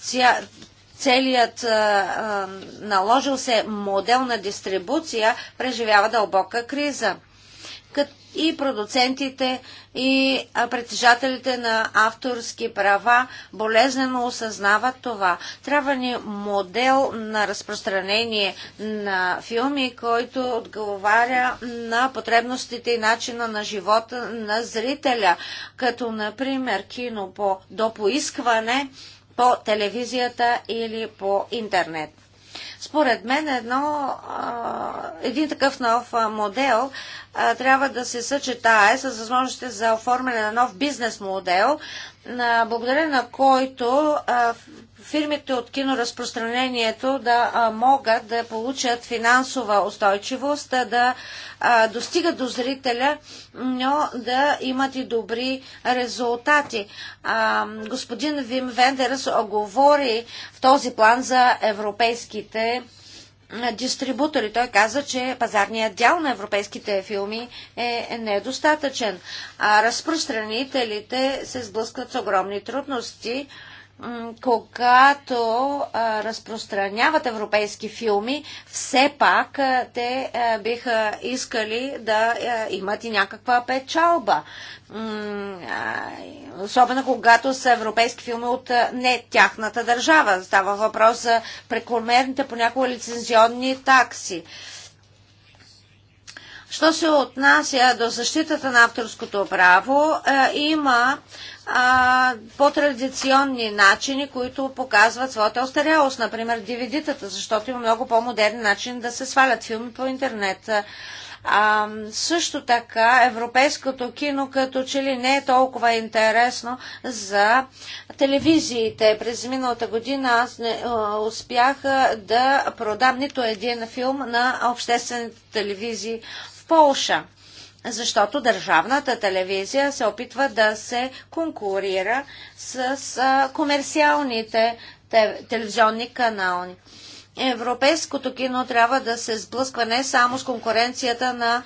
ця, целият наложил се модел на дистрибуция преживява дълбока криза и продуцентите и притежателите на авторски права болезнено осъзнават това. Трябва ни модел на разпространение на филми, който отговаря на потребностите и начина на живота на зрителя, като например кино по, допоискване по телевизията или по интернет. Според мен едно, един такъв нов модел трябва да се съчетае с възможностите за оформяне на нов бизнес модел, благодаря на който фирмите от киноразпространението да могат да получат финансова устойчивост, да достигат до зрителя, но да имат и добри резултати. Господин Вим Вендерс говори в този план за европейските дистрибутори. Той каза, че пазарният дял на европейските филми е недостатъчен. А разпространителите се сблъскват с огромни трудности когато а, разпространяват европейски филми, все пак а, те а, биха искали да имат и някаква печалба. Особено когато са европейски филми от не тяхната държава. Става въпрос за прекомерните понякога лицензионни такси. Що се отнася до защитата на авторското право, е, има по-традиционни начини, които показват своята остарялост. Например, дивидитата, защото има много по-модерен начин да се свалят филми по интернет. Е, а, също така европейското кино като че ли не е толкова интересно за телевизиите. През миналата година аз не а, е, успях да продам нито един филм на обществените телевизии Полша. Защото държавната телевизия се опитва да се конкурира с комерциалните телевизионни канали. Европейското кино трябва да се сблъсква не само с конкуренцията на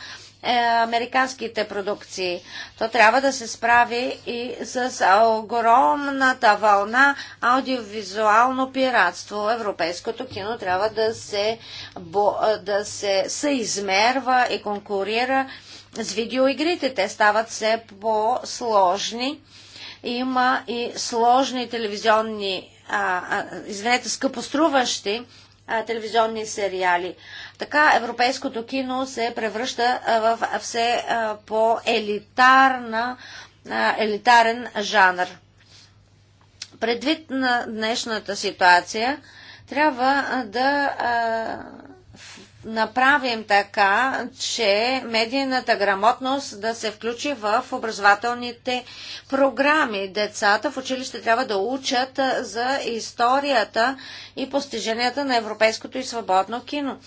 е, американските продукции. То трябва да се справи и с огромната вълна аудиовизуално пиратство. Европейското кино трябва да се, е, да се съизмерва и конкурира с видеоигрите. Те стават все по-сложни. Има и сложни телевизионни, а, а, извинете, скъпоструващи телевизионни сериали. Така европейското кино се превръща в все по-елитарна, елитарен жанр. Предвид на днешната ситуация, трябва да а, направим така, че медийната грамотност да се включи в образователните програми. Децата в училище трябва да учат за историята и постиженията на европейското и свободно кино.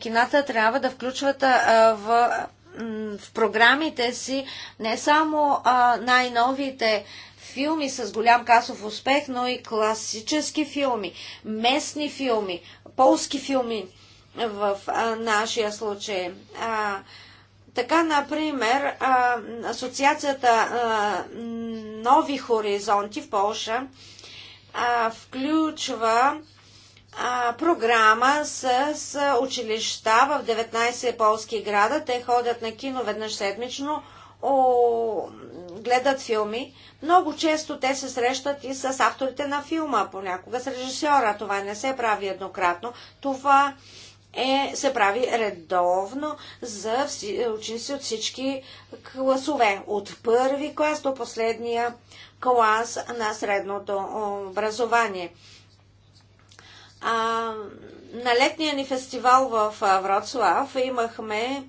Кината трябва да включват в в програмите си не само най-новите филми с голям касов успех, но и класически филми, местни филми, полски филми, в а, нашия случай. А, така, например, а, Асоциацията а, Нови хоризонти в Польша а, включва а, програма с, с училища в 19 полски града. Те ходят на кино веднъж седмично, о, гледат филми. Много често те се срещат и с авторите на филма, понякога с режисьора. Това не се прави еднократно. Това а, е, се прави редовно за ученици от всички класове. От първи клас до последния клас на средното образование. А, на летния ни фестивал в Вроцлав имахме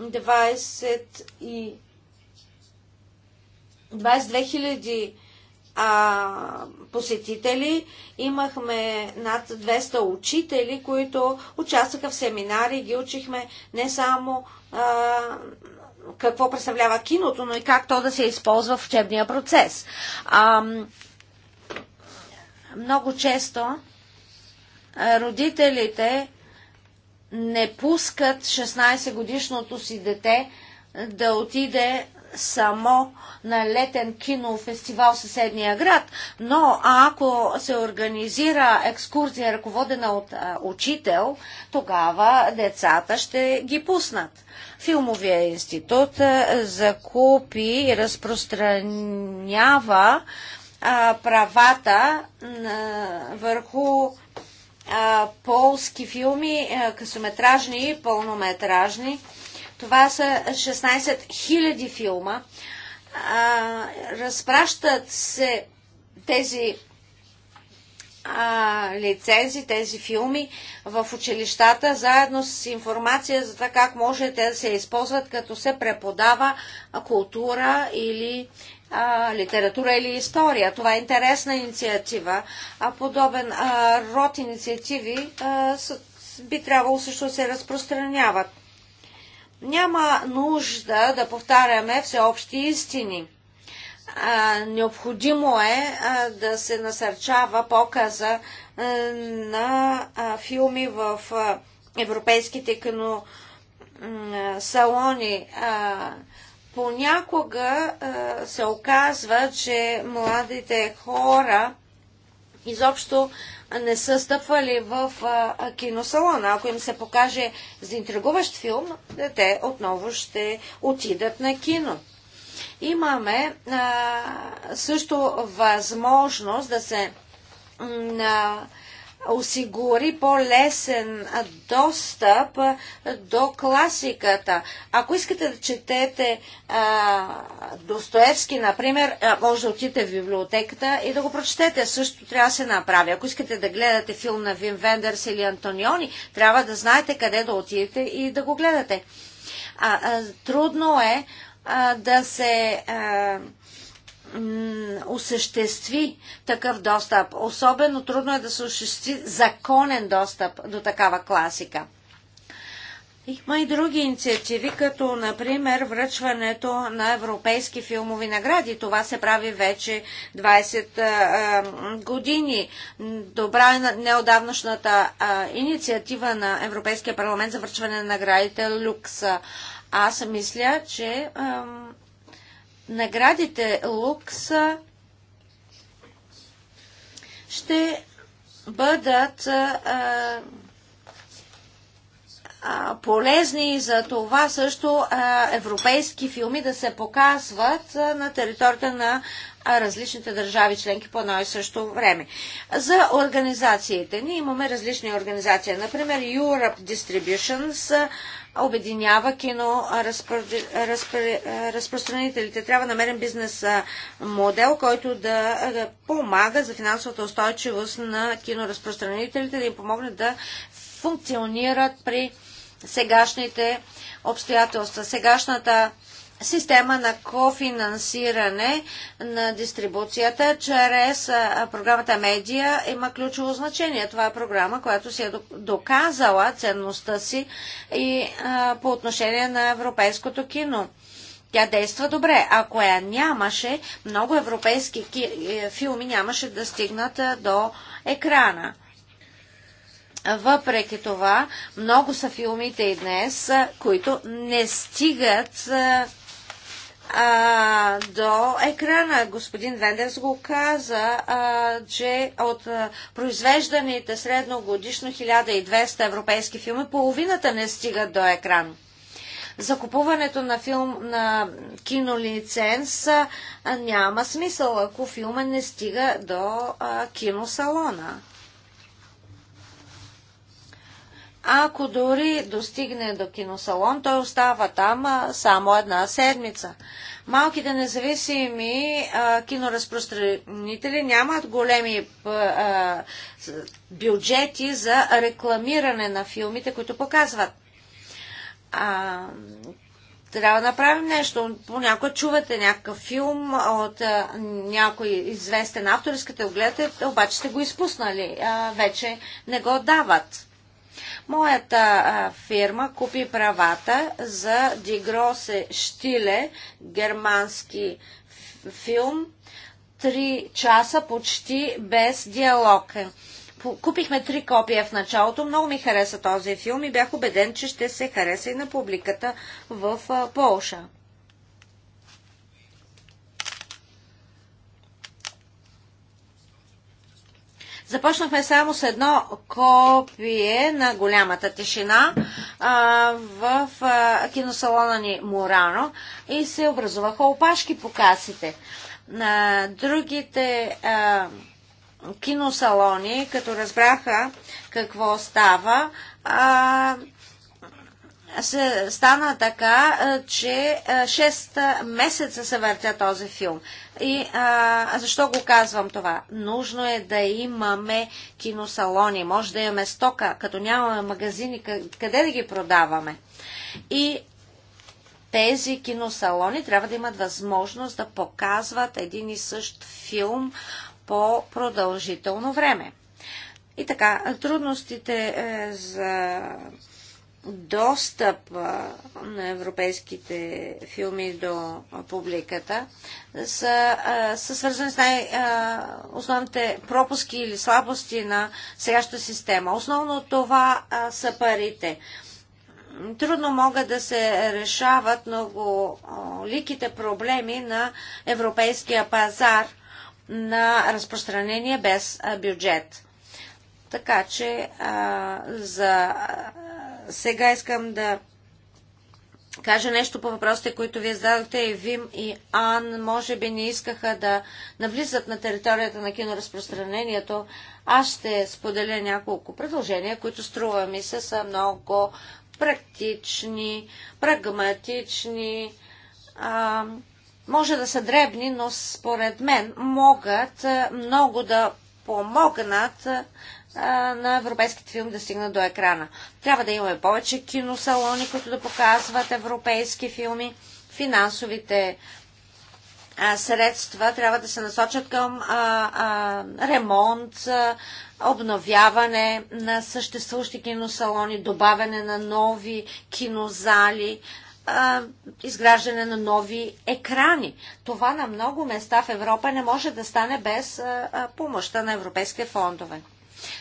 20 и 22 000 а, посетители. Имахме над 200 учители, които участваха в семинари. Ги учихме не само а, какво представлява киното, но и как то да се използва в учебния процес. А, много често родителите не пускат 16 годишното си дете да отиде само на летен кинофестивал в съседния град, но ако се организира екскурзия, ръководена от а, учител, тогава децата ще ги пуснат. Филмовия институт а, закупи и разпространява а, правата върху полски филми, късометражни и пълнометражни това са 16 000 филма. А, разпращат се тези а, лицензи, тези филми в училищата, заедно с информация за това как може те да се използват, като се преподава култура или а, литература или история. Това е интересна инициатива. А подобен а, род инициативи а, с, би трябвало също да се разпространяват. Няма нужда да повтаряме всеобщи истини. необходимо е да се насърчава показа на филми в европейските кино салони. понякога се оказва, че младите хора изобщо не са стъпвали в а, киносалона. Ако им се покаже заинтригуващ филм, те отново ще отидат на кино. Имаме а, също възможност да се на осигури по-лесен достъп до класиката. Ако искате да четете а, Достоевски, например, може да отидете в библиотеката и да го прочетете. Също трябва да се направи. Ако искате да гледате филм на Вин Вендерс или Антониони, трябва да знаете къде да отидете и да го гледате. А, а, трудно е а, да се. А, осъществи такъв достъп. Особено трудно е да се осъществи законен достъп до такава класика. Има и други инициативи, като например връчването на европейски филмови награди. Това се прави вече 20 е, години. Добра е неодавнашната е, инициатива на Европейския парламент за връчване на наградите Люкса. Аз мисля, че е, наградите Лукса ще бъдат а, полезни и за това също европейски филми да се показват на територията на различните държави членки по едно и също време. За организациите. Ние имаме различни организации. Например, Europe Distributions обединява кино разпро... разпро... разпространителите. Трябва да намерим бизнес модел, който да помага за финансовата устойчивост на киноразпространителите, да им помогне да функционират при сегашните обстоятелства. Сегашната система на кофинансиране на дистрибуцията чрез програмата Медия има ключово значение. Това е програма, която си е доказала ценността си и по отношение на европейското кино. Тя действа добре. Ако я нямаше, много европейски е, филми нямаше да стигнат до екрана. Въпреки това, много са филмите и днес, които не стигат а, до екрана. Господин Вендерс го каза, а, че от а, произвежданите средногодишно 1200 европейски филми, половината не стигат до екран. Закупуването на филм на кинолиценз няма смисъл, ако филма не стига до а, киносалона. Ако дори достигне до киносалон, той остава там само една седмица. Малките независими а, киноразпространители нямат големи а, бюджети за рекламиране на филмите, които показват. А, трябва да направим нещо. Понякога чувате някакъв филм от а, някой известен автор, искате го гледате, обаче сте го изпуснали. А, вече не го дават. Моята а, фирма купи правата за Дигросе Штиле, германски филм, 3 часа почти без диалог. Купихме три копия в началото. Много ми хареса този филм и бях убеден, че ще се хареса и на публиката в Полша. Започнахме само с едно копие на голямата тишина а, в а, киносалона ни Мурано и се образуваха опашки по касите. На другите а, киносалони, като разбраха какво става, а, се стана така, че 6 месеца се въртя този филм. И а, защо го казвам това? Нужно е да имаме киносалони, може да имаме стока, като нямаме магазини, къде да ги продаваме. И тези киносалони трябва да имат възможност да показват един и същ филм по продължително време. И така, трудностите е, за достъп на европейските филми до публиката са, са свързани с най-основните пропуски или слабости на сегащата система. Основно това са парите. Трудно могат да се решават много ликите проблеми на европейския пазар на разпространение без бюджет. Така че а, за сега искам да кажа нещо по въпросите, които вие зададохте. И Вим и Ан може би не искаха да навлизат на територията на киноразпространението. Аз ще споделя няколко предложения, които струва ми се са много практични, прагматични, а, може да са дребни, но според мен могат много да помогнат на европейските филми да стигнат до екрана. Трябва да имаме повече киносалони, които да показват европейски филми. Финансовите средства трябва да се насочат към а, а, ремонт, а, обновяване на съществуващи киносалони, добавяне на нови кинозали, а, изграждане на нови екрани. Това на много места в Европа не може да стане без а, помощта на европейските фондове.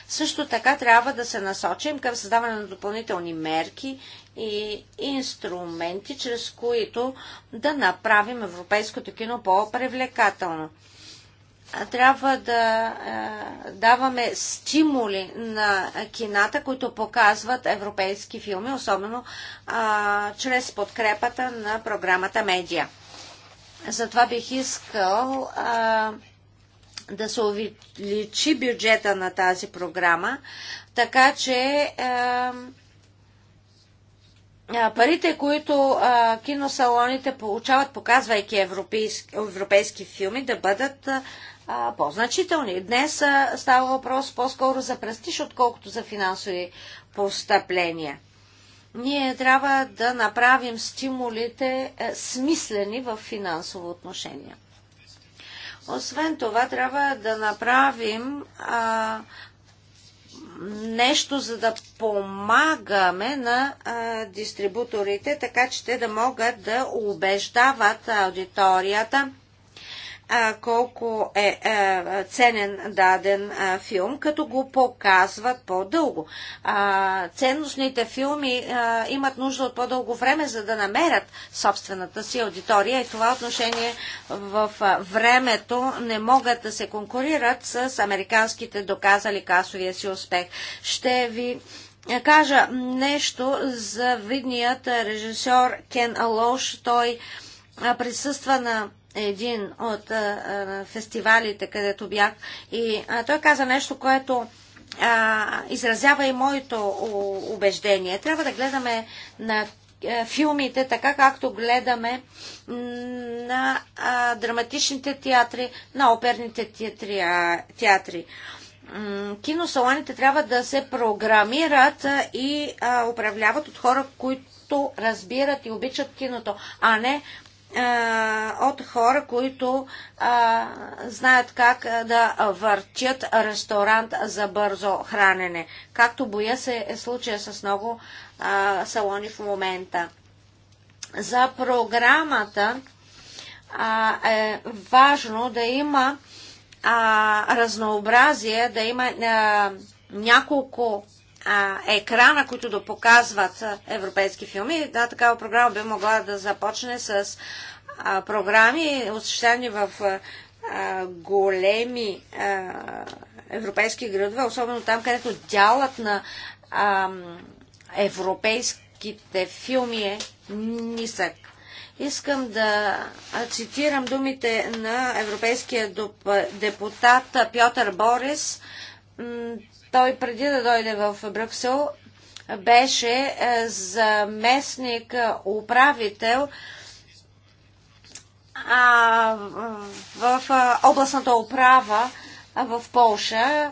Също така трябва да се насочим към създаване на допълнителни мерки и инструменти, чрез които да направим европейското кино по-привлекателно. Трябва да е, даваме стимули на кината, които показват европейски филми, особено е, чрез подкрепата на програмата Медиа. Затова бих искал Е, да се увеличи бюджета на тази програма, така че е, парите, които а, киносалоните получават, показвайки европейски, европейски филми, да бъдат по-значителни. Днес а, става въпрос по-скоро за престиж, отколкото за финансови постъпления. Ние трябва да направим стимулите е, смислени в финансово отношение. Освен това, трябва да направим а, нещо, за да помагаме на а, дистрибуторите, така че те да могат да убеждават аудиторията колко е ценен даден филм, като го показват по-дълго. ценностните филми имат нужда от по-дълго време, за да намерят собствената си аудитория и това отношение в времето не могат да се конкурират с американските доказали касовия си успех. Ще ви кажа нещо за видният режисьор Кен Алош. Той присъства на един от фестивалите, където бях. И той каза нещо, което изразява и моето убеждение. Трябва да гледаме на филмите, така както гледаме на драматичните театри, на оперните театри. театри. Киносалоните трябва да се програмират и управляват от хора, които разбират и обичат киното, а не е, от хора, които а, е, знаят как е, да въртят ресторант за бързо хранене. Както боя се е случая с много а, салони в момента. За програмата а, е важно да има а, разнообразие, да има а, няколко а, екрана, които да показват европейски филми. Да, такава програма би могла да започне с а, програми, осъществени в а, големи а, европейски градове, особено там, където дялът на а, европейските филми е нисък. Искам да цитирам думите на европейския депутат Пьотър Борис той преди да дойде в Брюксел беше заместник управител в областната управа в Полша.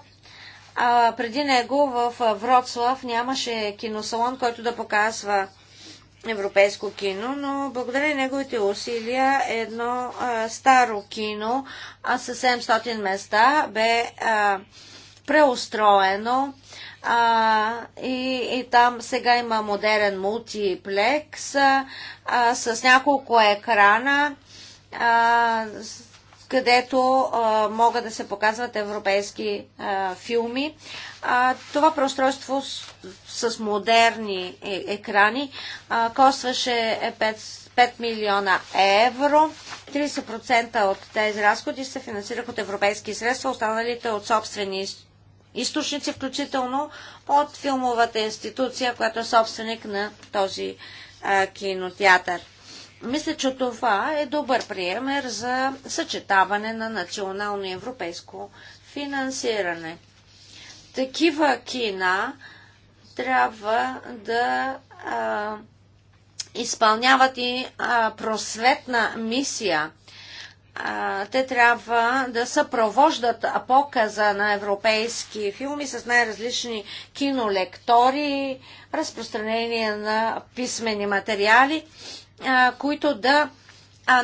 А, преди него в Вроцлав нямаше киносалон, който да показва европейско кино, но благодаря неговите усилия едно а, старо кино а, с 700 места бе а, преустроено а, и, и там сега има модерен мултиплекс а, с няколко екрана, а, където а, могат да се показват европейски а, филми. А, това преустройство с, с модерни е, екрани а, костваше 5, е 5 милиона евро. 30% от тези разходи се финансират от европейски средства, останалите от собствени източници, включително от филмовата институция, която е собственик на този а, кинотеатър. Мисля, че това е добър пример за съчетаване на национално и европейско финансиране. Такива кина трябва да а, изпълняват и а, просветна мисия те трябва да съпровождат показа на европейски филми с най-различни кинолектори, разпространение на писмени материали, които да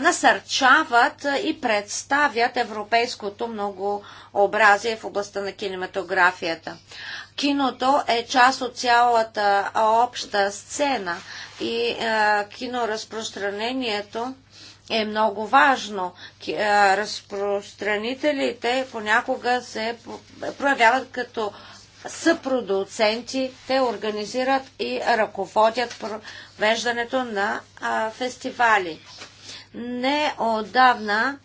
насърчават и представят европейското многообразие в областта на кинематографията. Киното е част от цялата обща сцена и киноразпространението е много важно. Е, разпространителите понякога се проявяват като съпродуценти, те организират и ръководят провеждането на фестивали. Не отдавна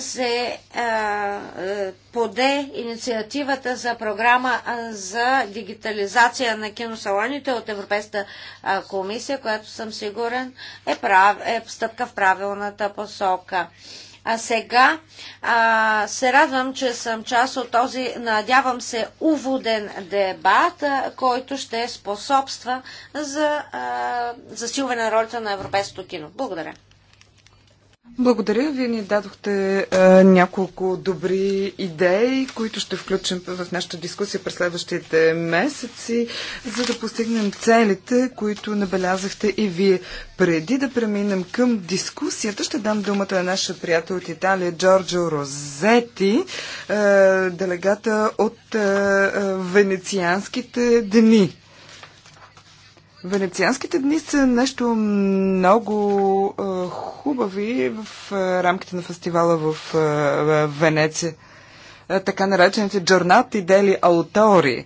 се а, а, е, поде инициативата за програма за дигитализация на киносалоните от Европейската комисия, която съм сигурен е, прав, е стъпка в правилната посока. А сега а, се радвам, че съм част от този, надявам се, уводен дебат, а, който ще способства за а, засилване на ролята на европейското кино. Благодаря. Благодаря. Вие ни дадохте е, няколко добри идеи, които ще включим в нашата дискусия през следващите месеци, за да постигнем целите, които набелязахте и вие. Преди да преминем към дискусията, ще дам думата на нашия приятел от Италия Джорджо Розети, е, делегата от е, е, Венецианските дни. Венецианските дни са нещо много е, хубави в е, рамките на фестивала в е, Венеция. Така наречените джорнати дели аутори.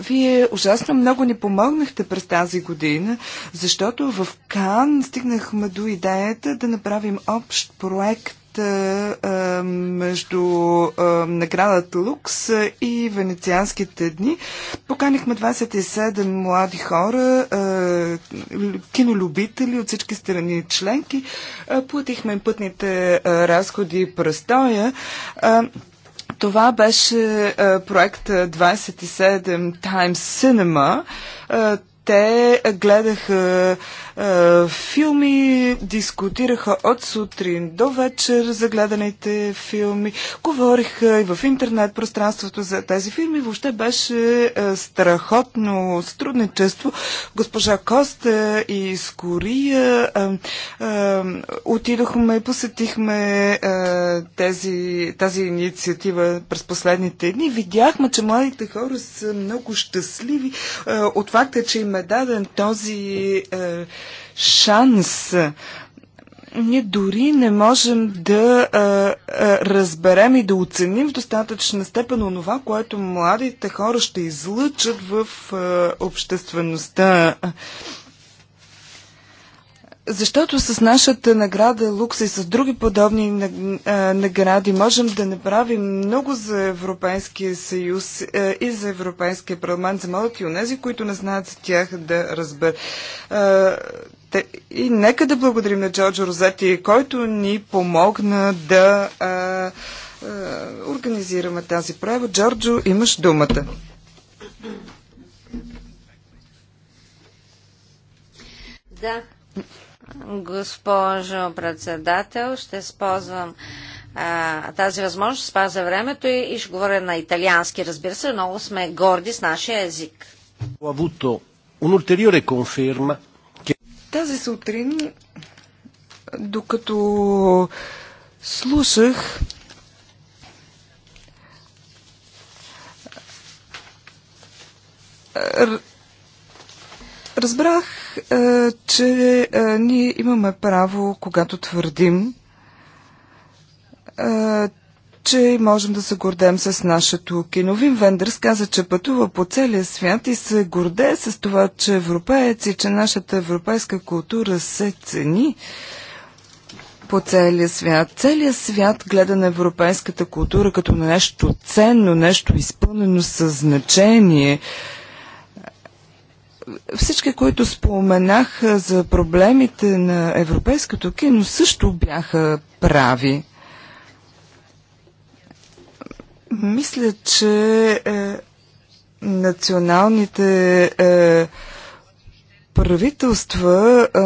Вие ужасно много ни помогнахте през тази година, защото в Кан стигнахме до идеята да направим общ проект между наградата Лукс и Венецианските дни. Поканихме 27 млади хора, кинолюбители от всички страни членки. Платихме пътните разходи и престоя. Това беше проект 27 Times Cinema те гледаха е, филми, дискутираха от сутрин до вечер загледаните филми, говориха и в интернет пространството за тези филми. Въобще беше е, страхотно струдничество. Госпожа Коста и с е, отидохме и посетихме тези, тази инициатива през последните дни. Видяхме, че младите хора са много щастливи от факта, че им е даден този шанс. Ние дори не можем да а, а, разберем и да оценим в достатъчна степен онова, което младите хора ще излъчат в а, обществеността. Защото с нашата награда Лукс и с други подобни награди можем да направим много за Европейския съюз и за Европейския парламент, за малки и унези, които не знаят за тях да разберат. И нека да благодарим на Джорджо Розети, който ни помогна да организираме тази проява. Джорджо, имаш думата. Да. Госпожо председател, ще използвам а, тази възможност, спазя времето и, и ще говоря на италиански, разбира се, много сме горди с нашия език. Тази сутрин, докато слушах Разбрах, е, че е, ние имаме право, когато твърдим, е, че можем да се гордем с нашето кино. Вим Вендърс каза, че пътува по целия свят и се гордее с това, че европеец и че нашата европейска култура се цени по целия свят. Целият свят гледа на европейската култура като на нещо ценно, нещо изпълнено със значение всички, които споменах за проблемите на европейското кино, също бяха прави. Мисля, че е, националните е, правителства е,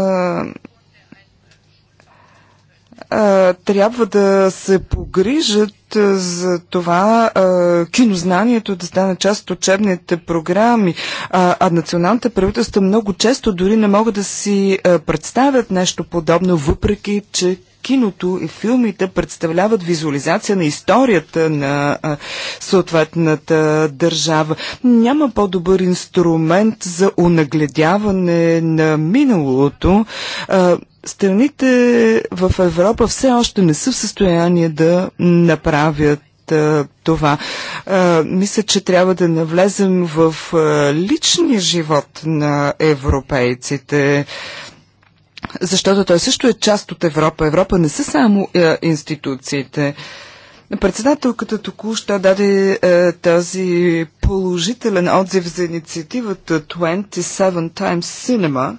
е трябва да се погрижат е, за това а, е, кинознанието да стане част от учебните програми, а, а националните правителства много често дори не могат да си а, е, представят нещо подобно, въпреки че киното и филмите представляват визуализация на историята на а, съответната държава. Няма по-добър инструмент за унагледяване на миналото. А, страните в Европа все още не са в състояние да направят това. Мисля, че трябва да навлезем в личния живот на европейците защото той също е част от Европа. Европа не са само а, институциите. Председателката току-що даде а, този положителен отзив за инициативата 27 Times Cinema.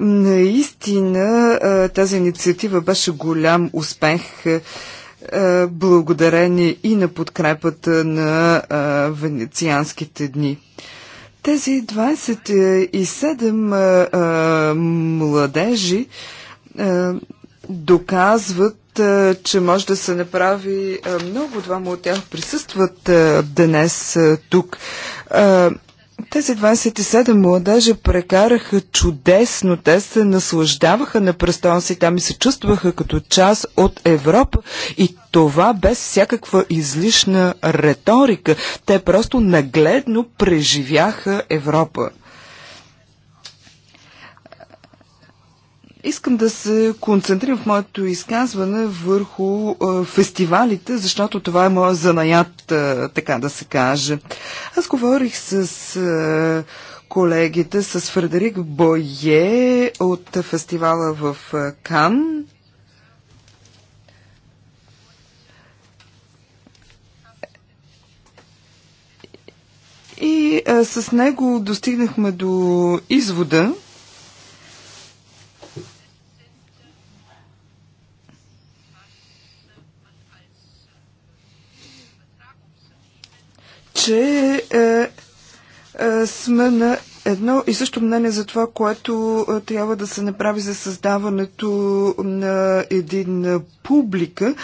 Наистина тази инициатива беше голям успех благодарение и на подкрепата на венецианските дни. Тези 27 младежи доказват че може да се направи много. Двама от тях присъстват днес тук. Тези 27 младежи прекараха чудесно. Те се наслаждаваха на престона си там и се чувстваха като част от Европа. И това без всякаква излишна риторика. Те просто нагледно преживяха Европа. Искам да се концентрирам в моето изказване върху е, фестивалите, защото това е моя занаят, е, така да се каже. Аз говорих с е, колегите, с Фредерик Бое от фестивала в Кан. И е, с него достигнахме до извода, че е, е, сме на едно и също мнение за това, което е, трябва да се направи за създаването на един публика.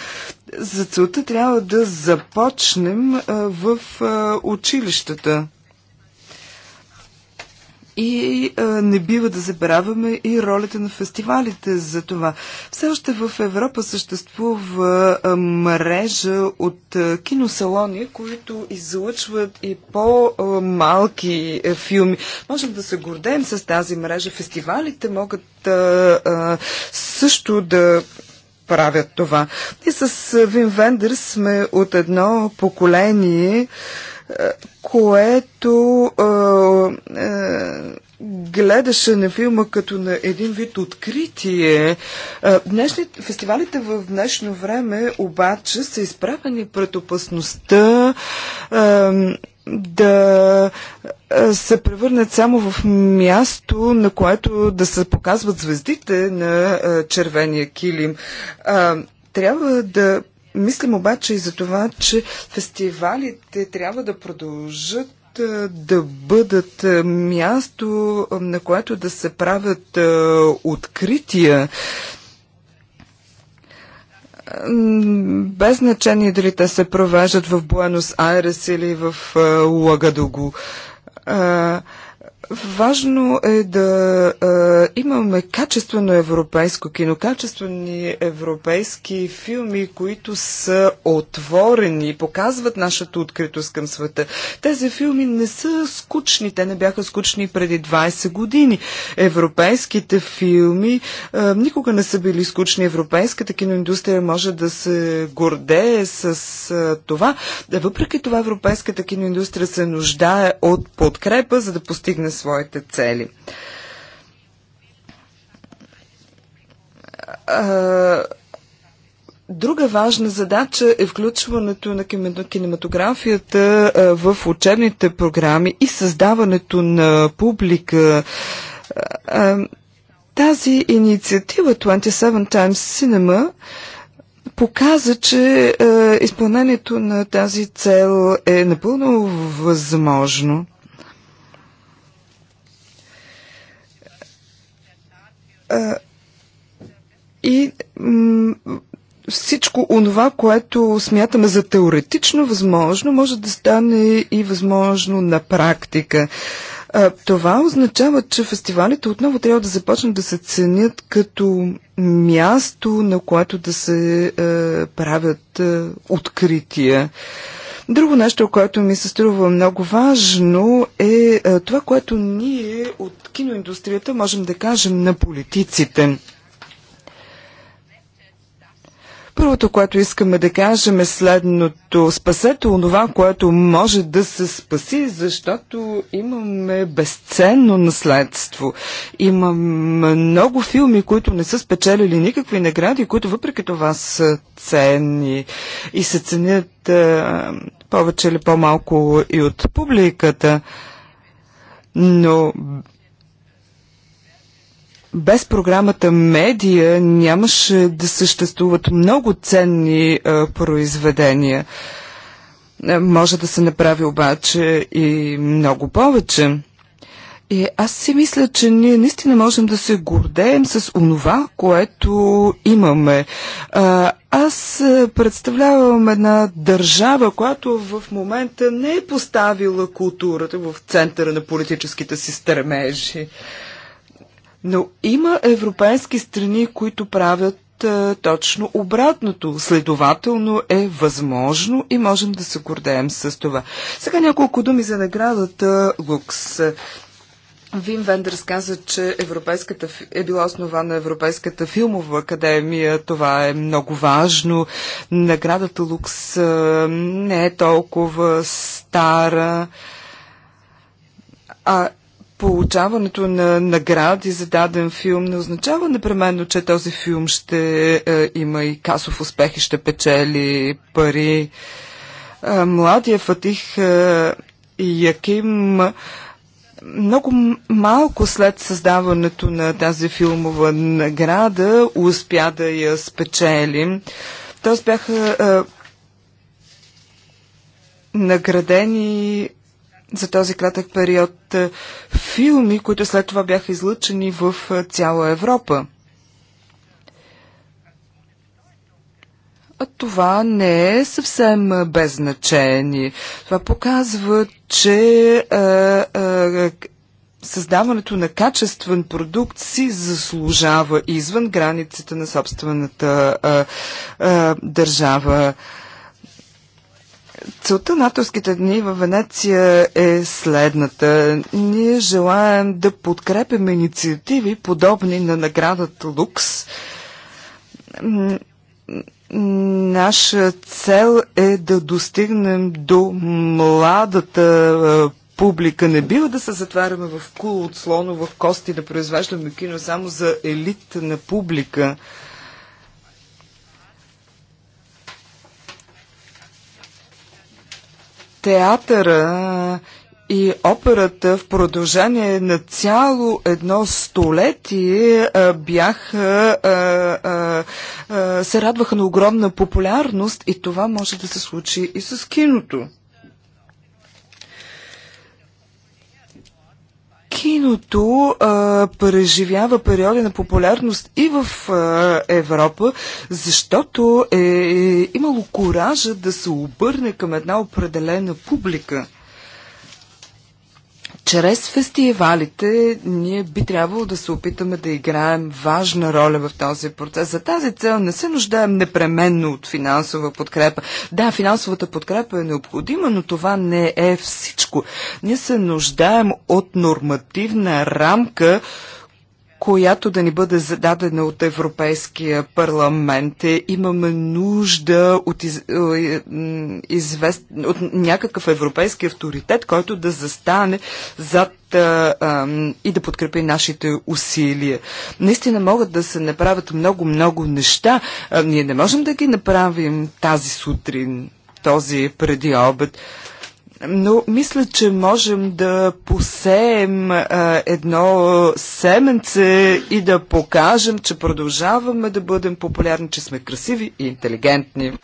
За целта трябва да започнем е, в е, училищата. И а, не бива да забравяме и ролята на фестивалите за това. Все още в Европа съществува а, мрежа от а, киносалони, които излъчват и по-малки филми. Можем да се гордеем с тази мрежа. Фестивалите могат а, а, също да правят това. И с Вин Вендер сме от едно поколение, а, което е, е, гледаше на филма като на един вид откритие. Днешни, фестивалите в днешно време обаче са изправени пред опасността е, да се превърнат само в място, на което да се показват звездите на червения килим. Трябва да Мислим обаче и за това, че фестивалите трябва да продължат е, да бъдат е, място, е, на което да се правят открития, без значение дали те се провеждат в Буенос Айрес или в Лагадогу. Важно е да а, е, имаме качествено европейско кино, качествени европейски филми, които са отворени и показват нашата откритост към света. Тези филми не са скучни, те не бяха скучни преди 20 години. Европейските филми а, е, никога не са били скучни. Европейската киноиндустрия може да се гордее с а, е, това. въпреки това, европейската киноиндустрия се нуждае от подкрепа, за да постигне своите цели. Друга важна задача е включването на кинематографията в учебните програми и създаването на публика. Тази инициатива 27 Times Cinema показа, че изпълнението на тази цел е напълно възможно. и всичко онова, което смятаме за теоретично възможно, може да стане и възможно на практика. Това означава, че фестивалите отново трябва да започнат да се ценят като място, на което да се правят открития. Друго нещо, което ми се струва много важно е, е това, което ние от киноиндустрията можем да кажем на политиците. Първото, което искаме да кажем е следното. Спасете онова, което може да се спаси, защото имаме безценно наследство. Има много филми, които не са спечелили никакви награди, които въпреки това са ценни и се ценят е, повече или по-малко и от публиката, но без програмата медия нямаше да съществуват много ценни а, е, произведения. Е, може да се направи обаче и много повече. И аз си мисля, че ние наистина можем да се гордеем с онова, което имаме. А, аз е, представлявам една държава, която в момента не е поставила културата в центъра на политическите си стремежи. Но има европейски страни, които правят е, точно обратното. Следователно е възможно и можем да се гордеем с това. Сега няколко думи за наградата Лукс. Вим Вендерс каза, че европейската, е била основана Европейската филмова академия. Това е много важно. Наградата Лукс не е толкова стара. А получаването на награди за даден филм не означава непременно, че този филм ще е, има и касов успех и ще печели пари. младия Фатих и Яким много малко след създаването на тази филмова награда успя да я спечелим. Тоест бяха а, наградени за този кратък период филми, които след това бяха излъчени в цяла Европа. А това не е съвсем без значение. Това показва, че а, а, създаването на качествен продукт си заслужава извън границите на собствената а, а, държава. Целта на авторските дни в Венеция е следната. Ние желаем да подкрепим инициативи, подобни на наградата Лукс Наша цел е да достигнем до младата публика. Не бива да се затваряме в кул от слоно, в кости, да произвеждаме кино само за елит на публика. Театъра и операта в продължение на цяло едно столетие бяха, се радваха на огромна популярност и това може да се случи и с киното. киното а, преживява периоди на популярност и в а, Европа, защото е, е имало коража да се обърне към една определена публика чрез фестивалите ние би трябвало да се опитаме да играем важна роля в този процес. За тази цел не се нуждаем непременно от финансова подкрепа. Да, финансовата подкрепа е необходима, но това не е всичко. Ние се нуждаем от нормативна рамка, която да ни бъде зададена от Европейския парламент. Е, имаме нужда от, из, е, извест, от някакъв европейски авторитет, който да застане зад е, и да подкрепи нашите усилия. Наистина могат да се направят много-много неща. Ние не можем да ги направим тази сутрин, този преди обед но мисля, че можем да посеем а, едно семенце и да покажем, че продължаваме да бъдем популярни, че сме красиви и интелигентни.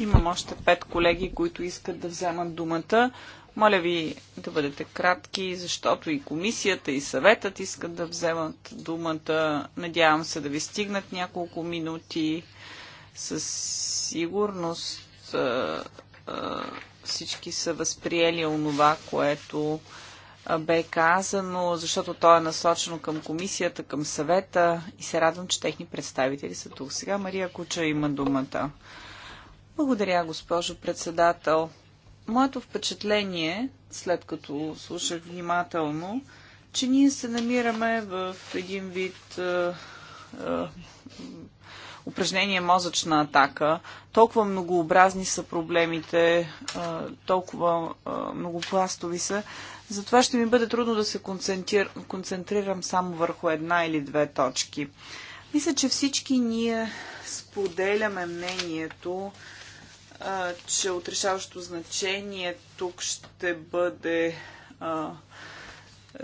Имам още пет колеги, които искат да вземат думата. Моля ви да бъдете кратки, защото и комисията, и съветът искат да вземат думата. Надявам се да ви стигнат няколко минути. Със сигурност всички са възприели онова, което бе казано, защото то е насочено към комисията, към съвета и се радвам, че техни представители са тук. Сега Мария Куча има думата. Благодаря, госпожо председател. Моето впечатление, след като слушах внимателно, че ние се намираме в един вид упражнение мозъчна атака. Толкова многообразни са проблемите, толкова многопластови са. Затова ще ми бъде трудно да се концентрир... концентрирам само върху една или две точки. Мисля, че всички ние споделяме мнението, че отрешаващо значение тук ще бъде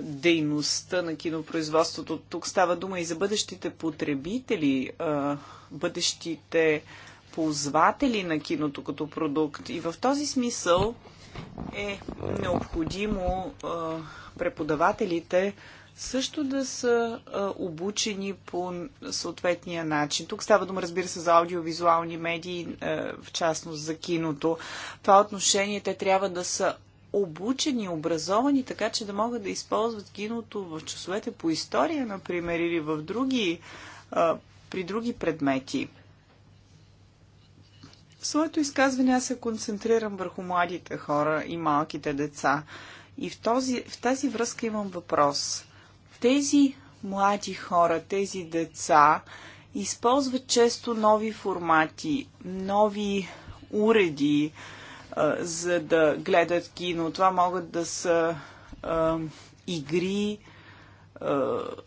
дейността на кинопроизводството. Тук става дума и за бъдещите потребители бъдещите ползватели на киното като продукт. И в този смисъл е необходимо преподавателите също да са а, обучени по съответния начин. Тук става дума, разбира се, за аудиовизуални медии, а, в частност за киното. Това отношение те трябва да са обучени, образовани, така че да могат да използват киното в часовете по история, например, или в други а, при други предмети. В своето изказване аз се концентрирам върху младите хора и малките деца. И в, този, в тази връзка имам въпрос. Тези млади хора, тези деца използват често нови формати, нови уреди, а, за да гледат кино. Това могат да са а, игри, е,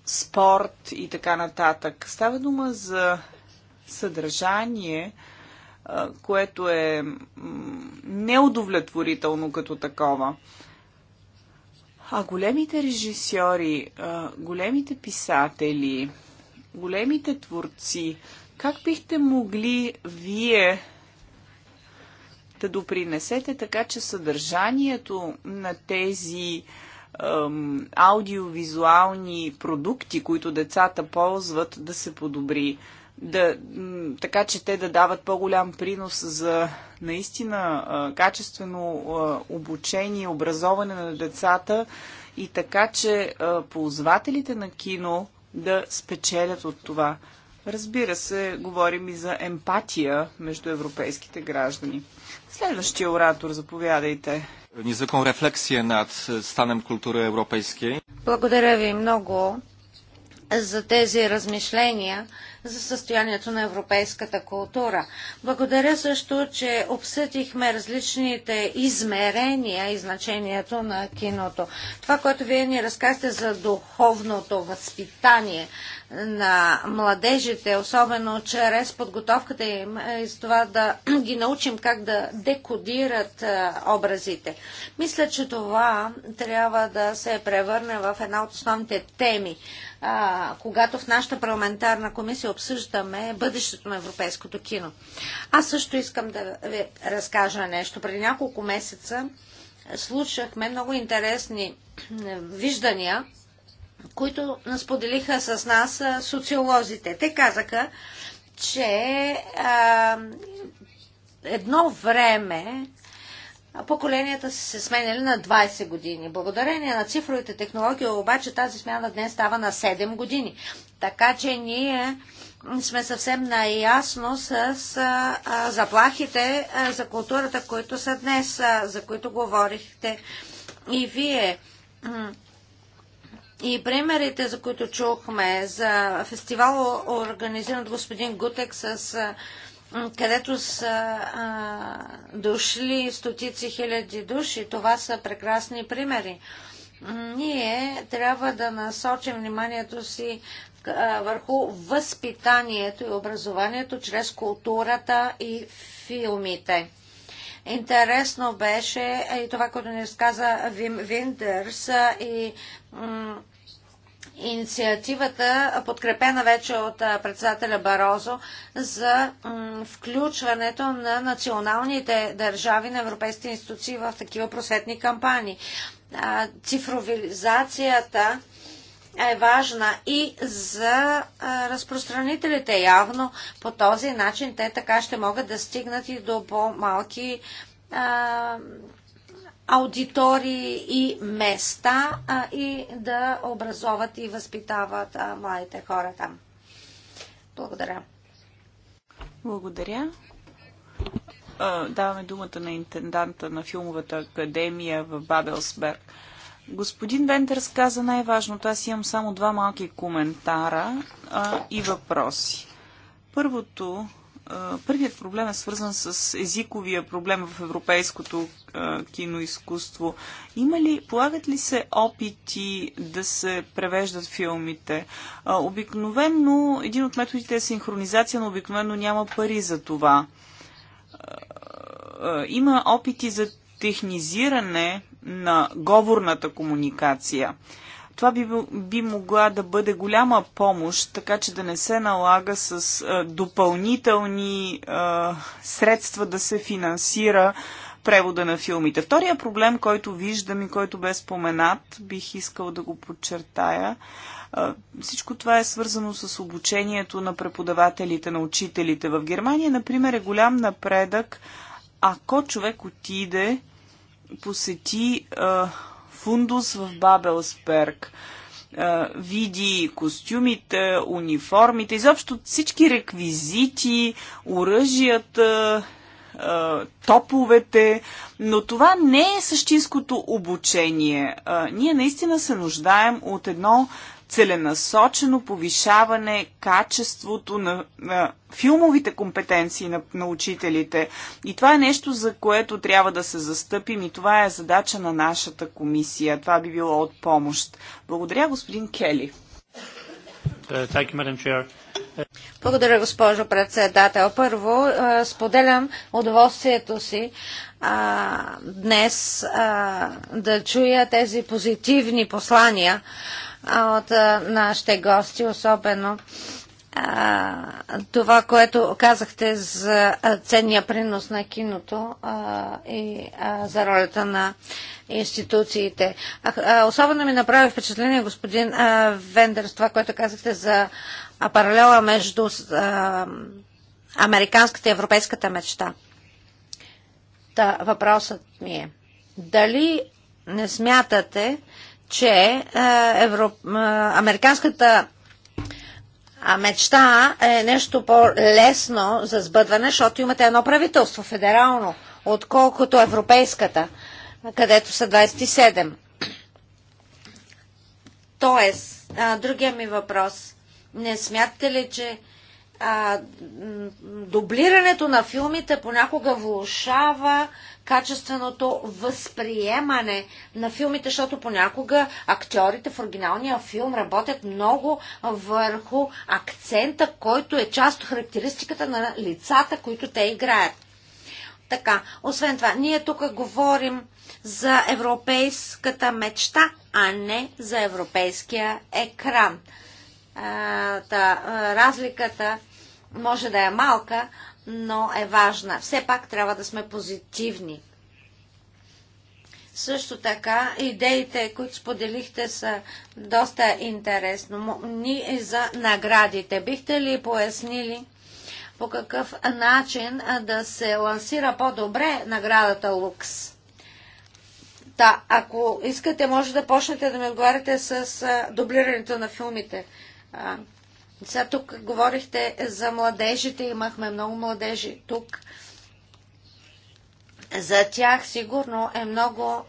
спорт и така нататък. Става дума за съдържание, е, което е неудовлетворително като такова. А големите режисьори, е, големите писатели, големите творци, как бихте могли вие да допринесете така, че съдържанието на тези а, аудиовизуални продукти, които децата ползват, да се подобри. Да, така че те да дават по-голям принос за наистина качествено обучение, образование на децата и така, че ползвателите на кино да спечелят от това. Разбира се, говорим и за емпатия между европейските граждани. Следващия оратор, заповядайте. Незакон рефлексия над станем култура европейски. Благодаря ви много за тези размишления за състоянието на европейската култура. Благодаря също, че обсъдихме различните измерения и значението на киното. Това, което вие ни разказахте за духовното възпитание на младежите, особено чрез подготовката им е и с това да ги научим как да декодират е, образите. Мисля, че това трябва да се превърне в една от основните теми а, когато в нашата парламентарна комисия обсъждаме бъдещето на европейското кино. Аз също искам да ви разкажа нещо. Преди няколко месеца слушахме много интересни е, виждания, които споделиха с нас е, социолозите. Те казаха, че а, едно време поколенията са се сменяли на 20 години. Благодарение на цифровите технологии обаче тази смяна днес става на 7 години. Така че ние сме съвсем наясно с а, а, заплахите а, за културата, които са днес, а, за които говорихте и вие. И примерите, за които чухме, за фестивал, организиран от господин Гутек с а, където са а, дошли стотици хиляди души. Това са прекрасни примери. Ние трябва да насочим вниманието си а, върху възпитанието и образованието чрез културата и филмите. Интересно беше и това, което ни сказа Вим Виндърс и инициативата, подкрепена вече от председателя Барозо, за включването на националните държави на европейските институции в такива просветни кампании. Цифровизацията е важна и за разпространителите. Явно по този начин те така ще могат да стигнат и до по-малки аудитории и места а, и да образоват и възпитават а, младите хора там. Благодаря. Благодаря. Даваме думата на интенданта на филмовата академия в Бабелсберг. Господин Вентерс каза най-важното. Аз имам само два малки коментара а, и въпроси. Първото Първият проблем е свързан с езиковия проблем в европейското киноизкуство. Има ли, полагат ли се опити да се превеждат филмите? Обикновено един от методите е синхронизация, но обикновено няма пари за това. Има опити за технизиране на говорната комуникация. Това би, би могла да бъде голяма помощ, така че да не се налага с а, допълнителни а, средства да се финансира превода на филмите. Втория проблем, който виждам и който бе споменат, бих искал да го подчертая. Всичко това е свързано с обучението на преподавателите, на учителите. В Германия, например, е голям напредък, ако човек отиде, посети фундус в Бабелсберг види костюмите, униформите, изобщо всички реквизити, оръжията, топовете, но това не е същинското обучение. Ние наистина се нуждаем от едно целенасочено повишаване качеството на, на филмовите компетенции на, на учителите. И това е нещо, за което трябва да се застъпим и това е задача на нашата комисия. Това би било от помощ. Благодаря, господин Кели. Uh, Благодаря, госпожо председател. Първо, uh, споделям удоволствието си а, днес а, да чуя тези позитивни послания от нашите гости, особено това, което казахте за ценния принос на киното и за ролята на институциите. Особено ми направи впечатление, господин Вендерс, това, което казахте за паралела между американската и европейската мечта. Та, въпросът ми е, дали не смятате, че е, евро... Е, американската а мечта е нещо по-лесно за сбъдване, защото имате едно правителство федерално, отколкото европейската, където са 27. Тоест, а, другия ми въпрос. Не смятате ли, че а, дублирането на филмите понякога влушава качественото възприемане на филмите, защото понякога актьорите в оригиналния филм работят много върху акцента, който е част от характеристиката на лицата, които те играят. Така, освен това, ние тук говорим за европейската мечта, а не за европейския екран. А, та, разликата може да е малка, но е важна. Все пак трябва да сме позитивни. Също така, идеите, които споделихте, са доста интересно. Ни е за наградите. Бихте ли пояснили по какъв начин да се лансира по-добре наградата Лукс? Да, ако искате, може да почнете да ми отговаряте с дублирането на филмите. Сега тук говорихте за младежите, имахме много младежи тук. За тях сигурно е много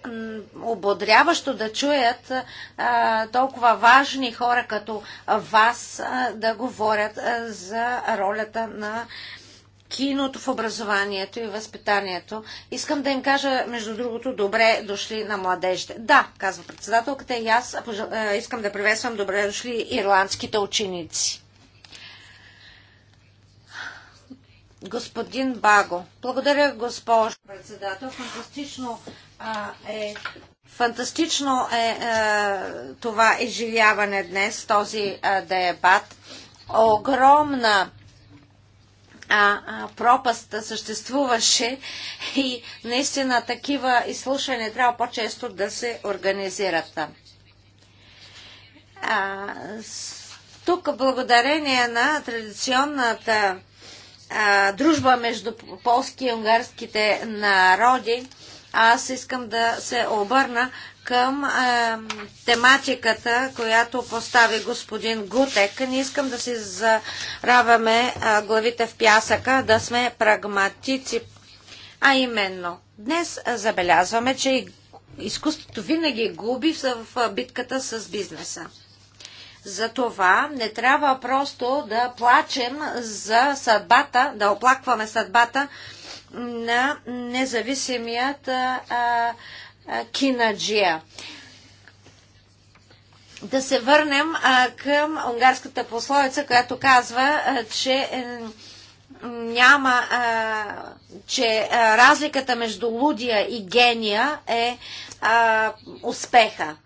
ободряващо да чуят а, толкова важни хора като вас а, да говорят а, за ролята на киното в образованието и възпитанието. Искам да им кажа, между другото, добре дошли на младежите. Да, казва председателката, и аз искам да приветствам добре дошли ирландските ученици. Господин Баго. Благодаря, госпожо председател. Фантастично а, е Фантастично е, е това изживяване днес, този е, дебат. Огромна а, а, пропаста съществуваше и наистина такива изслушвания трябва по-често да се организират. А, с, тук благодарение на традиционната а, дружба между полски и унгарските народи, аз искам да се обърна към е, тематиката, която постави господин Гутек. Не искам да си зараваме е, главите в пясъка, да сме прагматици. А именно, днес забелязваме, че изкуството винаги губи в битката с бизнеса. Затова не трябва просто да плачем за съдбата, да оплакваме съдбата на независимият а, кинаджия. Да се върнем а, към унгарската пословица, която казва, а, че е, няма, а, че а, разликата между лудия и гения е а, успеха.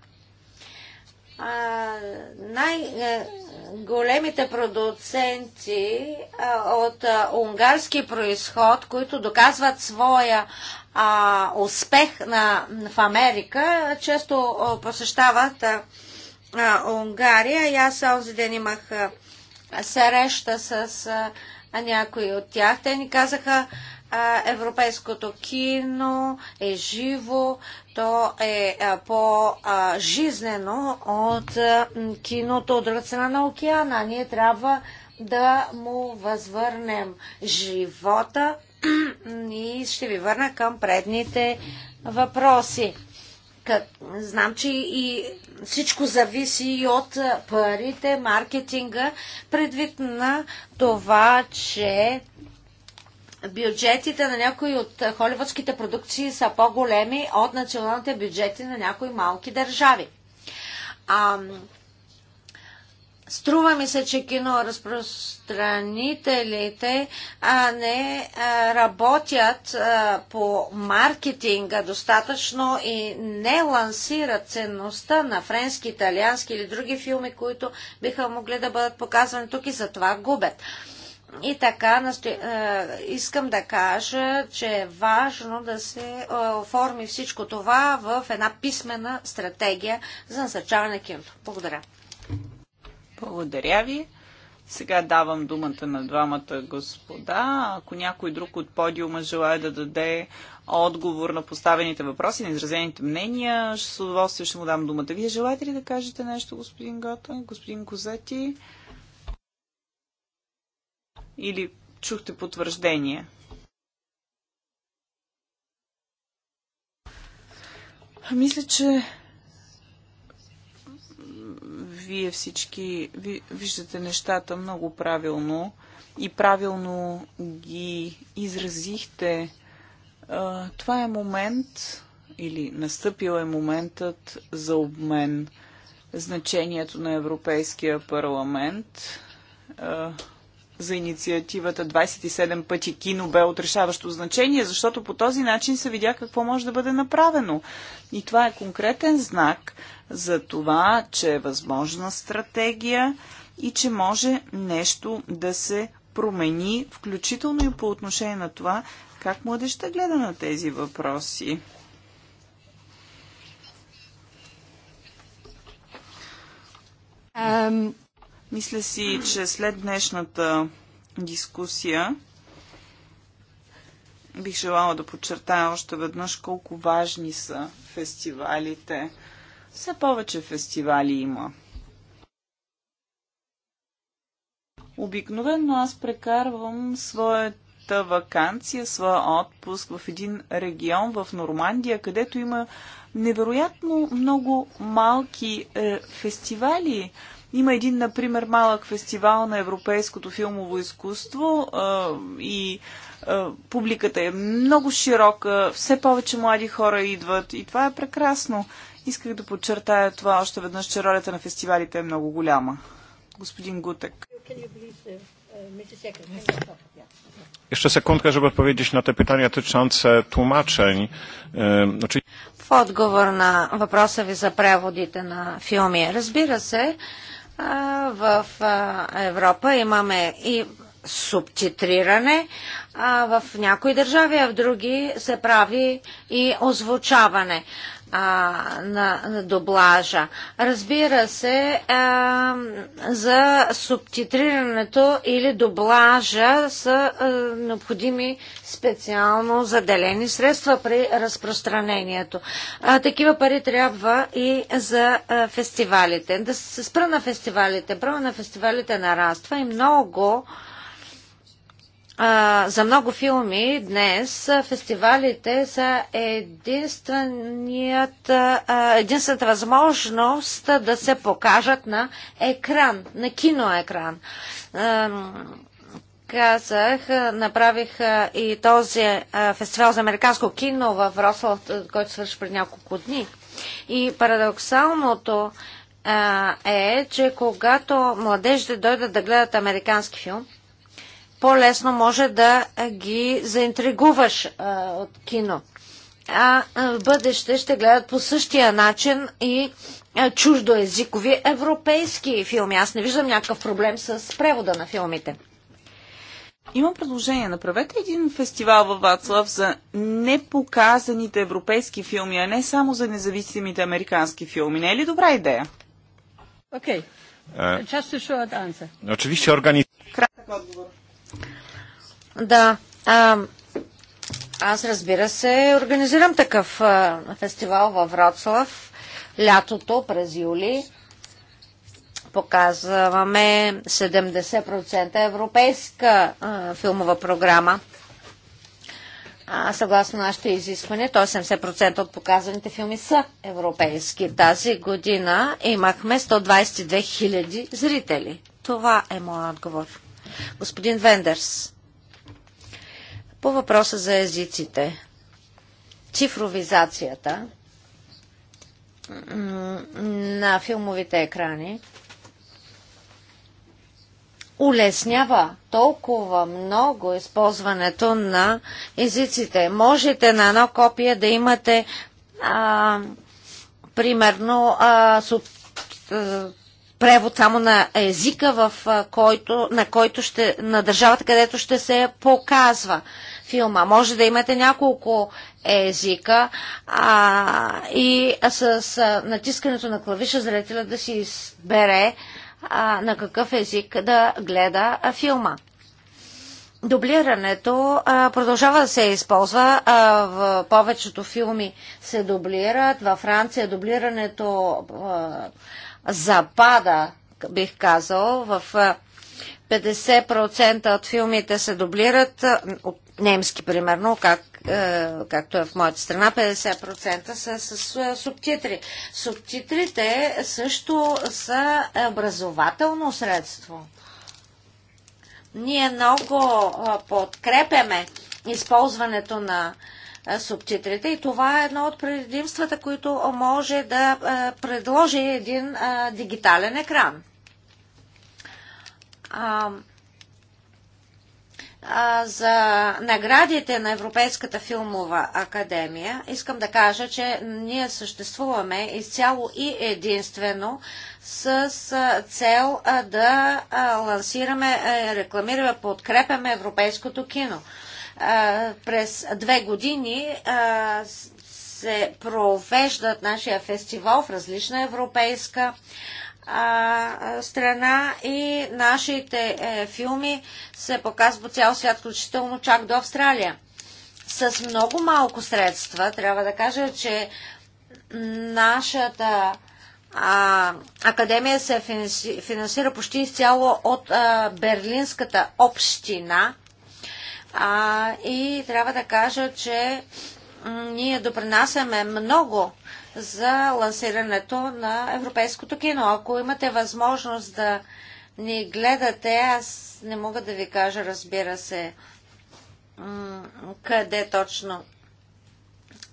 най-големите продуценти а, от а, унгарски происход, които доказват своя а, успех на, в Америка, често посещават а, а, Унгария. И аз онзи ден имах а, среща с а, някои от тях. Те ни казаха, а, европейското кино е живо, то е по-жизнено от а, киното от ръцена страна на океана. Ние трябва да му възвърнем живота, и ще ви върна към предните въпроси. Как, знам, че и всичко зависи и от парите, маркетинга, предвид на това, че бюджетите на някои от холивудските продукции са по-големи от националните бюджети на някои малки държави. А, Струва ми се, че киноразпространителите а не а, работят а, по маркетинга достатъчно и не лансират ценността на френски, италиански или други филми, които биха могли да бъдат показвани тук и затова губят. И така настоя... искам да кажа, че е важно да се оформи всичко това в една писмена стратегия за насърчаване на киното. Благодаря. Благодаря ви. Сега давам думата на двамата господа. Ако някой друг от подиума желая да даде отговор на поставените въпроси, на изразените мнения, с удоволствие ще му дам думата. Вие желаете ли да кажете нещо, господин Гота, господин Козети? Или чухте потвърждение? Мисля, че вие всички ви, виждате нещата много правилно и правилно ги изразихте. А, това е момент или настъпил е моментът за обмен значението на Европейския парламент. А, за инициативата 27 пъти кино бе от решаващо значение, защото по този начин се видя какво може да бъде направено. И това е конкретен знак за това, че е възможна стратегия и че може нещо да се промени, включително и по отношение на това, как младеща гледа на тези въпроси. Um, мисля си, че след днешната дискусия бих желала да подчертая още веднъж колко важни са фестивалите. Все повече фестивали има. Обикновено аз прекарвам своята вакансия, своя отпуск в един регион в Нормандия, където има невероятно много малки е, фестивали. Има един, например, малък фестивал на европейското филмово изкуство а, и а, публиката е много широка, все повече млади хора идват и това е прекрасно. Исках да подчертая това още веднъж, че ролята на фестивалите е много голяма. Господин Гутек. Uh, uh, Jeszcze sekundkę, żeby odpowiedzieć na te pytania dotyczące tłumaczeń. W odgovor na въпроса ви за преводите на филми. Разбира се, в Европа имаме и субтитриране, а в някои държави, а в други се прави и озвучаване на, на доблажа. Разбира се, а, за субтитрирането или доблажа са а, необходими специално заделени средства при разпространението. А, такива пари трябва и за а, фестивалите. Да се спра на фестивалите. Броя на фестивалите нараства и много за много филми днес фестивалите са единственият, единствената възможност да се покажат на екран, на киноекран. казах, направих и този фестивал за американско кино в Рослав, който свърши пред няколко дни. И парадоксалното е, че когато младежите дойдат да гледат американски филм, по-лесно може да ги заинтригуваш а, от кино. А в бъдеще ще гледат по същия начин и чуждоязикови европейски филми. Аз не виждам някакъв проблем с превода на филмите. Има предложение. Направете един фестивал във Вацлав за непоказаните европейски филми, а не само за независимите американски филми. Не е ли добра идея? Окей. Okay. Е, Just a short answer. Oczywiście organiz... Кратък отговор. Да. А, аз разбира се, организирам такъв а, фестивал във Вроцлав лятото през юли. Показваме 70% европейска а, филмова програма. А, съгласно нашите изисквания, то 70% от показаните филми са европейски. Тази година имахме 122 000 зрители. Това е моят отговор господин Вендерс. По въпроса за езиците, цифровизацията на филмовите екрани улеснява толкова много използването на езиците. Можете на едно копие да имате а, примерно а, суб, а, превод само на езика, в който, на, който ще, на държавата, където ще се показва филма. Може да имате няколко езика а, и с, а, натискането на клавиша зрителя да си избере а, на какъв език да гледа а, филма. Дублирането а, продължава да се използва. А, в повечето филми се дублират. Във Франция дублирането а, запада, бих казал, в 50% от филмите се дублират, от немски примерно, как, е, както е в моята страна, 50% са с, с субтитри. Субтитрите също са образователно средство. Ние много подкрепяме използването на субтитрите. И това е едно от предимствата, които може да предложи един дигитален екран. За наградите на Европейската филмова академия искам да кажа, че ние съществуваме изцяло и единствено с цел да лансираме, е, рекламираме, подкрепяме европейското кино през две години се провеждат нашия фестивал в различна европейска а, страна и нашите е, филми се показват по цял свят, включително чак до Австралия. С много малко средства, трябва да кажа, че нашата а, академия се финансира почти изцяло от а, Берлинската община а, и трябва да кажа, че ние допринасяме много за лансирането на европейското кино. Ако имате възможност да ни гледате, аз не мога да ви кажа, разбира се, къде точно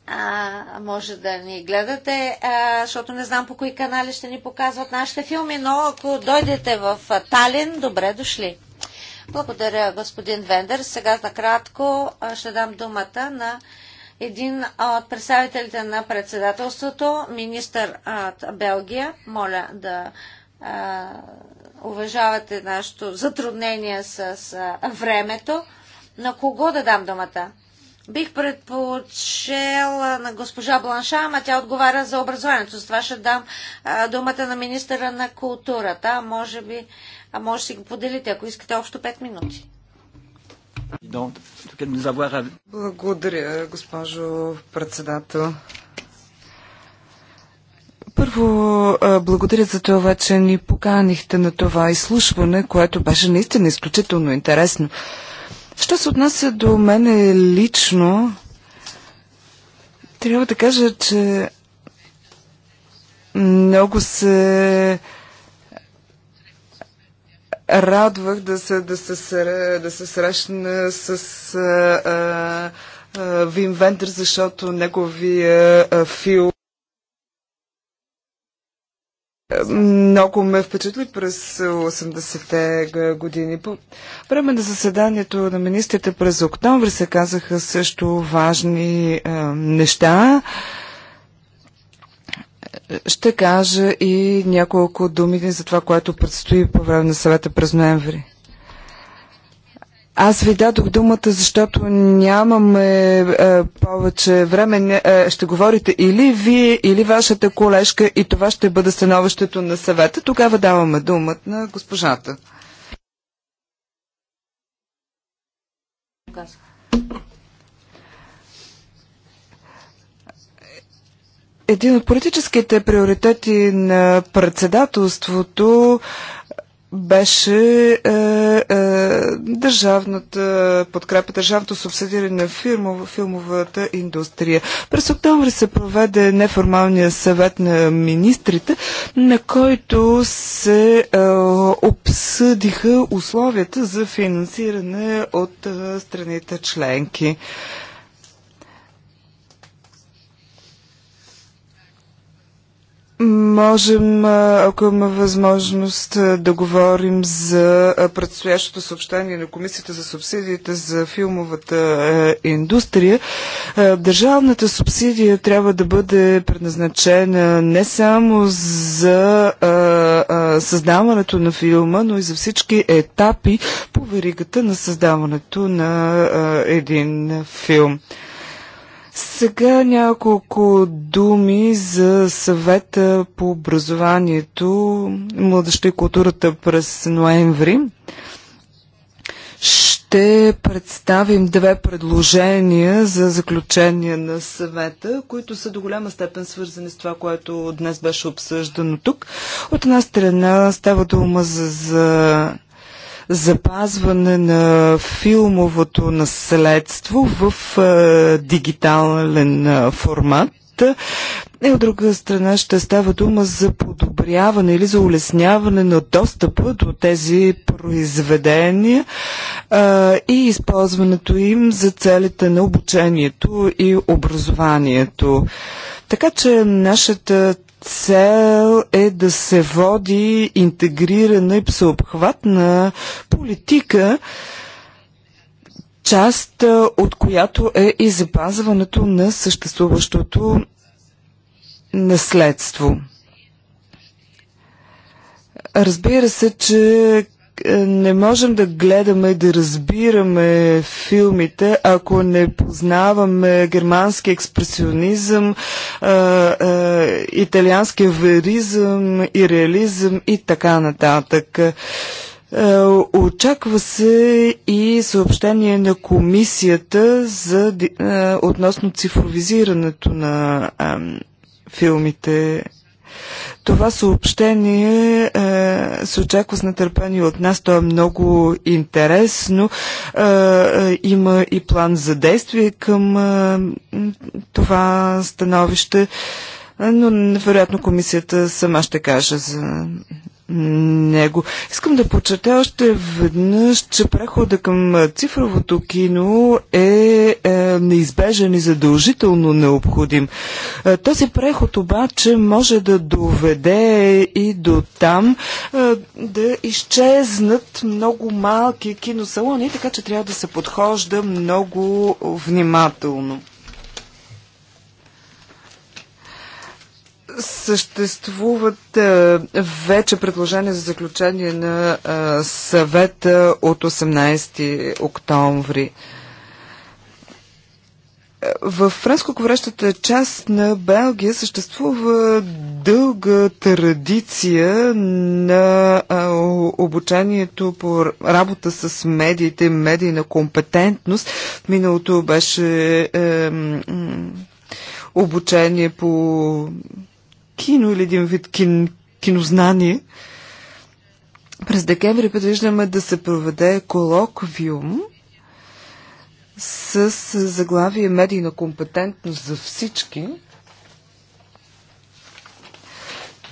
а, може да ни гледате, а, защото не знам по кои канали ще ни показват нашите филми, но ако дойдете в Талин, добре дошли. Благодаря, господин Вендер. Сега накратко ще дам думата на един от представителите на председателството, министър от Белгия. Моля да уважавате нашето затруднение с времето. На кого да дам думата? Бих предпочела на госпожа Бланша, ама тя отговаря за образованието. Затова ще дам а, думата на министра на културата. Може би а може да си го поделите, ако искате общо 5 минути. Е благодаря, госпожо председател. Първо, благодаря за това, че ни поканихте на това изслушване, което беше наистина изключително интересно. Що се отнася до мене лично, трябва да кажа, че много се радвах да се, да се, да се срещна с а, а, Вим Вендер, защото неговия а, фил много ме впечатли през 80-те години. По време на заседанието на министрите през октомври се казаха също важни а, неща. А, ще кажа и няколко думи за това, което предстои по време на съвета през ноември. Аз ви дадох думата, защото нямаме е, повече време. Е, ще говорите или вие, или вашата колежка и това ще бъде становището на съвета. Тогава даваме думата на госпожата. Казах. Един от политическите приоритети на председателството беше е, е, държавната подкрепа, държавното субсидиране на филмов, филмовата индустрия. През октомври се проведе неформалния съвет на министрите, на който се е, обсъдиха условията за финансиране от е, страните членки. Е, Можем, ако има възможност, да говорим за предстоящото съобщение на Комисията за субсидиите за филмовата индустрия. Държавната субсидия трябва да бъде предназначена не само за създаването на филма, но и за всички етапи по веригата на създаването на един филм. Сега няколко думи за съвета по образованието, младеща и културата през ноември. Ще представим две предложения за заключение на съвета, които са до голяма степен свързани с това, което днес беше обсъждано тук. От една страна става дума за, за запазване на филмовото наследство в е, дигитален е, формат. И от друга страна ще става дума за подобряване или за улесняване на достъпа до тези произведения а, е, и използването им за целите на обучението и образованието. Така че нашата цел е да се води интегрирана и всеобхватна политика, част от която е и запазването на съществуващото наследство. Разбира се, че е, не можем да гледаме и да разбираме филмите, ако не познаваме германски експресионизъм, е, е, италиански веризъм и реализъм и така нататък. Очаква се и съобщение на комисията за, относно цифровизирането на филмите това съобщение е, се очаква с нетърпение от нас. То е много интересно. Е, е има и план за действие към е, това становище, е, но вероятно комисията сама ще каже за него. Искам да подчертая още веднъж, че прехода към цифровото кино е, е неизбежен и задължително необходим. Е, този преход обаче може да доведе и до там е, да изчезнат много малки киносалони, така че трябва да се подхожда много внимателно. Съществуват е, вече предложения за заключение на е, съвета от 18 октомври. В френско-говорещата част на Белгия съществува дълга традиция на е, обучението по работа с медиите, медийна компетентност. В миналото беше е, обучение по кино или един вид кин, кинознание. През декември предвиждаме да се проведе колоквиум с заглавие медийна компетентност за всички.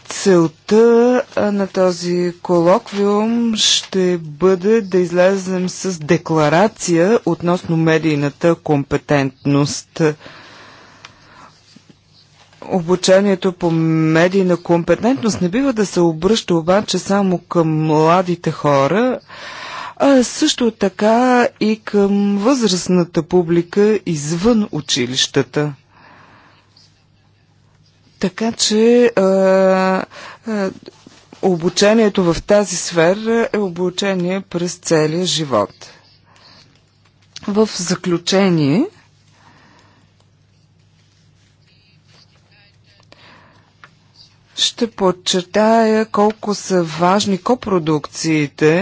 Целта на този колоквиум ще бъде да излезем с декларация относно медийната компетентност обучението по медийна компетентност не бива да се обръща обаче само към младите хора, а също така и към възрастната публика извън училищата. Така че а, а, обучението в тази сфера е обучение през целия живот. В заключение – Ще подчертая колко са важни копродукциите,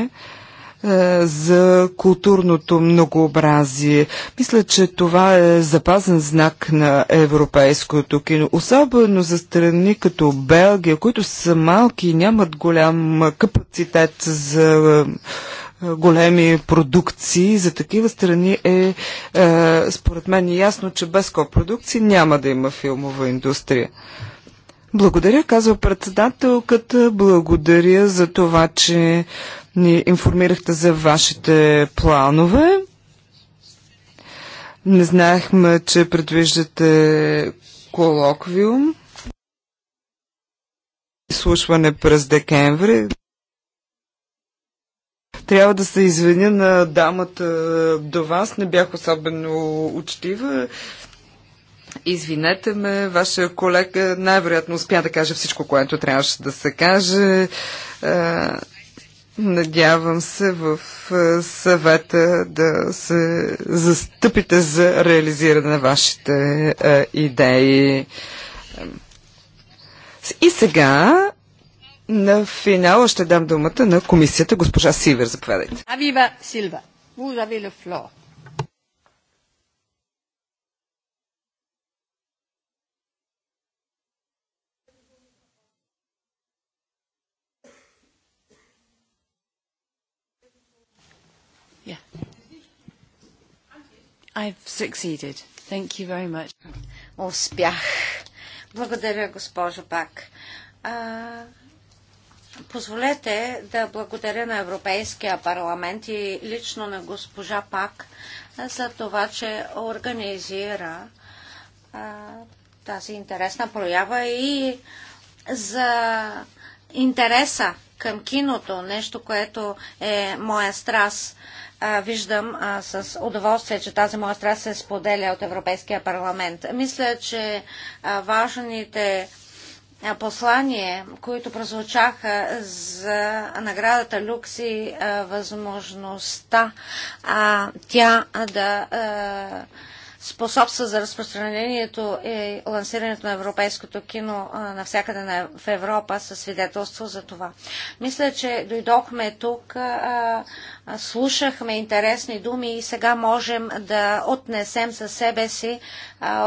е, за културното многообразие. Мисля, че това е запазен знак на европейското кино, особено за страни като Белгия, които са малки и нямат голям капацитет за е, големи продукции. За такива страни е, е, според мен ясно, че без копродукции няма да има филмова индустрия. Благодаря, казва председателката. Благодаря за това, че ни информирахте за вашите планове. Не знаехме, че предвиждате колоквиум. Изслушване през декември. Трябва да се извиня на дамата до вас. Не бях особено учтива. Извинете ме, вашия колега най-вероятно успя да каже всичко, което трябваше да се каже. Е, надявам се в е, съвета да се застъпите за реализиране на вашите е, идеи. И сега на финала ще дам думата на комисията госпожа Сивер. Заповядайте. Авива Силва. Yeah. I've succeeded. Thank you very much. Успях. Благодаря, госпожо Пак. А, позволете да благодаря на Европейския парламент и лично на госпожа Пак за това, че организира а, тази интересна проява и за интереса към киното, нещо, което е моя страст виждам а, с удоволствие, че тази моя страст се споделя от Европейския парламент. Мисля, че а, важните послания, които прозвучаха за наградата Люкс и възможността а, тя да а, способства за разпространението и лансирането на европейското кино навсякъде на, в Европа със свидетелство за това. Мисля, че дойдохме тук а, слушахме интересни думи и сега можем да отнесем със себе си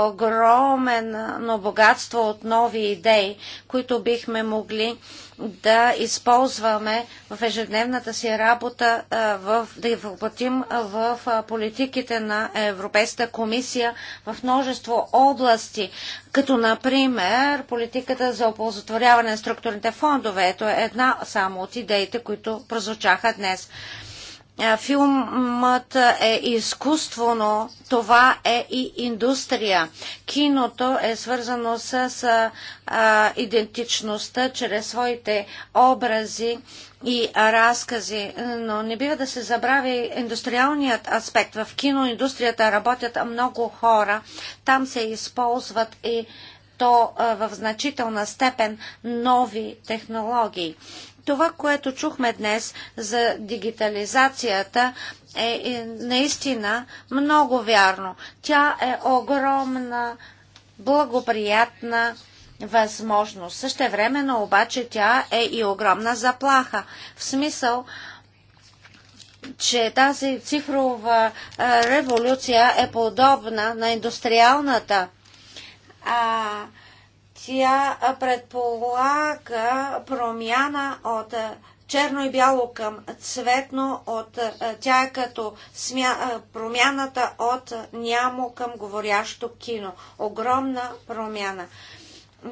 огромно богатство от нови идеи, които бихме могли да използваме в ежедневната си работа, в, да ги въплатим в политиките на Европейската комисия в множество области, като например политиката за оползотворяване на структурните фондове. Ето е една само от идеите, които прозвучаха днес. Е, филмът е изкуство, но това е и индустрия. Киното е свързано с а, идентичността чрез своите образи и разкази, но не бива да се забрави индустриалният аспект. В киноиндустрията работят много хора, там се използват и то в значителна степен нови технологии. Това, което чухме днес за дигитализацията, е, е наистина много вярно. Тя е огромна, благоприятна възможност. Същевременно обаче тя е и огромна заплаха. В смисъл, че тази цифрова революция е подобна на индустриалната а, тя предполага промяна от черно и бяло към цветно, от, тя е като смя, промяната от нямо към говорящо кино. Огромна промяна.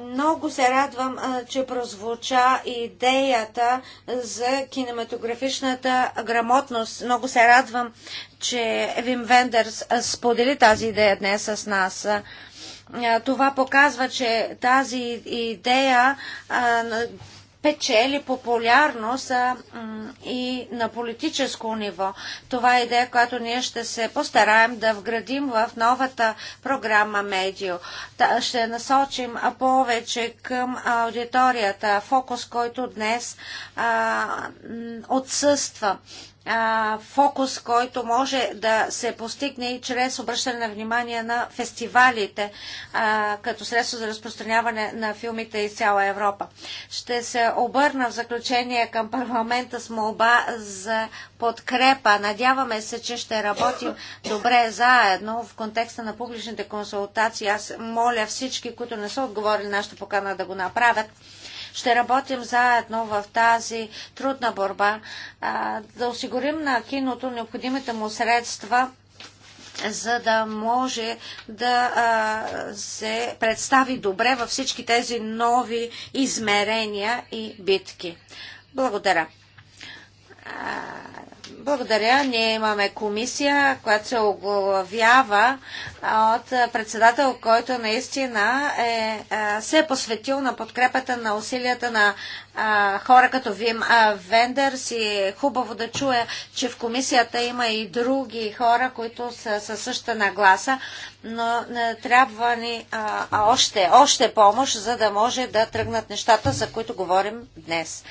Много се радвам, че прозвуча идеята за кинематографичната грамотност. Много се радвам, че Вим Вендерс сподели тази идея днес с нас. Това показва, че тази идея печели популярност и на политическо ниво. Това е идея, която ние ще се постараем да вградим в новата програма Медио. ще насочим повече към аудиторията, фокус, който днес отсъства фокус, който може да се постигне и чрез обръщане на внимание на фестивалите като средство за разпространяване на филмите из цяла Европа. Ще се обърна в заключение към парламента с молба за подкрепа. Надяваме се, че ще работим добре заедно в контекста на публичните консултации. Аз моля всички, които не са отговорили нашата покана да го направят. Ще работим заедно в тази трудна борба а, да осигурим на киното необходимите му средства за да може да а, се представи добре във всички тези нови измерения и битки. Благодаря. Благодаря. Ние имаме комисия, която се оглавява от председател, който наистина е, се е посветил на подкрепата на усилията на хора като Вим а, Вендерс и е хубаво да чуя, че в комисията има и други хора, които са със същата нагласа, но не, трябва ни а, още, още помощ, за да може да тръгнат нещата, за които говорим днес.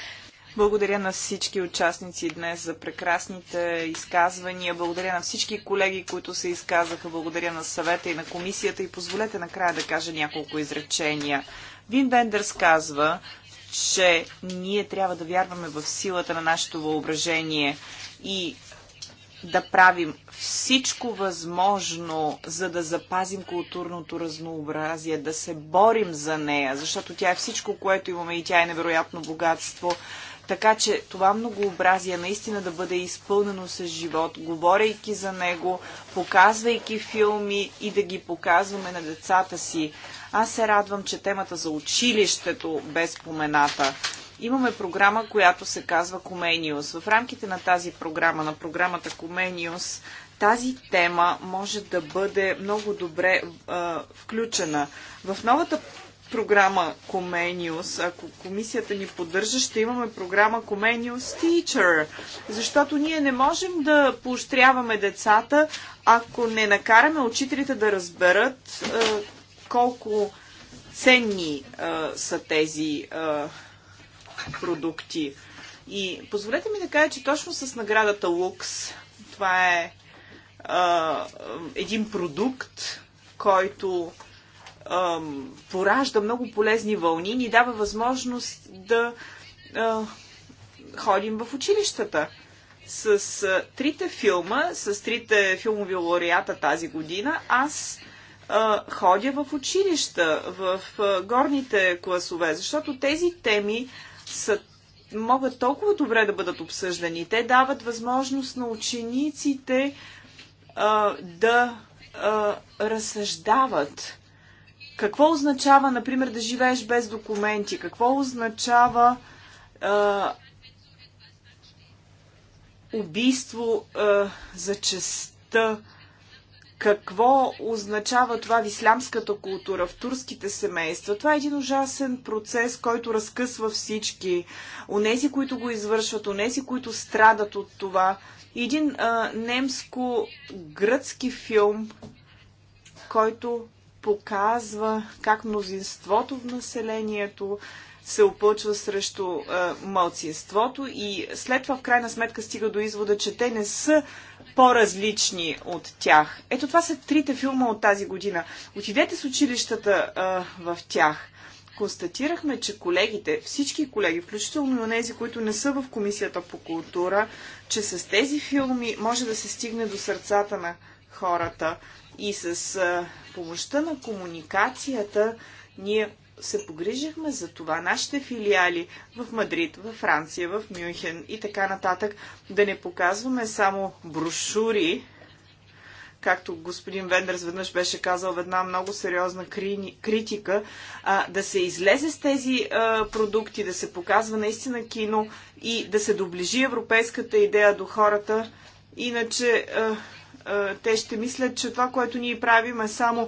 Благодаря на всички участници днес за прекрасните изказвания. Благодаря на всички колеги, които се изказаха. Благодаря на съвета и на комисията. И позволете накрая да кажа няколко изречения. Вин Вендерс казва, че ние трябва да вярваме в силата на нашето въображение и да правим всичко възможно, за да запазим културното разнообразие, да се борим за нея, защото тя е всичко, което имаме и тя е невероятно богатство така че това многообразие наистина да бъде изпълнено с живот, говорейки за него, показвайки филми и да ги показваме на децата си. Аз се радвам, че темата за училището бе спомената. Имаме програма, която се казва Комениус. В рамките на тази програма, на програмата Комениус, тази тема може да бъде много добре а, включена. В новата програма Comenius. Ако комисията ни поддържа, ще имаме програма Comenius Teacher, защото ние не можем да поощряваме децата, ако не накараме учителите да разберат е, колко ценни е, са тези е, продукти. И позволете ми да кажа, че точно с наградата Лукс, това е, е един продукт, който поражда много полезни вълни и ни дава възможност да а, ходим в училищата. С а, трите филма, с трите филмови лауреата тази година, аз а, ходя в училища, в а, горните класове, защото тези теми са могат толкова добре да бъдат обсъждани. Те дават възможност на учениците а, да а, разсъждават. Какво означава, например, да живееш без документи? Какво означава е, убийство е, за честа? Какво означава това в ислямската култура, в турските семейства? Това е един ужасен процес, който разкъсва всички. Онези, които го извършват, онези, които страдат от това. Един е, немско-гръцки филм, който показва как мнозинството в населението се опълчва срещу а, е, малцинството и след това в крайна сметка стига до извода, че те не са по-различни от тях. Ето това са трите филма от тази година. Отидете с училищата а, е, в тях. Констатирахме, че колегите, всички колеги, включително и тези, които не са в Комисията по култура, че с тези филми може да се стигне до сърцата на хората и с а, е, помощта на комуникацията ние се погрижихме за това нашите филиали в Мадрид, във Франция, в Мюнхен и така нататък да не показваме само брошури, както господин Вендерс веднъж беше казал в една много сериозна критика, а, да се излезе с тези а, продукти, да се показва наистина кино и да се доближи европейската идея до хората. Иначе а, е, те ще мислят, че това, което ние правим е само е,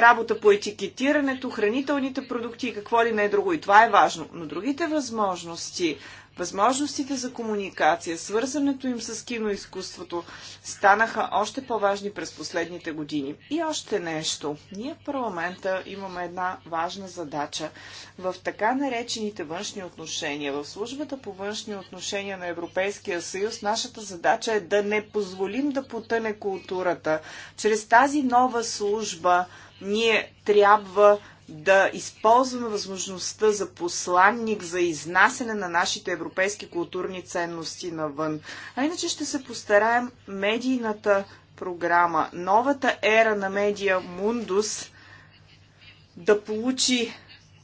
работа по етикетирането, хранителните продукти и какво ли не е друго. И това е важно. Но другите възможности Възможностите за комуникация, свързането им с киноизкуството станаха още по-важни през последните години. И още нещо. Ние в парламента имаме една важна задача в така наречените външни отношения. В службата по външни отношения на Европейския съюз нашата задача е да не позволим да потъне културата. Чрез тази нова служба ние трябва да използваме възможността за посланник, за изнасене на нашите европейски културни ценности навън. А иначе ще се постараем медийната програма, новата ера на медия Мундус да получи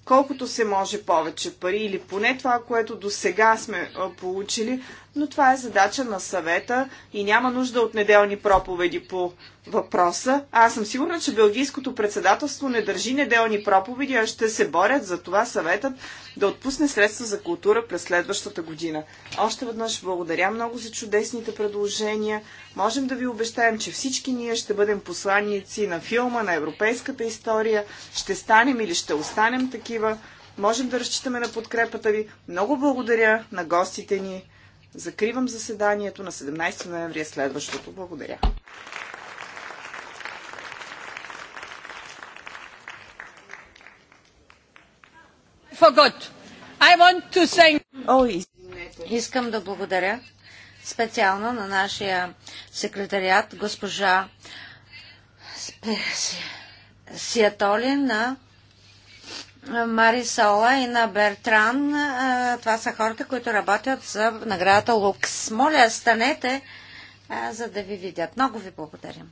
колкото се може повече пари или поне това, което до сега сме получили, но това е задача на съвета и няма нужда от неделни проповеди по въпроса. А аз съм сигурна, че Белгийското председателство не държи неделни проповеди, а ще се борят за това съветът да отпусне средства за култура през следващата година. Още веднъж благодаря много за чудесните предложения. Можем да ви обещаем, че всички ние ще бъдем посланици на филма, на европейската история. Ще станем или ще останем такива. Можем да разчитаме на подкрепата ви. Много благодаря на гостите ни. Закривам заседанието на 17 ноември е следващото. Благодаря. Say... О, из... искам да благодаря специално на нашия секретариат госпожа Сиатоли на Мари Сола и на Бертран. Това са хората, които работят за наградата Лукс. Моля, станете, за да ви видят. Много ви благодаря.